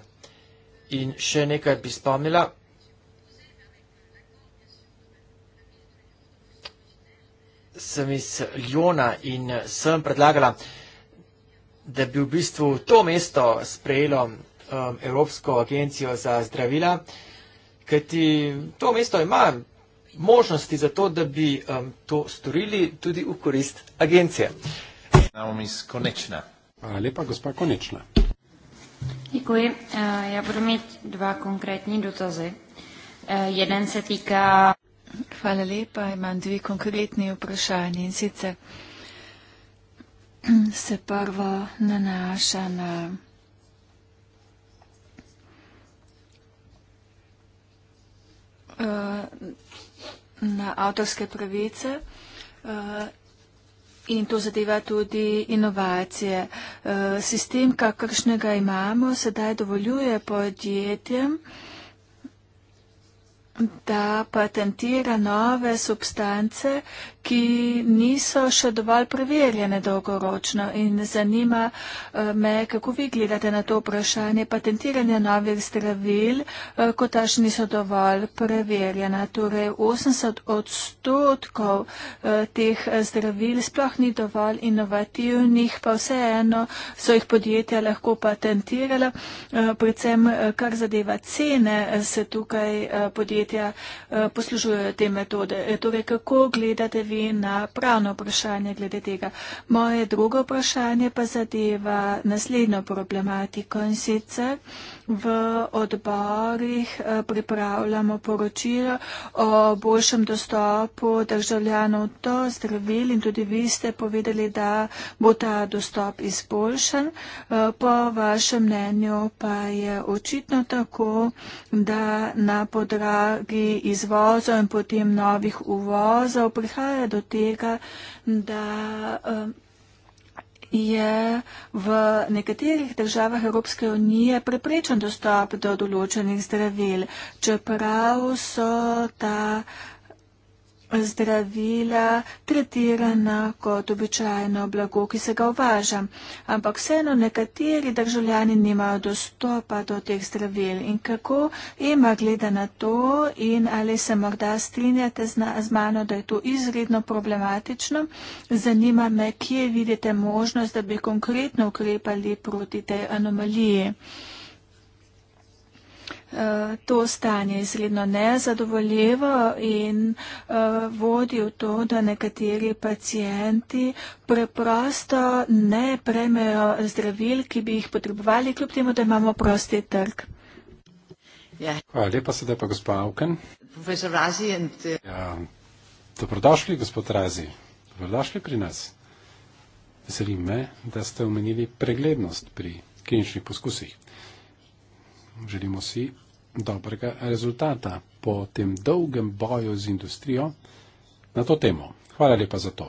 In še nekaj bi spomnila. Sem iz Ljona in sem predlagala, da bi v bistvu to mesto sprejelo um, Evropsko agencijo za zdravila, kajti to mesto ima možnosti za to, da bi um, to storili tudi v korist agencije. Lepa, gospa Konečna. Děkuji. Eh, já budu mít dva konkrétní dotazy. Eh, jeden se týká. Hvala lepa, imam dve konkrétni vprašanje in sicer se prvo nanaša na eh, na avtorske pravice eh, in to zadeva tudi inovacije. Eh, sistem, kakršnega imamo, sedaj dovoljuje podjetjem, da patentira nove substance, ki niso še dovolj preverjene dolgoročno in zanima eh, me, kako vi gledate na to vprašanje patentiranja novih zdravil, eh, ko taž niso dovolj preverjena. Torej 80 odstotkov eh, teh zdravil sploh ni dovolj inovativnih, pa vseeno so jih podjetja lahko patentirala, predvsem kar zadeva cene, se tukaj podjetja poslužujejo te metode. Torej, kako gledate vi? ve na pravno vprašanje glede tega. Moje drugo vprašanje pa zadeva naslednjo problematiko in sicer v odborih eh, pripravljamo poročilo o boljšem dostopu državljanov do zdravil in tudi vi ste povedali, da bo ta dostop izboljšen. Eh, po vašem mnenju pa je očitno tako, da na podragi izvozov in potem novih uvozov prihaja do tega, da eh, je v nekaterih državah Evropske unije preprečen dostop do določenih zdravil, čeprav so ta uh, zdravila tretirana kot običajno blago, ki se ga uvaža. Ampak vseeno nekateri državljani nimajo dostopa do teh zdravil. In kako ima gleda na to in ali se morda strinjate z mano, da je to izredno problematično? Zanima me, kje vidite možnost, da bi konkretno ukrepali proti tej anomaliji to stanje izredno nezadovoljivo in uh, vodi v to, da nekateri pacijenti preprosto ne premejo zdravil, ki bi jih potrebovali, kljub temu, da imamo prosti trg. Ja. Hvala lepa, sedaj pa gospod Avken. Eh, ja, dobrodošli, gospod Razi. Dobrodošli pri nas. Veseli me, da ste omenili preglednost pri kliničnih poskusih. Želimo si dobrega rezultata po tem dolgem boju z industrijo na to temo. Hvala lepa za to.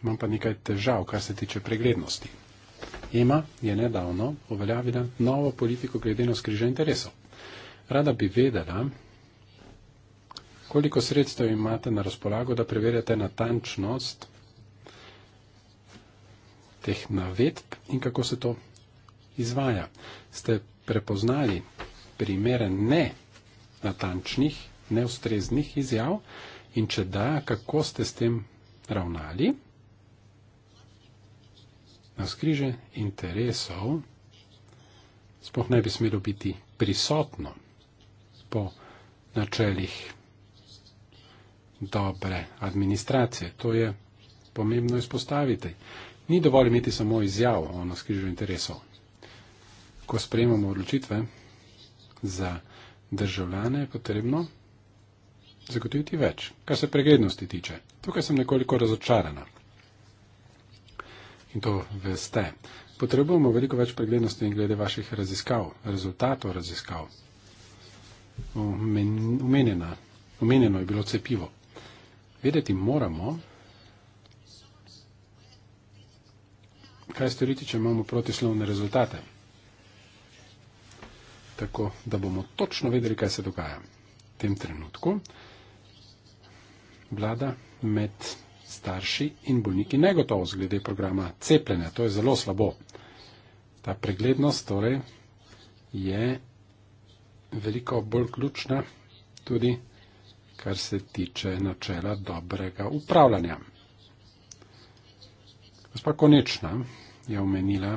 Imam pa nekaj težav, kar se tiče preglednosti. EMA je nedavno uveljavila novo politiko glede na skrižje interesov. Rada bi vedela, koliko sredstev imate na razpolago, da preverjate natančnost teh navedb in kako se to izvaja. Ste prepoznali primere ne natančnih, neustreznih izjav in če da, kako ste s tem ravnali? Na skriže interesov spoh ne bi smelo biti prisotno po načelih dobre administracije. To je pomembno izpostaviti. Ni dovolj imeti samo izjav o naskrižju interesov ko sprejemamo odločitve za državljane, je potrebno zagotoviti več, kar se preglednosti tiče. Tukaj sem nekoliko razočarana. In to veste. Potrebujemo veliko več preglednosti in glede vaših raziskav, rezultatov raziskav. Umenjena, umenjeno je bilo cepivo. Vedeti moramo, kaj storiti, če imamo protislovne rezultate tako da bomo točno vedeli, kaj se dogaja v tem trenutku. Vlada med starši in bolniki negotovost glede programa cepljenja. To je zelo slabo. Ta preglednost torej je veliko bolj ključna tudi, kar se tiče načela dobrega upravljanja. Gospa Konečna je omenila,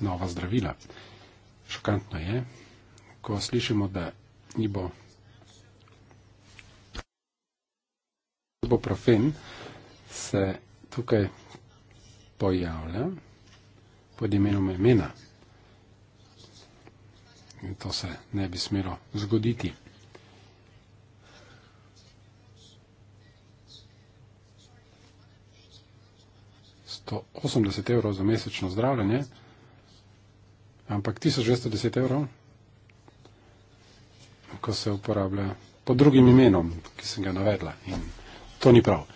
nova zdravila. Šokantno je, ko slišimo, da ibo ibuprofen se tukaj pojavlja pod imenom imena. In to se ne bi smelo zgoditi. To 80 evrov za mesečno zdravljenje ampak 1610 evrov, ko se uporablja pod drugim imenom, ki sem ga navedla in to ni prav.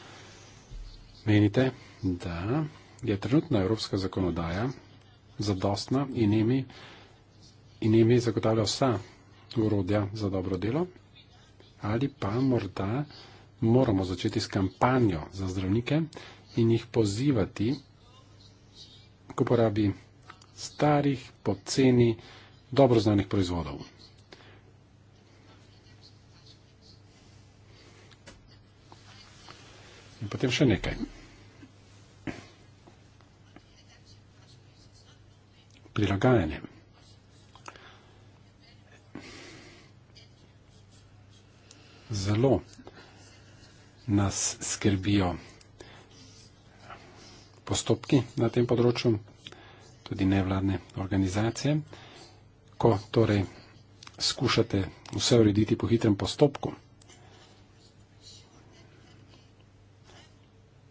Menite, da je trenutna evropska zakonodaja zadostna in imi, in imi zagotavlja vsa urodja za dobro delo ali pa morda moramo začeti s kampanjo za zdravnike in jih pozivati, ko porabi starih, poceni, dobro znanih proizvodov. In potem še nekaj. Prilagajanje. Zelo nas skrbijo postopki na tem področju, tudi nevladne organizacije. Ko torej skušate vse urediti po hitrem postopku,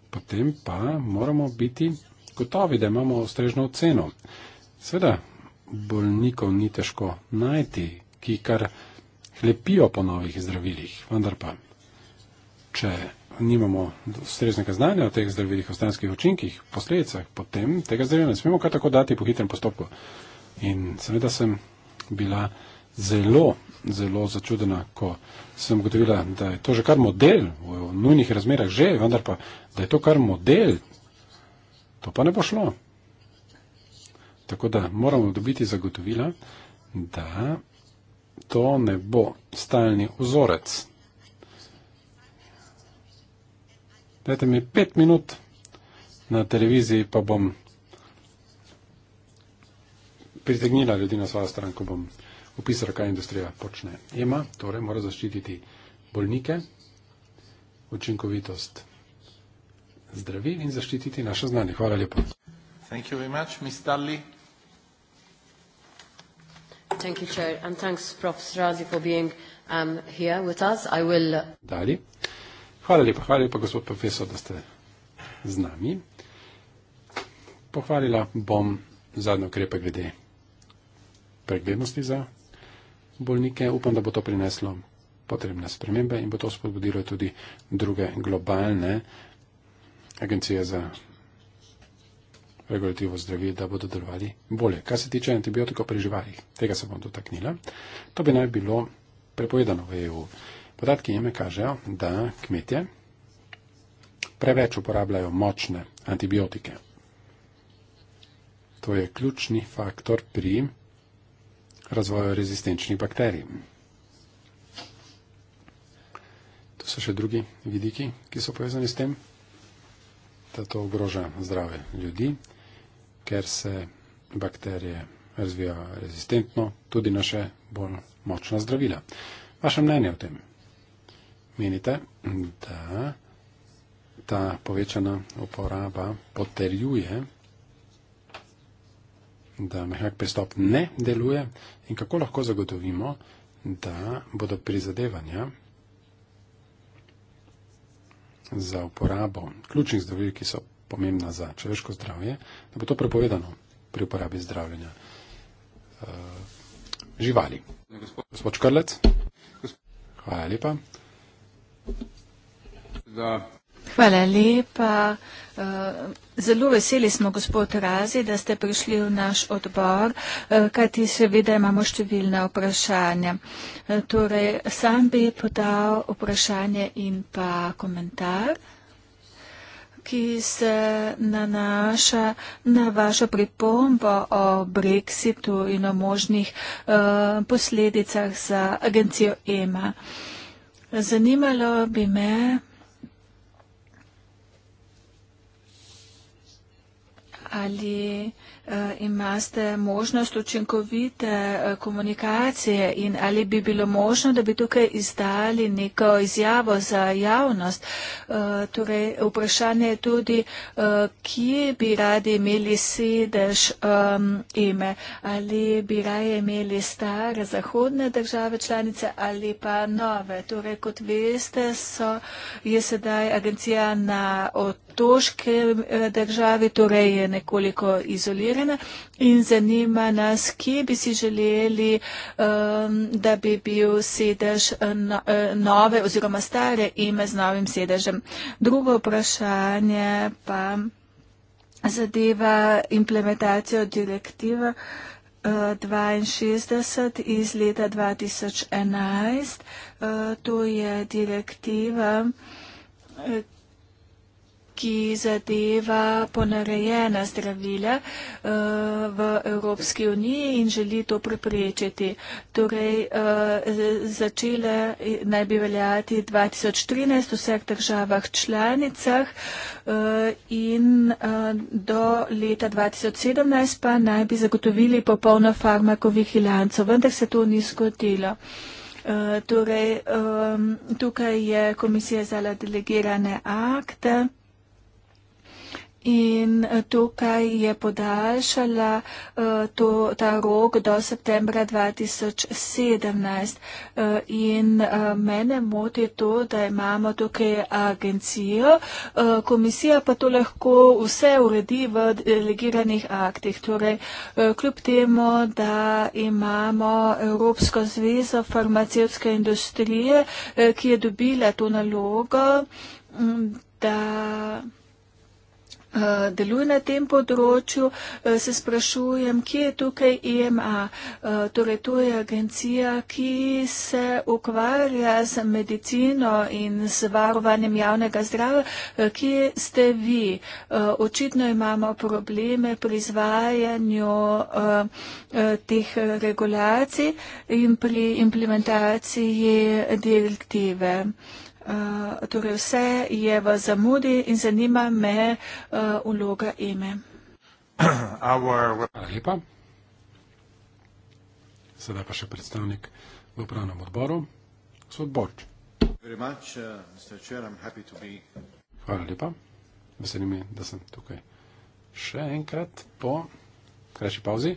potem pa moramo biti gotovi, da imamo ustrežno oceno. Sveda, bolnikov ni težko najti, ki kar hlepijo po novih zdravilih, vendar pa, če nimamo ustreznega znanja o teh zdravilih, o stranskih učinkih, posledicah, potem tega zdravila ne smemo kar tako dati po hitrem postopku. In seveda sem bila zelo, zelo začudena, ko sem ugotovila, da je to že kar model v nujnih razmerah že, vendar pa, da je to kar model, to pa ne bo šlo. Tako da moramo dobiti zagotovila, da to ne bo stalni vzorec. Dajte mi pet minut, na televiziji pa bom pritegnila ljudi na svojo stran, ko bom opisala, kaj industrija počne. Ema torej mora zaščititi bolnike, učinkovitost zdravil in zaščititi naše znanje. Hvala lepo. Thank you very much, Mr. Lee. Thank you, Chair, and thanks, Prof. Srazi, for being um, here with us. I will... Uh, Dali. Hvala lepa, hvala lepa, gospod profesor, da ste z nami. Pohvalila bom zadnje ukrepe glede preglednosti za bolnike. Upam, da bo to prineslo potrebne spremembe in bo to spodbudilo tudi druge globalne agencije za regulativo zdravje, da bodo delovali bolje. Kar se tiče antibiotikov pri živalih, tega se bom dotaknila, to bi naj bilo prepovedano v EU. Podatki jeme kažejo, da kmetje preveč uporabljajo močne antibiotike. To je ključni faktor pri razvoju rezistenčnih bakterij. Tu so še drugi vidiki, ki so povezani s tem, da to ogroža zdrave ljudi, ker se bakterije razvijajo rezistentno tudi na še bolj močna zdravila. Vaše mnenje o tem? menite, da ta povečana uporaba potrjuje, da mehak pristop ne deluje in kako lahko zagotovimo, da bodo prizadevanja za uporabo ključnih zdravil, ki so pomembna za človeško zdravje, da bo to prepovedano pri uporabi zdravljenja eh, živali. Gospod Škrlec, hvala lepa. Da. Hvala lepa. Eh, zelo veseli smo, gospod Razi, da ste prišli v naš odbor, eh, kajti seveda imamo številna vprašanja. Eh, torej, sam bi podal vprašanje in pa komentar, ki se nanaša na vašo pripombo o Brexitu in o možnih posledicah za agencijo EMA. Zanimalo bi me, ali Eh, imate možnost učinkovite eh, komunikacije in ali bi bilo možno, da bi tukaj izdali neko izjavo za javnost. Eh, torej, vprašanje je tudi, kje bi radi imeli sedež ime, ehm, ali bi raje imeli stare zahodne države članice ali pa nove. Torej, kot veste, je sedaj agencija na odpravljanju otoške eh, državi, torej je nekoliko izolirana in zanima nas, kje bi si želeli, ehm, da bi bil sedež eh, no-, eh, nove oziroma stare ime z novim sedežem. Drugo vprašanje pa zadeva implementacijo direktive. 62 iz leta 2011. To je direktiva, ki zadeva ponarejena zdravila eh, v Evropski uniji in želi to preprečiti. Torej, eh, začele naj bi veljati 2013 v vseh državah članicah eh, in do leta 2017 pa naj bi zagotovili popolno farmakovih ilanco. Vendar se to ni zgodilo. Torej, tukaj je komisija zala delegirane akte. In eh, tukaj je podaljšala eh, to, ta rok do septembra 2017. Eh, in mene moti to, da imamo tukaj agencijo. Komisija pa to lahko vse uredi v delegiranih aktih. Torej, kljub temu, da imamo Evropsko zvezo farmacevtske industrije, ki je dobila to nalogo, mm, da. Eh, deluje na tem področju, eh, se sprašujem, kje je tukaj EMA. Eh, torej, to je agencija, ki se ukvarja z medicino in z varovanjem javnega zdrava. Kje ste vi? Očitno imamo probleme pri izvajanju teh regulacij in pri implementaciji direktive. Eh, torej vse je v zamudi in zanima me eh, vloga uh, EME. Hvala lepa. Sedaj pa še predstavnik v upravnem odboru, gospod Borč. Uh, Hvala lepa. Veseli me, da sem tukaj še enkrat po krajši pauzi.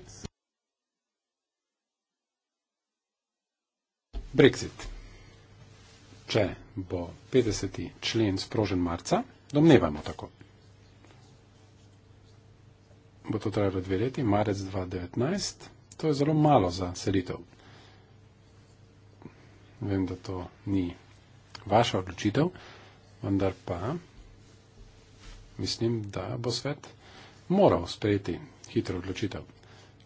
Brexit. Če bo 50. člen sprožen marca, domnevamo tako. Bo to trajalo dve leti, marec 2019, to je zelo malo za selitev. Vem, da to ni vaša odločitev, vendar pa mislim, da bo svet moral sprejeti hitro odločitev.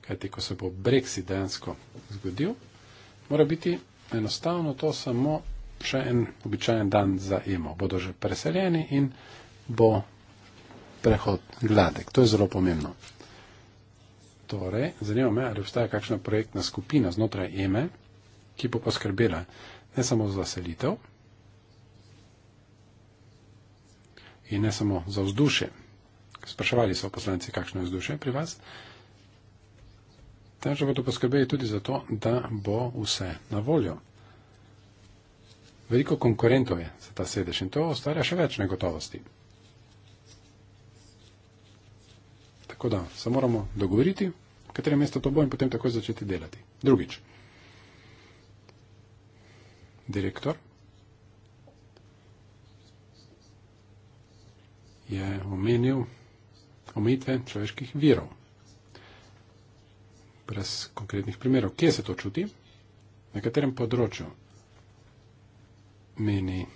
Kajti, ko se bo Brexit dejansko zgodil, mora biti enostavno to samo še en običajen dan za emo. Bodo že preseljeni in bo prehod gladek. To je zelo pomembno. Torej, zanima me, ali obstaja kakšna projektna skupina znotraj eme, ki bo poskrbela ne samo za selitev in ne samo za vzdušje. Spraševali so poslanci, kakšno je vzdušje pri vas. Takže bodo poskrbeli tudi za to, da bo vse na voljo veliko konkurentov je za ta sedež in to ustvarja še več negotovosti. Tako da se moramo dogovoriti, katero mesto to bo in potem takoj začeti delati. Drugič. Direktor je omenil omejitve človeških virov. Brez konkretnih primerov. Kje se to čuti? Na katerem področju? meni,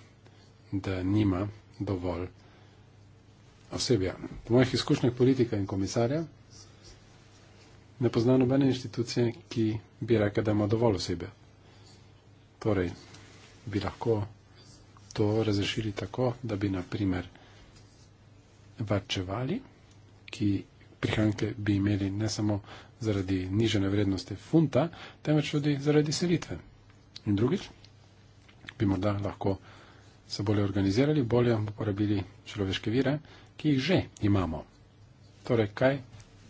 da nima dovolj osebja. Po mojih izkušnjah politika in komisarja ne pozna nobene inštitucije, ki bi rekla, da ima dovolj osebja. Torej, bi lahko to razrešili tako, da bi, na primer, varčevali, ki prihranke bi imeli ne samo zaradi nižene vrednosti funta, temveč tudi zaradi selitve. In drugič, bi morda lahko se bolje organizirali, bolje uporabili človeške vire, ki jih že imamo. Torej, kaj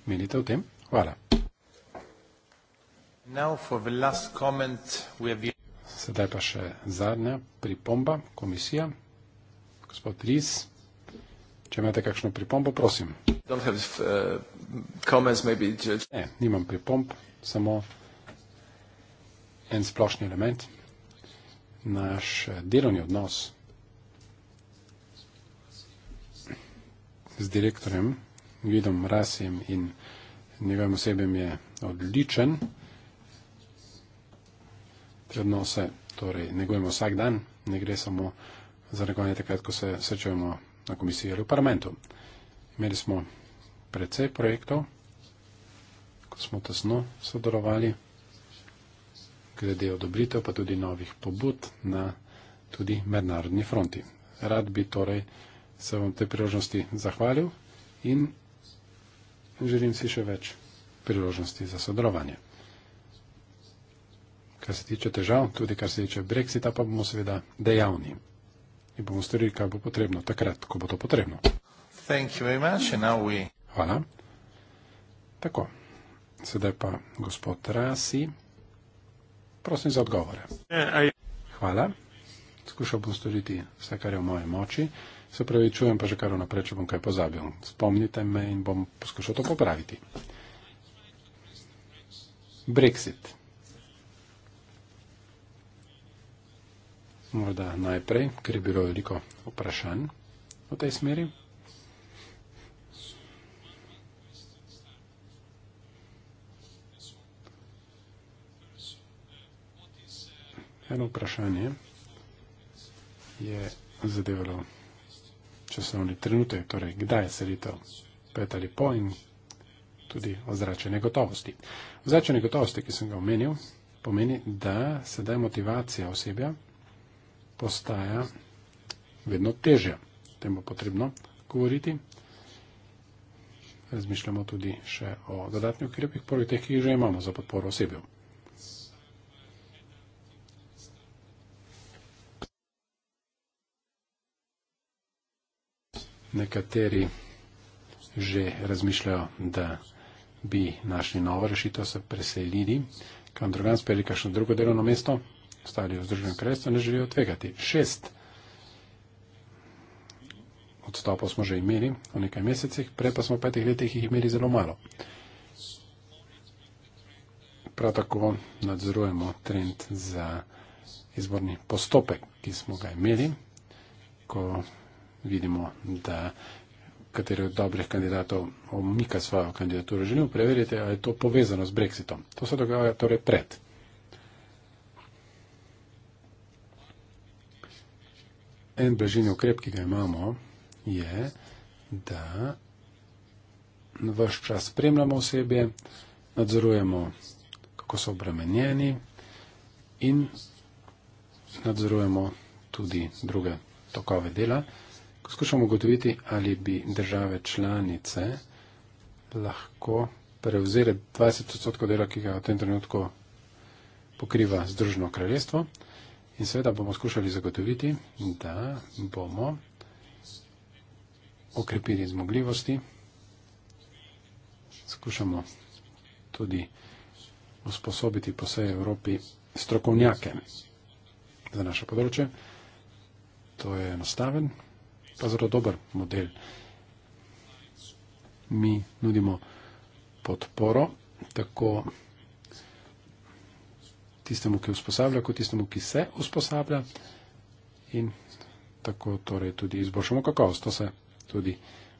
menite o tem? Hvala. Sedaj pa še zadnja pripomba, komisija. Gospod Ries, če imate kakšno pripombo, prosim. Have, uh, comments, maybe, ne, nimam pripomb, samo en splošni element naš delovni odnos z direktorjem Gidom Rasijem in njegovim osebjem je odličen. Te odnose torej negujemo vsak dan, ne gre samo za negovanje takrat, ko se srečujemo na komisiji ali v parlamentu. Imeli smo precej projektov, ko smo tesno sodelovali glede odobritev, pa tudi novih pobud na tudi mednarodni fronti. Rad bi torej se vam te priložnosti zahvalil in želim si še več priložnosti za sodelovanje. Kar se tiče težav, tudi kar se tiče brexita, pa bomo seveda dejavni in bomo storili, kar bo potrebno, takrat, ko bo to potrebno. Hvala. Tako, sedaj pa gospod Rasi. Prosim za odgovore. Hvala. Skušal bom storiti vse, kar je v moje moči. Se pravi, čujem pa že kar vnaprej, če bom kaj pozabil. Spomnite me in bom poskušal to popraviti. Brexit. Morda najprej, ker je bilo veliko vprašanj v tej smeri. Eno vprašanje je zadevalo časovni trenutek, torej kdaj je selitev pet ali po in tudi ozračje negotovosti. Ozračje negotovosti, ki sem ga omenil, pomeni, da sedaj motivacija osebja postaja vedno težja. O tem bo potrebno govoriti. Razmišljamo tudi še o dodatnih ukrepih, prvih teh, ki jih že imamo za podporo osebju. nekateri že razmišljajo, da bi našli novo rešitev, se preselili, kam drugam speli kakšno drugo delovno mesto, ostali v Združenem kraljestvu ne želijo tvegati. Šest odstopov smo že imeli v nekaj mesecih, prej pa smo v petih letih jih imeli zelo malo. Prav tako nadzorujemo trend za izborni postopek, ki smo ga imeli, ko vidimo, da kateri od dobrih kandidatov omika svojo kandidaturo. Želim preveriti, ali je to povezano z brexitom. To se dogaja torej pred. En blažilni ukrep, ki ga imamo, je, da vse čas spremljamo osebje, nadzorujemo, kako so obremenjeni in nadzorujemo tudi druge tokove dela skušamo ugotoviti, ali bi države članice lahko prevzele 20 odstotkov dela, ki ga v tem trenutku pokriva Združeno kraljestvo. In seveda bomo skušali zagotoviti, da bomo okrepili zmogljivosti. Skušamo tudi usposobiti po vsej Evropi strokovnjake za naše področje. To je enostaven pa zelo dober model. Mi nudimo podporo tako tistemu, ki usposablja, kot tistemu, ki se usposablja in tako torej tudi izboljšamo kakovost. To se tudi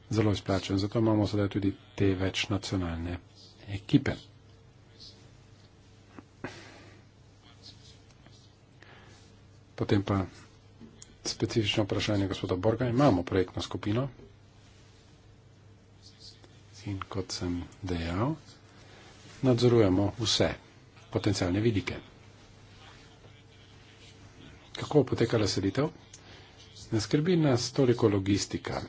zelo izplača in zato imamo sedaj tudi te večnacionalne ekipe. Potem pa specifično vprašanje gospoda Borga. Imamo projektno skupino in kot sem dejal, nadzorujemo vse potencijalne vidike. Kako je potekala selitev? Ne skrbi nas toliko logistika.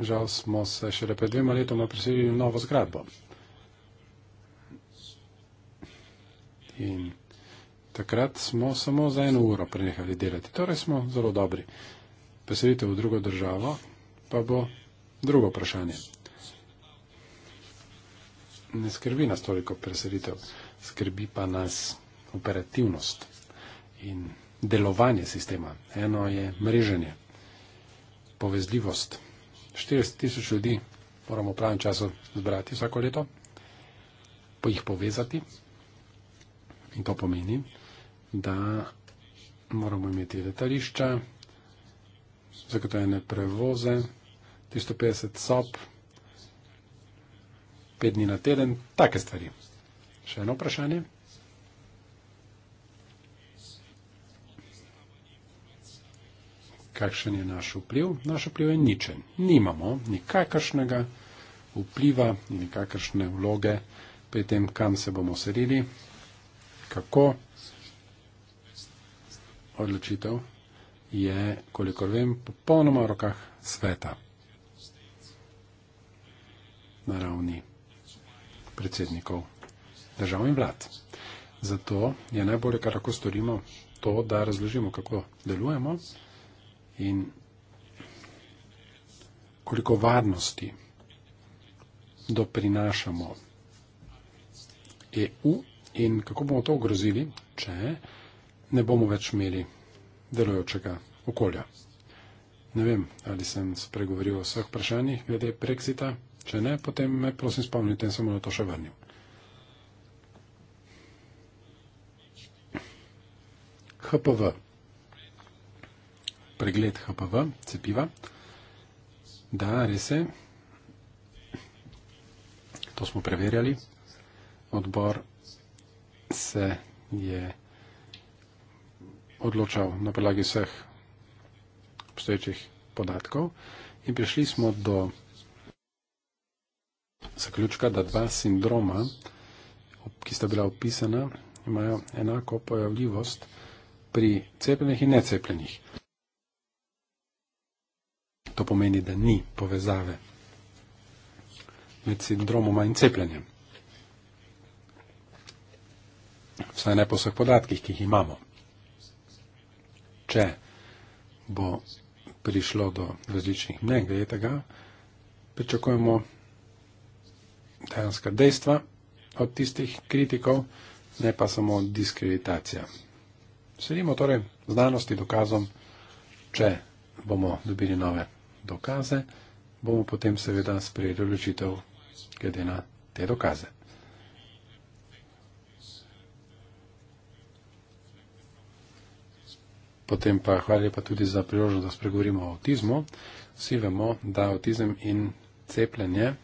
Žal smo se šele pred dvema letoma preselili v novo zgradbo. In Takrat smo samo za eno uro prenehali delati. Torej smo zelo dobri. Preselitev v drugo državo pa bo drugo vprašanje. Ne skrbi nas toliko preselitev, skrbi pa nas operativnost in delovanje sistema. Eno je mreženje, povezljivost. 40 tisoč ljudi moramo v pravem času zbrati vsako leto, pa jih povezati. In to pomeni, da moramo imeti letališča, zagotovljene prevoze, 350 sob, 5 dni na teden, take stvari. Še eno vprašanje. Kakšen je naš vpliv? Naš vpliv je ničen. Nimamo nikakršnega vpliva in nikakršne vloge pri tem, kam se bomo selili, kako odločitev je, kolikor vem, popolnoma v rokah sveta na ravni predsednikov držav in vlad. Zato je najbolje, kar lahko storimo, to, da razložimo, kako delujemo in koliko varnosti doprinašamo EU in kako bomo to ogrozili, če ne bomo več imeli delojočega okolja. Ne vem, ali sem spregovoril o vseh vprašanjih glede Brexita. Če ne, potem me prosim spomnite in sem na to še vrnil. HPV. Pregled HPV, cepiva. Da, res je. To smo preverjali. Odbor se je odločal na podlagi vseh obstoječih podatkov in prišli smo do zaključka, da dva sindroma, ki sta bila opisana, imajo enako pojavljivost pri cepljenih in necepljenih. To pomeni, da ni povezave med sindromoma in cepljenjem. Vsaj ne po vseh podatkih, ki jih imamo če bo prišlo do različnih mnen glede tega, pričakujemo dejanska dejstva od tistih kritikov, ne pa samo diskreditacija. Sledimo torej znanosti dokazom, če bomo dobili nove dokaze, bomo potem seveda sprejeli odločitev glede na te dokaze. Potem pa hvala lepa tudi za priložnost, da spregovorimo o avtizmu. Vsi vemo, da avtizem in cepljenje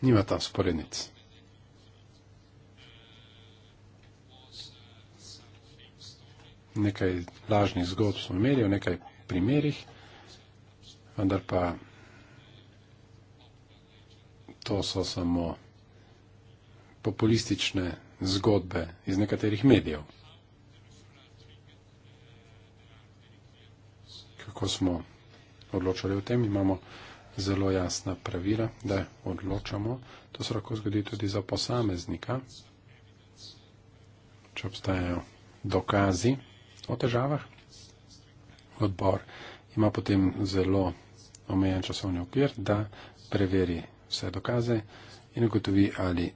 nima tam sporednic. Nekaj lažnih zgodb smo imeli v nekaj primerjih, vendar pa to so samo populistične zgodbe iz nekaterih medijev. Kako smo odločali o tem, imamo zelo jasna pravila, da odločamo. To se lahko zgodi tudi za posameznika, če obstajajo dokazi o težavah. Odbor ima potem zelo omejen časovni okvir, da preveri vse dokaze in ugotovi, ali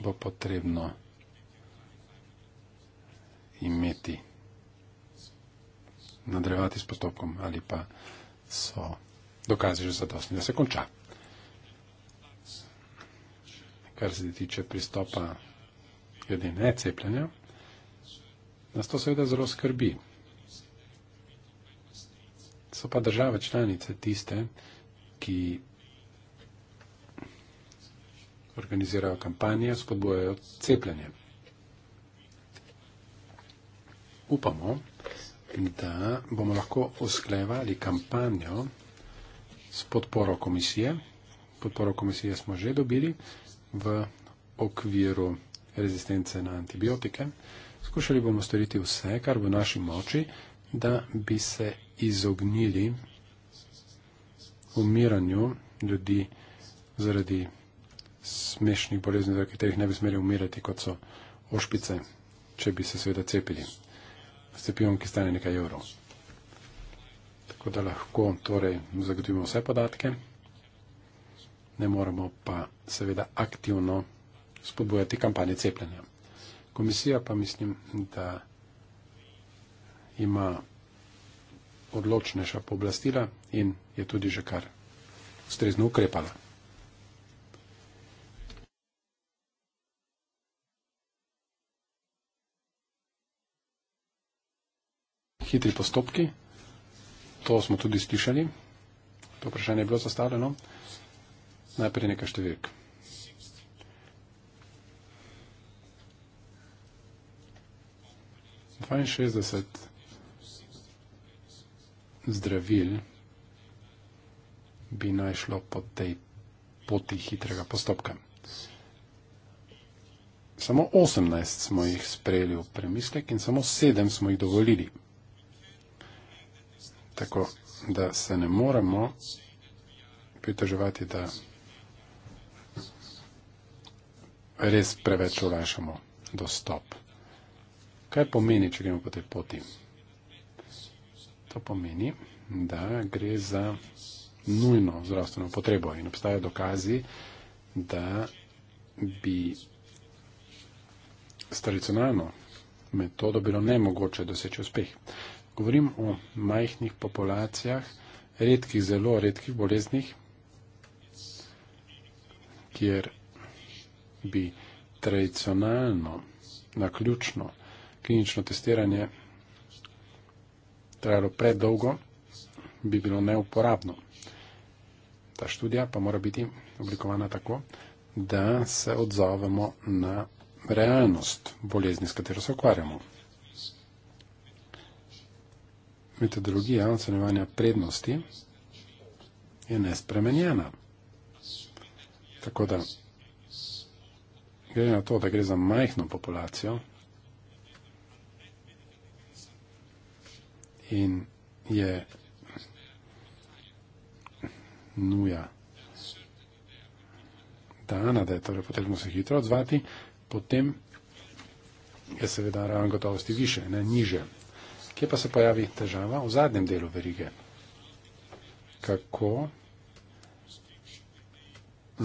bo potrebno imeti, nadrevati s postopkom ali pa so dokazi že zadostni, da se konča. Kar se tiče pristopa glede necepljenja, nas to seveda zelo skrbi. So pa države članice tiste, ki organizirajo kampanje, spodbojajo cepljenje. Upamo, da bomo lahko usklejevali kampanjo s podporo komisije. Podporo komisije smo že dobili v okviru rezistence na antibiotike. Skušali bomo storiti vse, kar v naši moči, da bi se izognili umiranju ljudi zaradi smešnih bolezni, za katerih ne bi smeli umirati, kot so ošpice, če bi se seveda cepili s cepivom, ki stane nekaj evrov. Tako da lahko torej zagotovimo vse podatke, ne moramo pa seveda aktivno spodbojati kampanje cepljenja. Komisija pa mislim, da ima odločnejša pooblastila in je tudi že kar ustrezno ukrepala. hitri postopki. To smo tudi slišali. To vprašanje je bilo zastavljeno. Najprej nekaj številk. zdravil bi naj šlo po tej poti hitrega postopka. Samo 18 smo jih sprejeli v premislek in samo 7 smo jih dovolili. Tako da se ne moramo pritoževati, da res preveč ulašamo dostop. Kaj pomeni, če gremo po tej poti? To pomeni, da gre za nujno zdravstveno potrebo in obstajajo dokazi, da bi s tradicionalno metodo bilo nemogoče doseči uspeh. Govorim o majhnih populacijah, redkih, zelo redkih boleznih, kjer bi tradicionalno, naključno klinično testiranje trajalo predolgo, bi bilo neuporabno. Ta študija pa mora biti oblikovana tako, da se odzovemo na realnost bolezni, s katero se ukvarjamo metodologija ocenjevanja prednosti je nespremenjena. Tako da gre na to, da gre za majhno populacijo in je nuja dana, da je torej potrebno se hitro odzvati, potem je seveda ravno gotovosti više, ne niže. Kje pa se pojavi težava? V zadnjem delu verige. Kako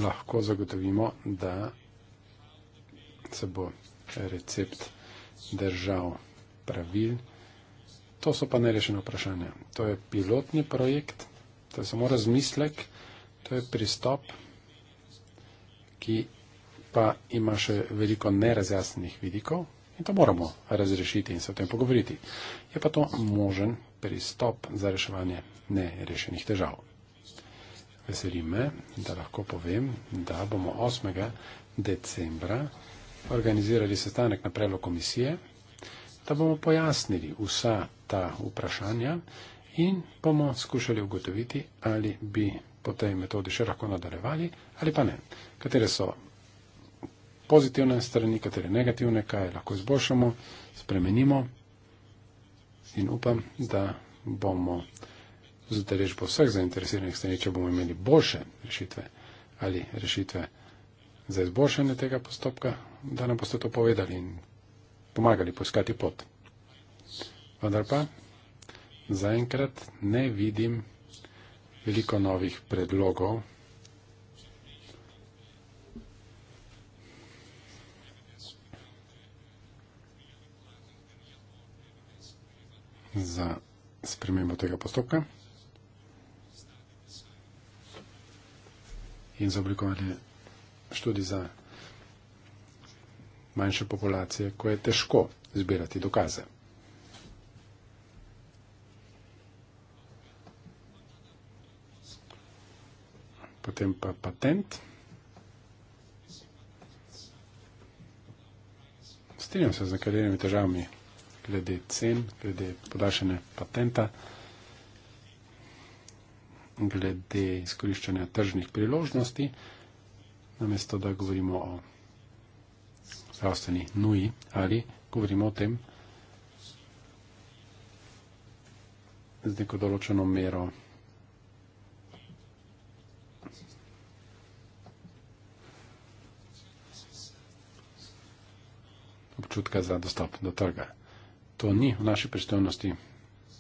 lahko zagotovimo, da se bo recept držal pravil? To so pa nerešene vprašanja. To je pilotni projekt, to je samo razmislek, to je pristop, ki pa ima še veliko nerazjasnenih vidikov. In to moramo razrešiti in se o tem pogovoriti. Je pa to možen pristop za reševanje nerešenih težav. Veseli me, da lahko povem, da bomo 8. decembra organizirali sestanek na prelo komisije, da bomo pojasnili vsa ta vprašanja in bomo skušali ugotoviti, ali bi po tej metodi še lahko nadaljevali ali pa ne. Katere so pozitivne strani, katere negativne, kaj lahko izboljšamo, spremenimo in upam, da bomo z utrežbo vseh zainteresiranih strani, če bomo imeli boljše rešitve ali rešitve za izboljšanje tega postopka, da nam boste to povedali in pomagali poiskati pot. Vendar pa zaenkrat ne vidim veliko novih predlogov. za spremembo tega postopka in za oblikovanje študij za manjše populacije, ko je težko zbirati dokaze. Potem pa patent. Strinjam se z nekaterimi težavami glede cen, glede podaljšanja patenta, glede izkoriščanja tržnih priložnosti, namesto da govorimo o zdravstveni nuji ali govorimo o tem z neko določeno mero. občutka za dostop do trga. To ni v naši pristojnosti,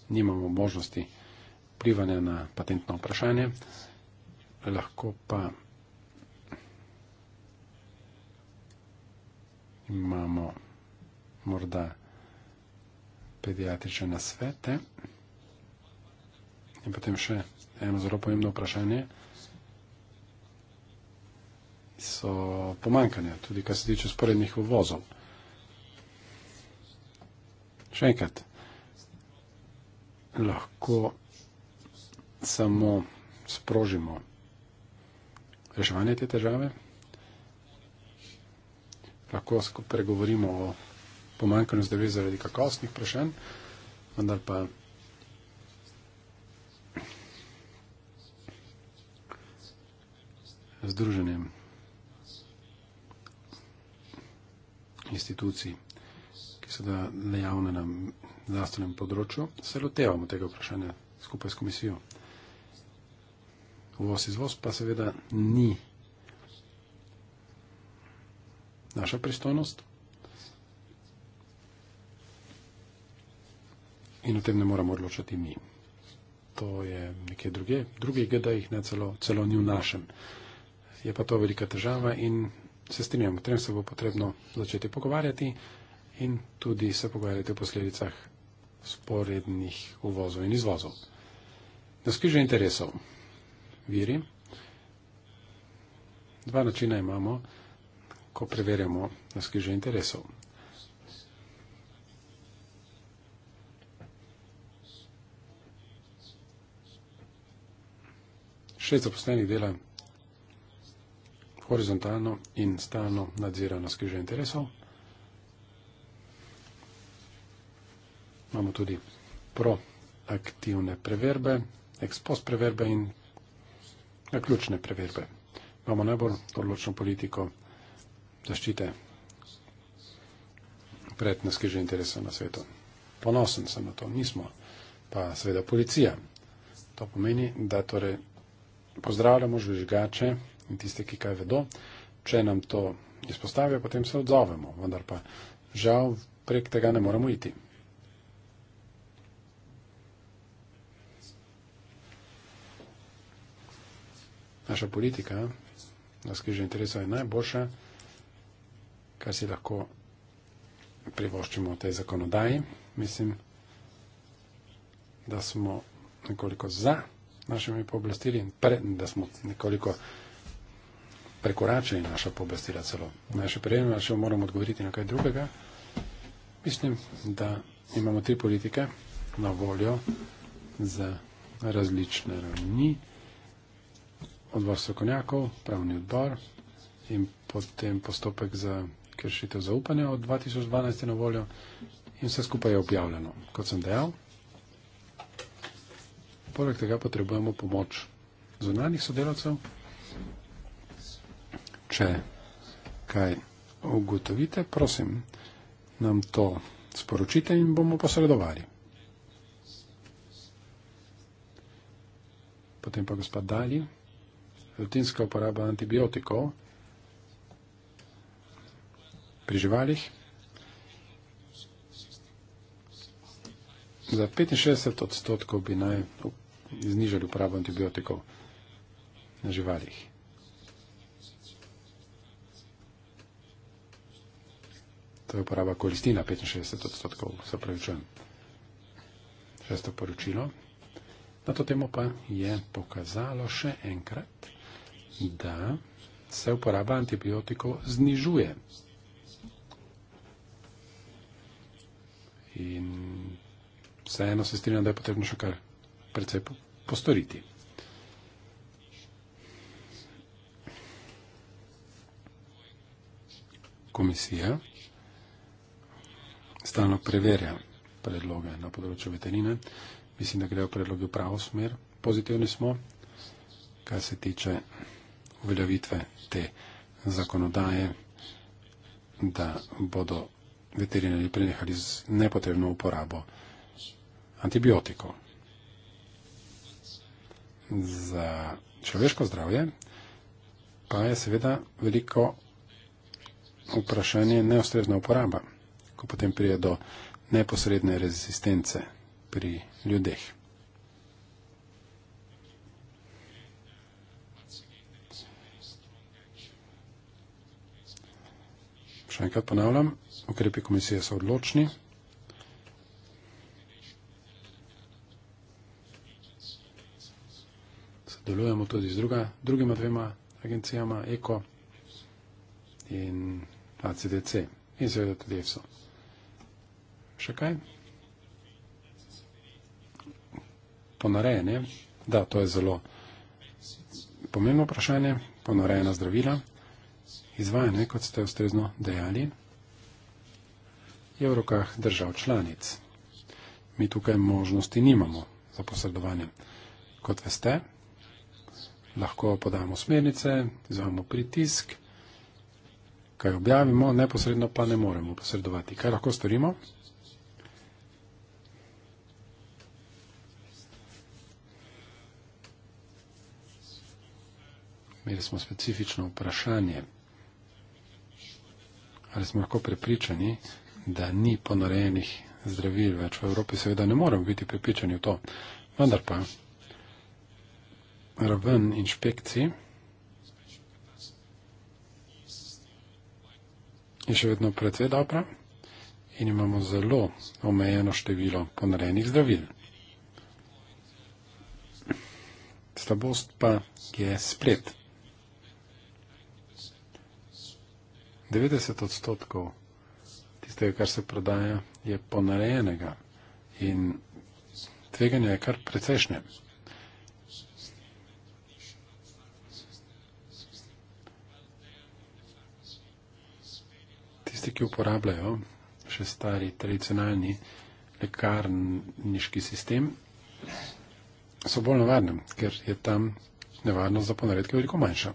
nimamo možnosti plivanja na patentno vprašanje, lahko pa imamo morda pediatrične nasvete. In potem še eno zelo pomembno vprašanje so pomankanja, tudi kar se tiče sporednih uvozov. Še enkrat, lahko samo sprožimo reševanje te težave, lahko pregovorimo o pomankanju zdravil zaradi kakovostnih vprašanj, vendar pa združenjem institucij seveda dejavne na zdravstvenem področju, se lotevamo tega vprašanja skupaj s komisijo. Uvoz izvoz pa seveda ni naša pristojnost in o tem ne moramo odločati mi. To je nekje druge, drugi GD, jih ne celo, celo ni v našem. Je pa to velika težava in se strinjam, o tem se bo potrebno začeti pogovarjati in tudi se pogovarjati o posledicah sporednih uvozov in izvozov. Na skrižju interesov viri. Dva načina imamo, ko preverjamo na skrižju interesov. Šest zaposlenih dela horizontalno in stalno nadzira na skrižje interesov. imamo tudi proaktivne preverbe, ekspost preverbe in naključne preverbe. Imamo najbolj odločno politiko zaščite pred naskeže interesa na svetu. Ponosen sem na to, nismo pa seveda policija. To pomeni, da torej pozdravljamo žvižgače in tiste, ki kaj vedo. Če nam to izpostavijo, potem se odzovemo, vendar pa žal prek tega ne moramo iti. naša politika, nas križa interesov je najboljša, kar si lahko privoščimo v tej zakonodaji. Mislim, da smo nekoliko za našimi pooblastili in pre, da smo nekoliko prekoračili naša pooblastila celo. Naj še prej, da še moramo odgovoriti na kaj drugega. Mislim, da imamo tri politike na voljo za različne ravni odbor strokovnjakov, pravni odbor in potem postopek za kršitev zaupanja od 2012 na voljo in vse skupaj je objavljeno, kot sem dejal. Poleg tega potrebujemo pomoč zunanjih sodelavcev. Če kaj ugotovite, prosim, nam to sporočite in bomo posredovali. Potem pa gospod Dalji rutinska uporaba antibiotikov pri živalih za 65 odstotkov bi naj znižali uporabo antibiotikov na živalih. To je uporaba kolistina, 65 odstotkov, se pravičujem. Šesto poročilo. Na to temo pa je pokazalo še enkrat, da se uporaba antibiotikov znižuje. In vseeno se strinjam, da je potrebno še kar precej postoriti. Komisija stalno preverja predloge na področju veterine. Mislim, da grejo predloge v pravo smer. Pozitivni smo, kar se tiče uveljavitve te zakonodaje, da bodo veterinari prenehali z nepotrebno uporabo antibiotikov. Za človeško zdravje pa je seveda veliko vprašanje neostrezna uporaba, ko potem prije do neposredne rezistence pri ljudeh. še enkrat ponavljam, ukrepi komisije so odločni. Sodelujemo tudi z druga, drugima dvema agencijama, ECO in ACDC in seveda tudi EFSO. Še kaj? Ponarejene? Da, to je zelo pomembno vprašanje. Ponarejena zdravila izvaja, ne, kot ste ustrezno dejali, je v rokah držav članic. Mi tukaj možnosti nimamo za posredovanje. Kot veste, lahko podamo smernice, izvajamo pritisk, kaj objavimo, neposredno pa ne moremo posredovati. Kaj lahko storimo? Imeli smo specifično vprašanje ali smo lahko prepričani, da ni ponorejenih zdravil več v Evropi. Seveda ne moremo biti prepričani v to. Vendar pa raven inšpekcij je še vedno predvsej dobra in imamo zelo omejeno število ponorejenih zdravil. Slabost pa je splet. 90 odstotkov tistega, kar se prodaja, je ponarejenega in tveganje je kar precejšnje. Tisti, ki uporabljajo še stari tradicionalni lekarniški sistem, so bolj na varnem, ker je tam nevarnost za ponaredke veliko manjša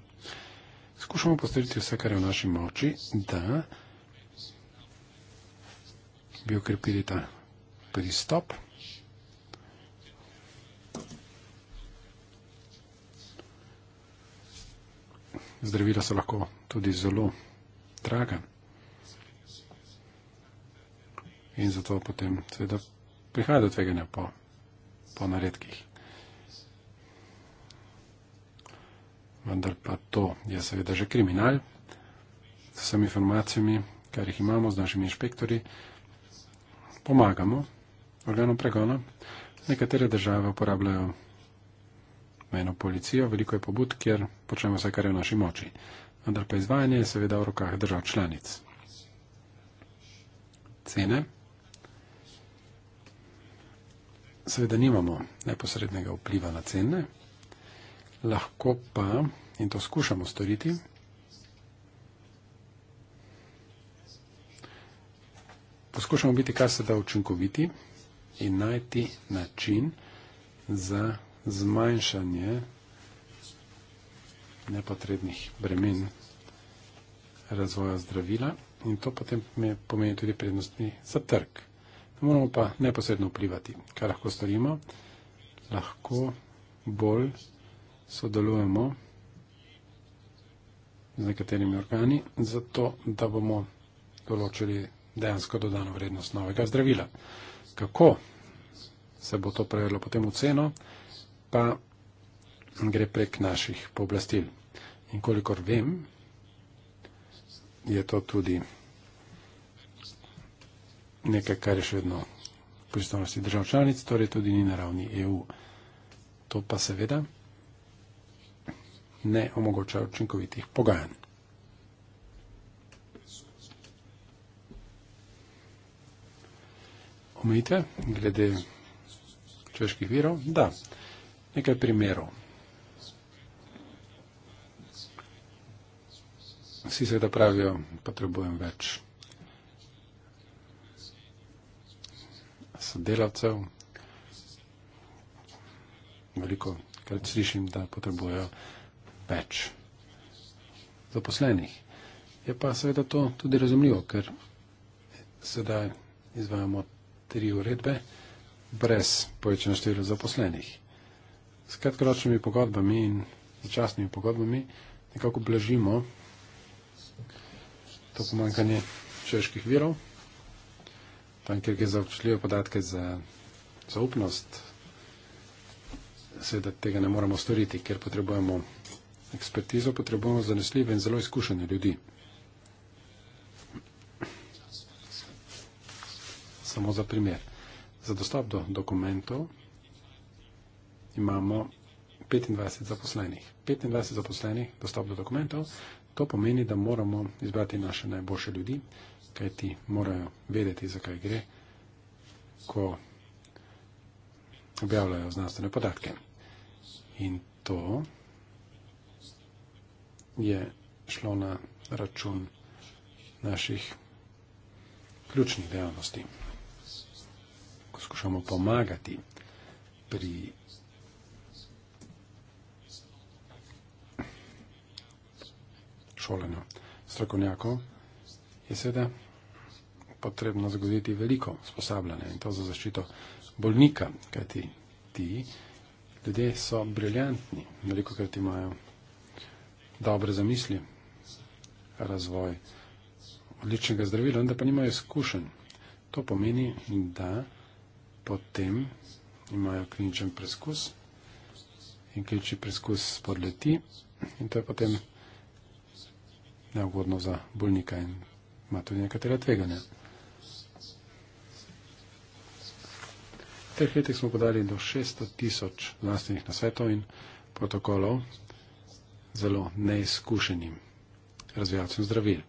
skušamo postoriti vse, kar je v naši moči, da bi okrepili ta pristop. Zdravila so lahko tudi zelo draga. In zato potem seveda prihaja do tveganja po, po naredkih. vendar pa to je seveda že kriminal. S vsemi informacijami, kar jih imamo z našimi inšpektori, pomagamo organom pregona. Nekatere države uporabljajo mejno policijo, veliko je pobud, kjer počnemo vse, kar je v naši moči. Vendar pa izvajanje je seveda v rokah držav članic. Cene. Seveda nimamo neposrednega vpliva na cene, Lahko pa, in to skušamo storiti, poskušamo biti kar se da učinkoviti in najti način za zmanjšanje nepotrebnih bremen razvoja zdravila in to potem pomeni tudi prednosti za trg. Moramo pa neposredno vplivati, kaj lahko storimo. Lahko bolj sodelujemo z nekaterimi organi, zato da bomo določili dejansko dodano vrednost novega zdravila. Kako se bo to prevedlo potem v ceno, pa gre prek naših pooblastil. In kolikor vem, je to tudi nekaj, kar je še vedno v pristojnosti držav članic, torej tudi ni na ravni EU. To pa seveda ne omogoča učinkovitih pogajanj. Omejitve glede čeških virov? Da, nekaj primerov. Vsi seveda pravijo, potrebujem več sodelavcev. Veliko krat slišim, da potrebujejo več zaposlenih. Je pa seveda to tudi razumljivo, ker sedaj izvajamo tri uredbe brez povečanja števila zaposlenih. S kratkoročnimi pogodbami in začasnimi pogodbami nekako blažimo to pomankanje čeških virov, tam, kjer gre za občutljive podatke za zaupnost, seveda tega ne moremo storiti, ker potrebujemo ekspertizo potrebujemo zanesljive in zelo izkušene ljudi. Samo za primer. Za dostop do dokumentov imamo 25 zaposlenih. 25 zaposlenih dostop do dokumentov, to pomeni, da moramo izbrati naše najboljše ljudi, kaj ti morajo vedeti, zakaj gre, ko objavljajo znanstvene podatke. In to je šlo na račun naših ključnih dejavnosti. Ko skušamo pomagati pri šolanju strokovnjakov, je seveda potrebno zagoditi veliko sposabljanja in to za zaščito bolnika, kajti ti ljudje so briljantni, veliko krat imajo dobre zamisli, razvoj odličnega zdravila, vendar pa nimajo izkušenj. To pomeni, da potem imajo kliničen preskus in klinični preskus podleti in to je potem neugodno za bolnika in ima tudi nekatera tveganja. V teh letih smo podali do 600 tisoč znanstvenih nasvetov in protokolov, zelo neizkušenim razvijalcem zdravil.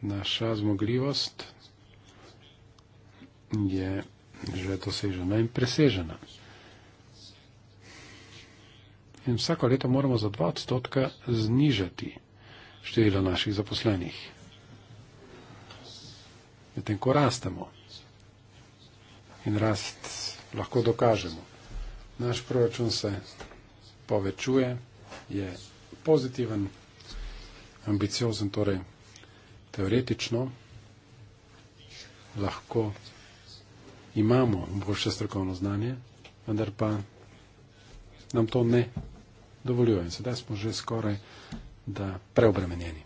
Naša zmogljivost je že dosežena in presežena. In vsako leto moramo za dva odstotka znižati število naših zaposlenih. Medtem ko rastemo in rast lahko dokažemo, naš proračun se povečuje je pozitiven, ambiciozen, torej teoretično lahko imamo boljše strokovno znanje, vendar pa nam to ne dovoljuje. In sedaj smo že skoraj da preobremenjeni.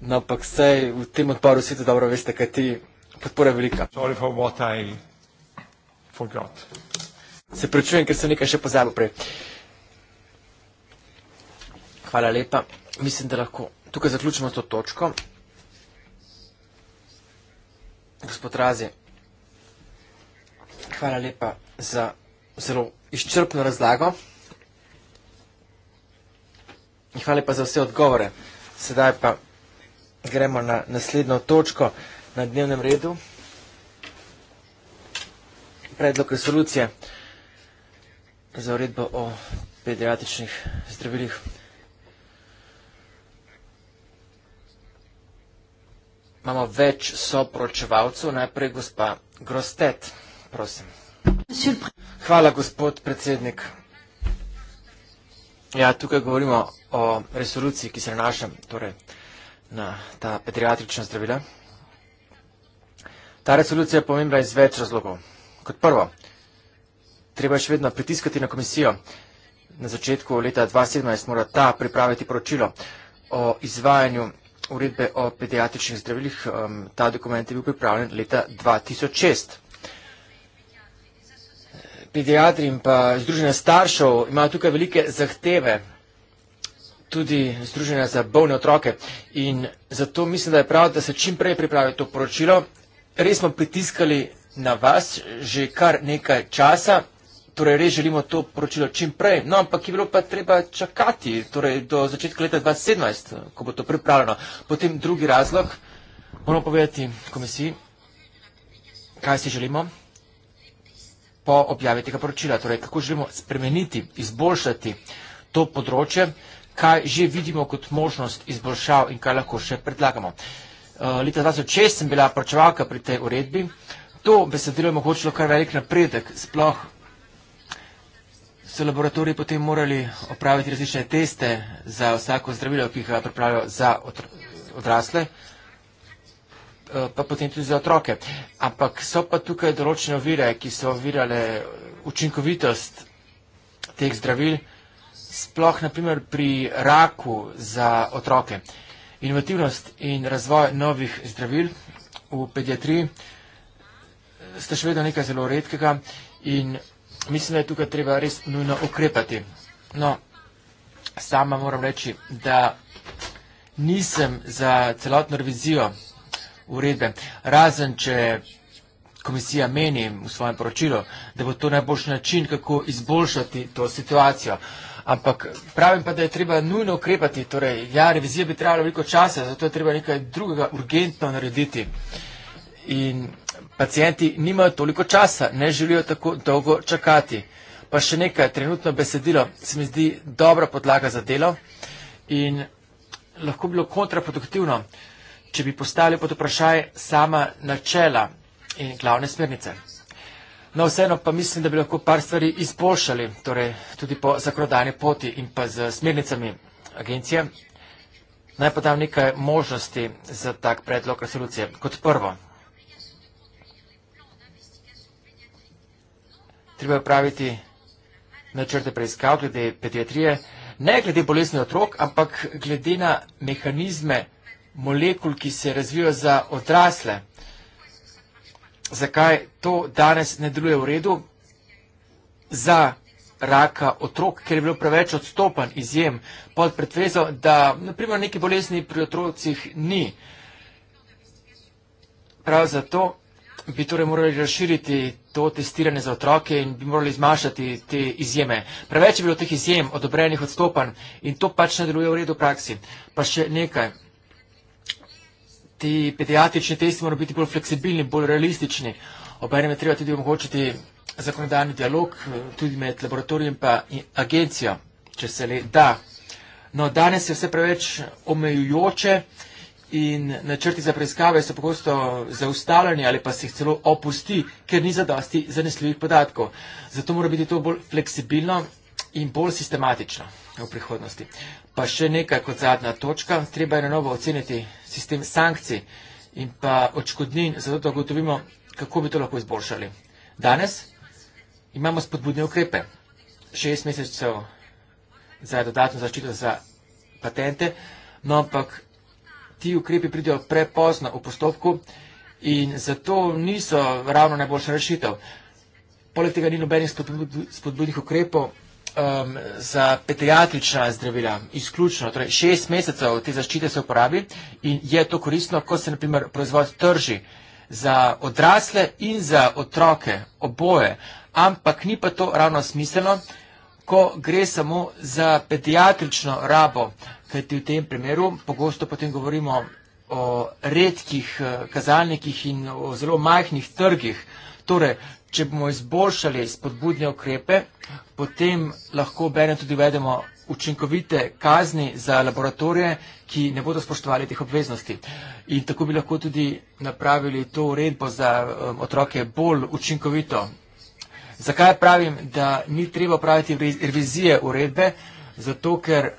No, ampak saj v tem odboru vsi to dobro veste, kaj ti podpora je velika. Sorry for what I forgot. Se pričujem, ker sem nekaj še pozabil prej. Hvala lepa. Mislim, da lahko tukaj zaključimo to točko. Gospod Razi, hvala lepa za zelo izčrpno razlago. Hvala lepa za vse odgovore. Sedaj pa gremo na naslednjo točko na dnevnem redu. Predlog resolucije. Predlog resolucije za uredbo o pediatričnih zdravilih. Imamo več soporočevalcev, najprej gospa Grostet, prosim. Hvala, gospod predsednik. Ja, tukaj govorimo o resoluciji, ki se nanaša torej, na ta pediatrična zdravila. Ta resolucija je pomembna iz več razlogov. Kot prvo, treba še vedno pritiskati na komisijo. Na začetku leta 2017 mora ta pripraviti poročilo o izvajanju uredbe o pediatričnih zdravilih. Um, ta dokument je bil pripravljen leta 2006. Pediatri in pa Združenja staršev imajo tukaj velike zahteve, tudi Združenja za bolne otroke. In zato mislim, da je prav, da se čim prej pripravi to poročilo. Res smo pritiskali na vas že kar nekaj časa torej res želimo to poročilo čim prej. No, ampak je bilo pa treba čakati torej do začetka leta 2017, ko bo to pripravljeno. Potem drugi razlog, moramo povedati komisiji, kaj si želimo po objavi tega poročila, torej kako želimo spremeniti, izboljšati to področje, kaj že vidimo kot možnost izboljšav in kaj lahko še predlagamo. Eh, leta 2006 sem bila poročevalka pri tej uredbi. To besedilo je mogočilo kar velik napredek, sploh so laboratoriji potem morali opraviti različne teste za vsako zdravilo, ki ga pripravijo za odrasle, eh, pa potem tudi za otroke. Ampak so pa tukaj določene ovire, ki so ovirale učinkovitost teh zdravil, sploh naprimer pri raku za otroke. Inovativnost in razvoj novih zdravil v pediatriji eh, sta še vedno nekaj zelo redkega in mislim, da je tukaj treba res nujno ukrepati. No, sama moram reči, da nisem za celotno revizijo uredbe, razen če komisija meni v svojem poročilu, da bo to najboljši način, kako izboljšati to situacijo. Ampak pravim pa, da je treba nujno ukrepati, torej, ja, revizija bi trebala veliko časa, zato je treba nekaj drugega urgentno narediti. In Pacijenti nimajo toliko časa, ne želijo tako dolgo čakati. Pa še nekaj, trenutno besedilo se mi zdi dobra podlaga za delo in lahko bilo kontraproduktivno, če bi postavili pod vprašaj sama načela in glavne smernice. No, vseeno pa mislim, da bi lahko par stvari izboljšali, torej tudi po zakonodajni poti in pa z smernicami agencije. Naj podam nekaj možnosti za tak predlog resolucije. Kot prvo, treba praviti načrte preiskav glede pediatrije, ne glede bolesni otrok, ampak glede na mehanizme molekul, ki se razvijo za odrasle. Zakaj to danes ne deluje v redu? Za raka otrok, ker je bilo preveč odstopan izjem pod pretvezo, da naprimer neki bolesni pri otrocih ni. Prav zato bi torej morali razširiti to testiranje za otroke in bi morali zmanjšati te izjeme. Preveč je bilo teh izjem, odobrenih odstopanj in to pač ne deluje v redu v praksi. Pa še nekaj. Ti pediatrični testi morajo biti bolj fleksibilni, bolj realistični. Obenem je treba tudi omogočiti zakonodajni dialog tudi med laboratorijem in agencijo, če se le da. No, danes je vse preveč omejujoče in načrti za preiskave so pogosto zaustavljeni ali pa se jih celo opusti, ker ni zadosti zanesljivih podatkov. Zato mora biti to bolj fleksibilno in bolj sistematično v prihodnosti. Pa še nekaj kot zadnja točka, treba je na novo oceniti sistem sankcij in pa očkodnin, zato da ugotovimo, kako bi to lahko izboljšali. Danes imamo spodbudne ukrepe. Šest mesecev za dodatno zaščito za patente, no ampak ti ukrepi pridejo prepozno v postopku in zato niso ravno najboljša rešitev. Poleg tega ni nobenih spodbudnih ukrepov um, za pediatrična zdravila, izključno. Torej, šest mesecev te zaščite se uporabi in je to koristno, ko se naprimer proizvod trži za odrasle in za otroke, oboje. Ampak ni pa to ravno smiselno, ko gre samo za pediatrično rabo kajti v tem primeru pogosto potem govorimo o redkih eh, kazalnikih in o zelo majhnih trgih. Torej, če bomo izboljšali spodbudne ukrepe, potem lahko bene tudi uvedemo učinkovite kazni za laboratorije, ki ne bodo spoštovali teh obveznosti. In tako bi lahko tudi napravili to uredbo za eh, otroke bolj učinkovito. Zakaj pravim, da ni treba praviti revizije uredbe? Zato, ker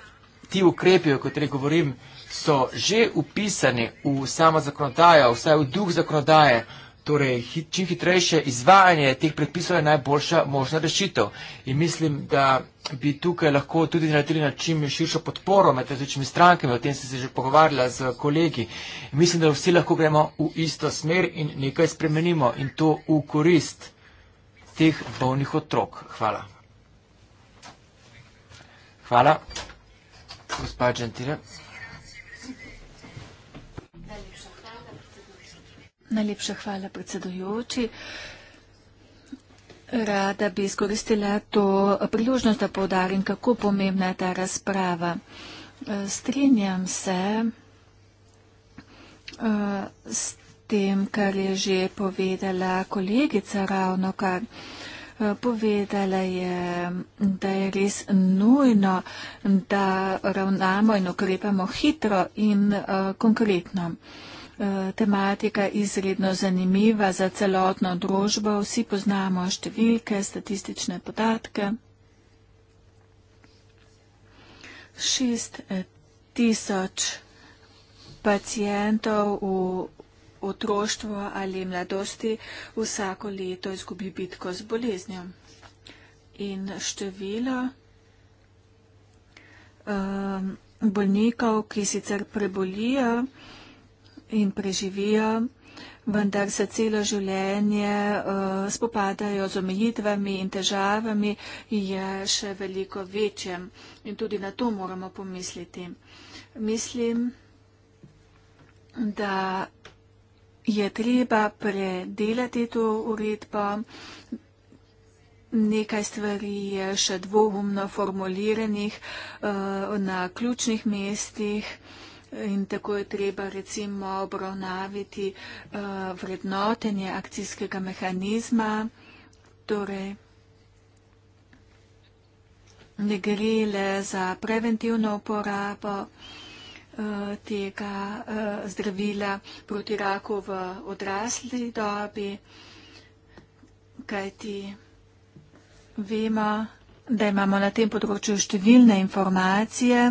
ti ukrepi, o katerih govorim, so že upisani v samo zakonodajo, vsaj v duh zakonodaje. Torej, hit, čim hitrejše izvajanje teh predpisov je najboljša možna rešitev. In mislim, da bi tukaj lahko tudi naredili na čim širšo podporo med različnimi strankami, o tem sem se že pogovarjala z kolegi. In mislim, da vsi lahko gremo v isto smer in nekaj spremenimo in to v korist teh bolnih otrok. Hvala. Hvala. Gospa Gentile. Najlepša hvala, predsedujoči. Rada bi izkoristila to priložnost, da povdarim, kako pomembna je ta razprava. E, Strenjam se e, s tem, kar je že povedala kolegica ravno kar. Povedala je, da je res nujno, da ravnamo in ukrepamo hitro in uh, konkretno. Eh, tematika je izredno zanimiva za celotno družbo. Vsi poznamo številke, statistične podatke. 6 eh, tisoč pacijentov v otroštvo ali mladosti vsako leto izgubi bitko z boleznjo. In število um, bolnikov, ki sicer prebolijo in preživijo, vendar se celo življenje uh, spopadajo z omejitvami in težavami, je še veliko večje. In tudi na to moramo pomisliti. Mislim, da je treba predelati to uredbo. Nekaj stvari je še dvoumno formuliranih eh, na ključnih mestih in tako je treba recimo obravnaviti eh, vrednotenje akcijskega mehanizma. Torej, ne gre le za preventivno uporabo tega eh, zdravila proti raku v odrasli dobi, kajti vemo, da imamo na tem področju številne informacije,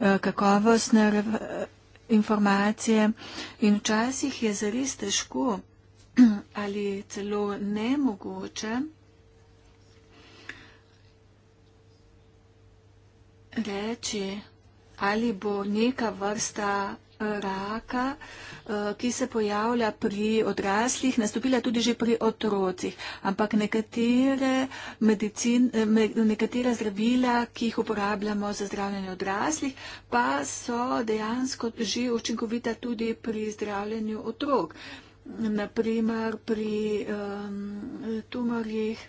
eh, kakovostne informacije in včasih je zares težko ali celo nemogoče reči, ali bo neka vrsta eh, raka, eh, ki se pojavlja pri odraslih, nastopila tudi že pri otrocih. Ampak nekatere, medicin, eh, nekatere zdravila, ki jih uporabljamo za zdravljenje odraslih, pa so dejansko že učinkovita tudi pri zdravljenju otrok. Naprimer pri um, tumorjih.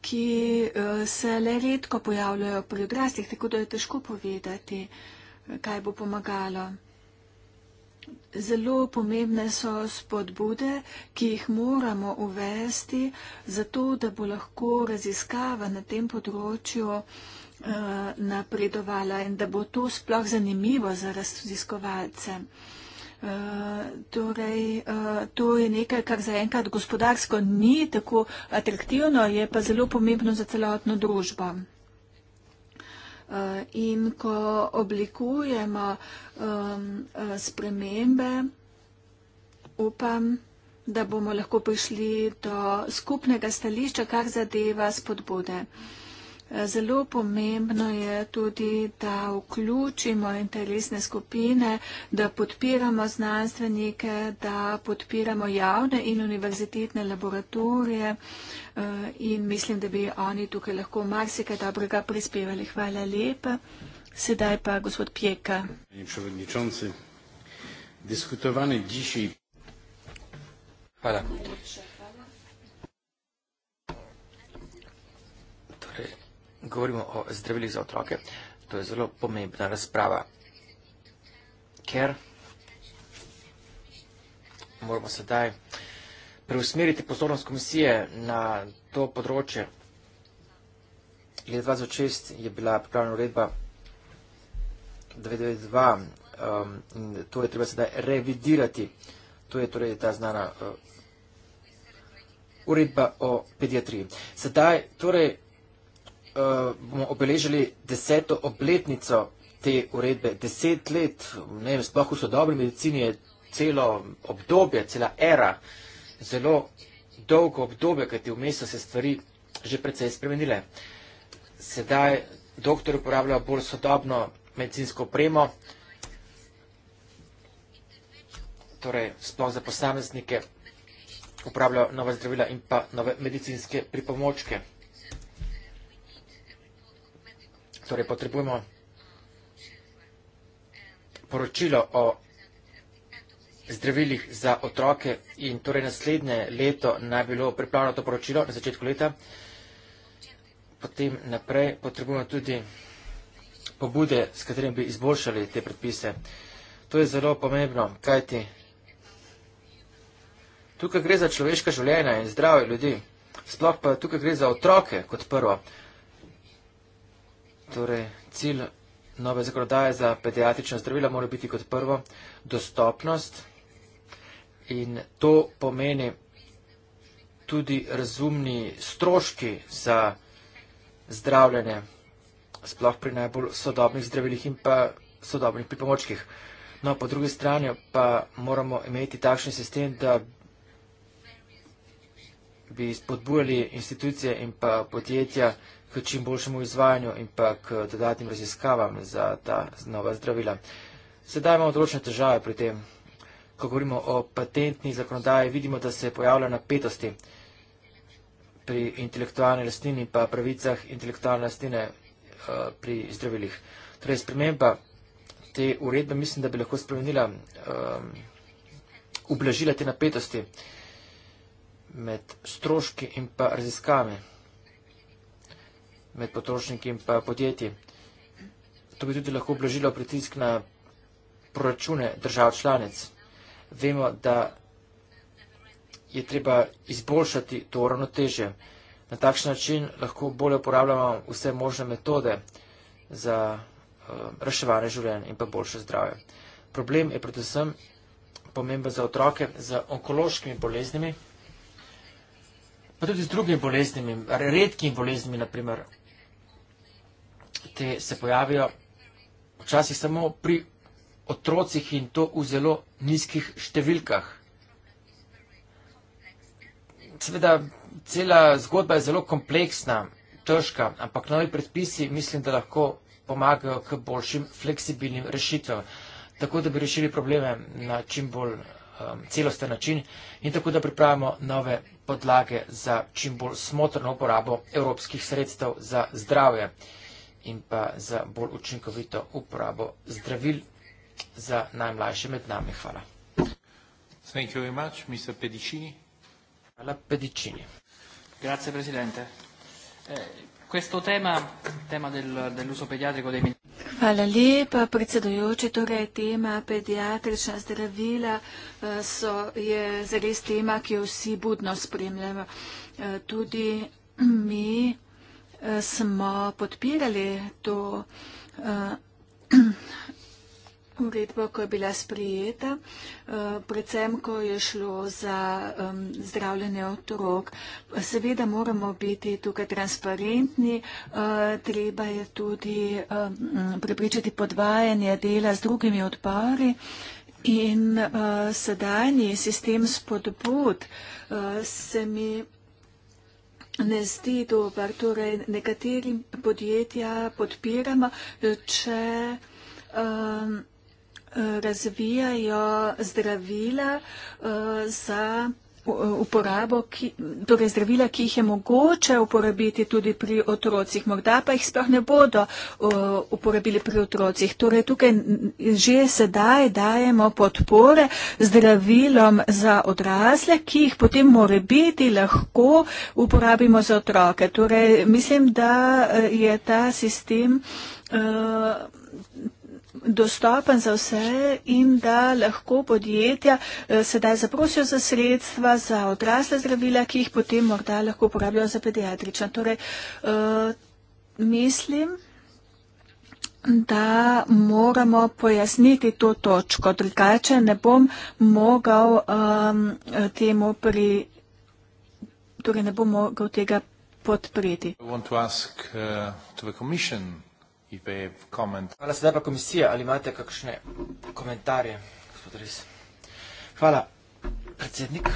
ki eh, se le redko pojavljajo pri odraslih, tako da je težko povedati, eh, kaj bo pomagalo. Zelo pomembne so spodbude, ki jih moramo uvesti, zato da bo lahko raziskava na tem področju eh, napredovala in da bo to sploh zanimivo za raziskovalce. Eh, torej, eh, to je nekaj, kar zaenkrat gospodarsko ni tako atraktivno, je pa zelo pomembno za celotno družbo. Eh, in ko oblikujemo spremembe, upam, da bomo lahko prišli do skupnega stališča, kar zadeva spodbude. Zelo pomembno je tudi, da vključimo interesne skupine, da podpiramo znanstvenike, da podpiramo javne in univerzitetne laboratorije eh, in mislim, da bi oni tukaj lahko marsikaj dobrega prispevali. Hvala lepa. Sedaj pa gospod Pjeka. Hvala. govorimo o zdravilih za otroke, to je zelo pomembna razprava, ker moramo sedaj preusmeriti pozornost komisije na to področje. Leta 2006 je bila pripravljena uredba 992 um, in to je treba sedaj revidirati. To je torej ta znana uh, uredba o pediatriji. Sedaj torej uh, bomo obeležili deseto obletnico te uredbe. Deset let, ne vem, sploh v sodobni medicini je celo obdobje, cela era, zelo dolgo obdobje, kajti v mestu se stvari že precej spremenile. Sedaj doktor uporablja bolj sodobno medicinsko opremo, torej sploh za posameznike uporabljajo nove zdravila in pa nove medicinske pripomočke. Torej, potrebujemo poročilo o zdravilih za otroke in torej naslednje leto naj bilo pripravljeno to poročilo na začetku leta. Potem naprej potrebujemo tudi pobude, s katerim bi izboljšali te predpise. To je zelo pomembno, kajti tukaj gre za človeška življenja in zdravje ljudi, sploh pa tukaj gre za otroke kot prvo. Torej, cilj nove zakonodaje za pediatrična zdravila mora biti kot prvo dostopnost in to pomeni tudi razumni stroški za zdravljanje, sploh pri najbolj sodobnih zdravilih in pa sodobnih pripomočkih. No, po drugi strani pa moramo imeti takšen sistem, da bi spodbujali institucije in pa podjetja, k čim boljšemu izvajanju in pa k dodatnim raziskavam za ta nova zdravila. Sedaj imamo določene težave pri tem. Ko govorimo o patentni zakonodaji, vidimo, da se pojavlja napetosti pri intelektualni lastnini in pa pravicah intelektualne lastnine eh, pri zdravilih. Torej, sprememba te uredbe mislim, da bi lahko spremenila, um, ublažila te napetosti med stroški in pa raziskavami med potrošniki in pa podjetji. To bi tudi lahko blažilo pritisk na proračune držav članic. Vemo, da je treba izboljšati to ravnotežje. Na takšen način lahko bolje uporabljamo vse možne metode za uh, reševanje življenja in pa boljše zdravje. Problem je predvsem pomemben za otroke z onkološkimi boleznimi, pa tudi z drugimi boleznimi, redkimi boleznimi, naprimer te se pojavijo včasih samo pri otrocih in to v zelo nizkih številkah. Seveda, cela zgodba je zelo kompleksna, težka, ampak novi predpisi mislim, da lahko pomagajo k boljšim fleksibilnim rešitvam, tako da bi rešili probleme na čim bolj um, celosten način in tako da pripravimo nove podlage za čim bolj smotrno uporabo evropskih sredstev za zdravje in pa za bolj učinkovito uporabo zdravil za najmlajše med nami. Hvala. Thank you very much, Mr. Pedicini. Hvala, Pedicini. Grazie, Presidente. Eh, questo tema, tema del, dell'uso pediatrico dei minori. Hvala lepa, predsedujoči. Torej, tema pediatrična zdravila eh, so, je zares tema, ki jo vsi budno spremljamo. Eh, tudi mi smo podpirali to eh, uredbo, ko je bila sprijeta, eh, predvsem, ko je šlo za zdravljenje otrok. Seveda moramo biti tukaj transparentni, eh, treba je tudi prepričati podvajanje dela z drugimi odpari. In uh, sedajni sistem spodbud uh, se mi ne zdi dober. Torej, nekateri podjetja podpiramo, če um, razvijajo zdravila uh, za uporabo, ki, torej zdravila, ki jih je mogoče uporabiti tudi pri otrocih, morda pa jih sploh ne bodo uh, uporabili pri otrocih. Torej tukaj že sedaj dajemo podpore zdravilom za odrasle, ki jih potem more biti lahko uporabimo za otroke. Torej mislim, da eh, je ta sistem. Eh, dostopen za vse in da lahko podjetja eh, sedaj zaprosijo za sredstva za odrasle zdravila, ki jih potem morda lahko uporabljajo za pediatrično. Torej, eh, mislim, da moramo pojasniti to točko, drugače ne bom mogel um, temu pri, torej ne bom mogel tega podpreti. Hvala, sedaj pa komisija. Ali imate kakšne komentarje, gospod Res? Hvala, predsednik.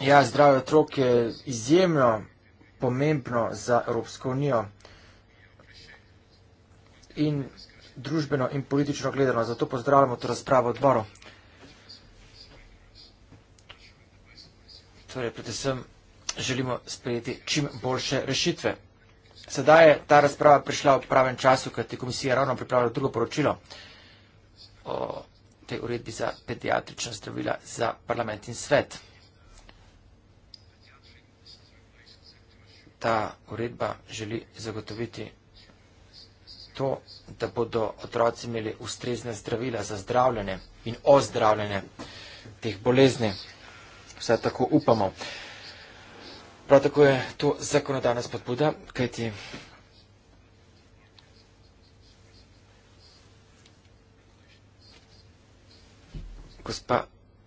Ja, zdravje otrok je izjemno pomembno za Evropsko unijo in družbeno in politično gledano. Zato pozdravljamo to razpravo odboru. Torej, predvsem želimo sprejeti čim boljše rešitve. Sedaj je ta razprava prišla v pravem času, ker je komisija ravno pripravila drugo poročilo o tej uredbi za pediatrična zdravila za parlament in svet. Ta uredba želi zagotoviti to, da bodo otroci imeli ustrezne zdravila za zdravljene in ozdravljene teh bolezni. Vse tako upamo. Prav tako je to zakonodana spodbuda, kajti gospa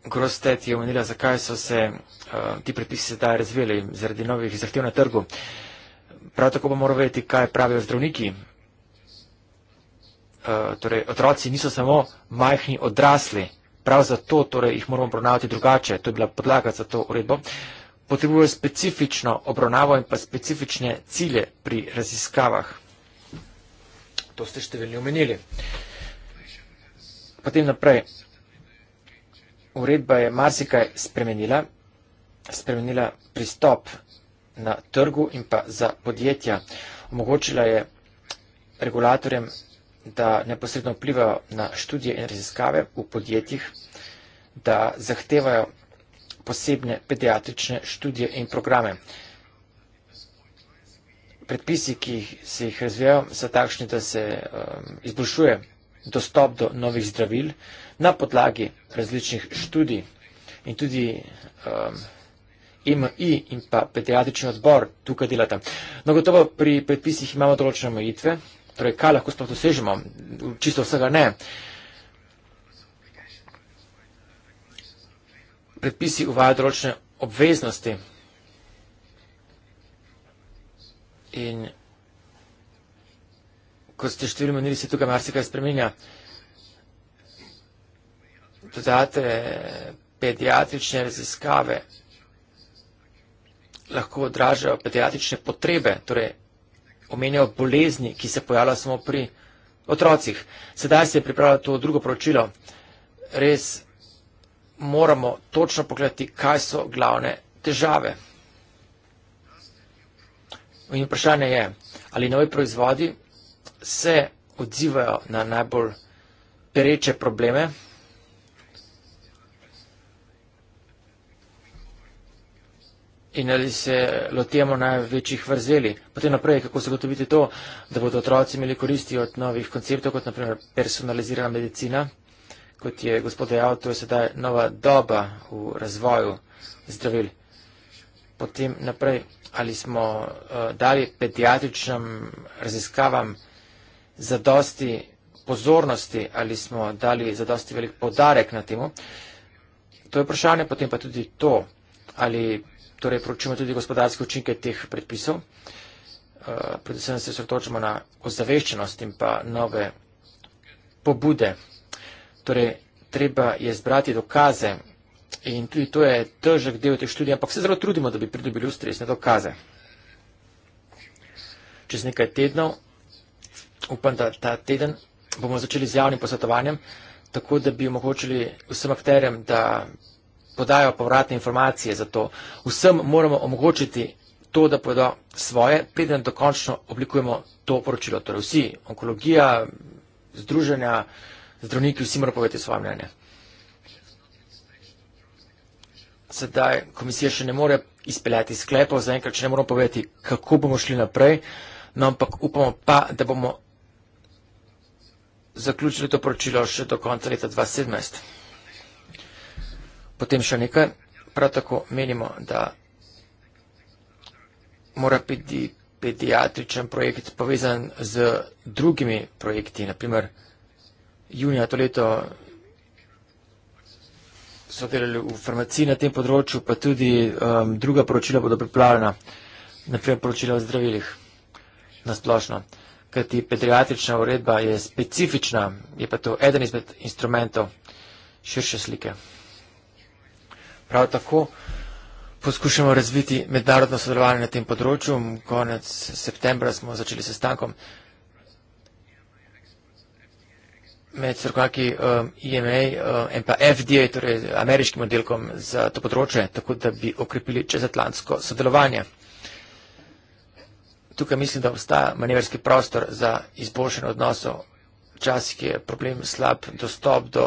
Grostet je omenila, zakaj so se uh, ti predpisi sedaj razvijali zaradi novih zahtev na trgu. Prav tako pa moramo vedeti, kaj pravijo zdravniki. Uh, torej, otroci niso samo majhni odrasli, prav zato torej, jih moramo obravnavati drugače. To je bila podlaga za to uredbo. Uh, potrebujejo specifično obravnavo in pa specifične cilje pri raziskavah. To ste številni omenili. Potem naprej. Uredba je marsikaj spremenila, spremenila pristop na trgu in pa za podjetja. Omogočila je regulatorjem, da neposredno vplivajo na študije in raziskave v podjetjih, da zahtevajo posebne pediatrične študije in programe. Predpisi, ki se jih razvijajo, so takšni, da se um, izboljšuje dostop do novih zdravil na podlagi različnih študij in tudi um, MI in pa pediatrični odbor tukaj delata. No, gotovo pri predpisih imamo določene mojitve, torej kaj lahko sploh dosežemo, čisto vsega ne. Uh, predpisi uvajajo določene obveznosti. In kot ste številni menili, se tukaj marsikaj spremenja. Dodate pediatrične raziskave, lahko odražajo pediatrične potrebe, torej omenjajo bolezni, ki se pojavljajo samo pri otrocih. Sedaj se je pripravljalo to drugo poročilo. Res moramo točno pogledati, kaj so glavne težave. In vprašanje je, ali novi proizvodi se odzivajo na najbolj pereče probleme. In ali se lotevamo največjih vrzeli. Potem naprej, kako zagotoviti to, da bodo otroci imeli koristi od novih konceptov, kot naprimer personalizirana medicina kot je gospod dejal, to je sedaj nova doba v razvoju zdravil. Potem naprej, ali smo uh, dali pediatričnim raziskavam za dosti pozornosti, ali smo dali za dosti velik podarek na temu. To je vprašanje, potem pa tudi to, ali torej pročimo tudi gospodarske učinke teh predpisov. Uh, predvsem se sredotočimo na ozaveščenost in pa nove pobude. Torej, treba je zbrati dokaze in tudi to je težek del teh študij, ampak se zelo trudimo, da bi pridobili ustrezne dokaze. Čez nekaj tednov, upam, da ta teden, bomo začeli z javnim posvetovanjem, tako da bi omogočili vsem akterjem, da podajo povratne informacije za to. Vsem moramo omogočiti to, da podajo svoje, preden dokončno oblikujemo to poročilo. Torej vsi, onkologija, združenja, zdravniki vsi morajo povedati svoje mnenje. Sedaj komisija še ne more izpeljati sklepov, zaenkrat še ne moramo povedati, kako bomo šli naprej, no ampak upamo pa, da bomo zaključili to poročilo še do konca leta 2017. Potem še nekaj, prav tako menimo, da mora biti pedi, pediatričen projekt povezan z drugimi projekti, naprimer junija to leto so delali v farmaciji na tem področju, pa tudi um, druga poročila bodo pripravljena, naprimer poročila o zdravilih na splošno. Kajti pediatrična uredba je specifična, je pa to eden izmed instrumentov širše slike. Prav tako poskušamo razviti mednarodno sodelovanje na tem področju. Konec septembra smo začeli sestankom med strokovnjaki um, EMA um, in pa FDA, torej ameriškim oddelkom za to področje, tako da bi okrepili čezatlantsko sodelovanje. Tukaj mislim, da obstaja manevrski prostor za izboljšanje odnosov. Včasih je problem slab dostop do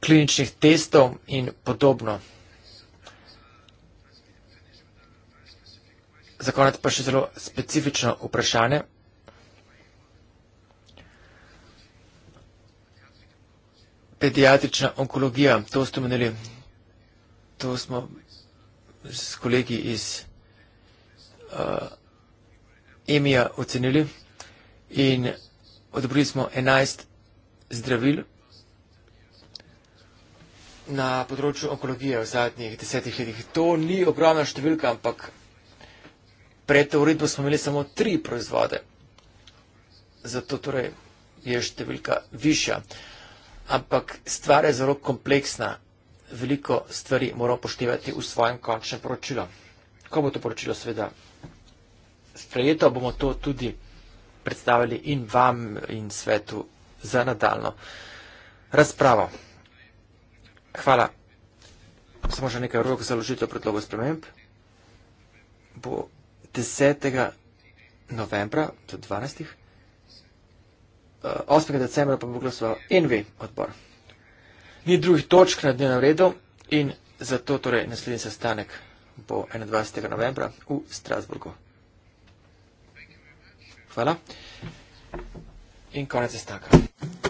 kliničnih testov in podobno. Za konec pa še zelo specifično vprašanje. pediatrična onkologija. To ste omenili. To smo s kolegi iz uh, EMIA ocenili in odobrili smo 11 zdravil na področju onkologije v zadnjih desetih letih. To ni ogromna številka, ampak pred to uredbo smo imeli samo tri proizvode. Zato torej je številka višja. Uh, ampak stvar je zelo kompleksna. Veliko stvari moramo poštevati v svojem končnem poročilu. Ko bo to poročilo seveda sprejeto, bomo to tudi predstavili in vam in svetu za nadaljno razpravo. Hvala. Samo še nekaj rok za ložitev predlogov sprememb. Bo 10. novembra, to 12. 8. Eh, decembra pa bo glasoval NV odbor. Ni drugih točk na dnevnem redu in zato torej naslednji sestanek bo 21. novembra v Strasburgu. Hvala in konec sestanka.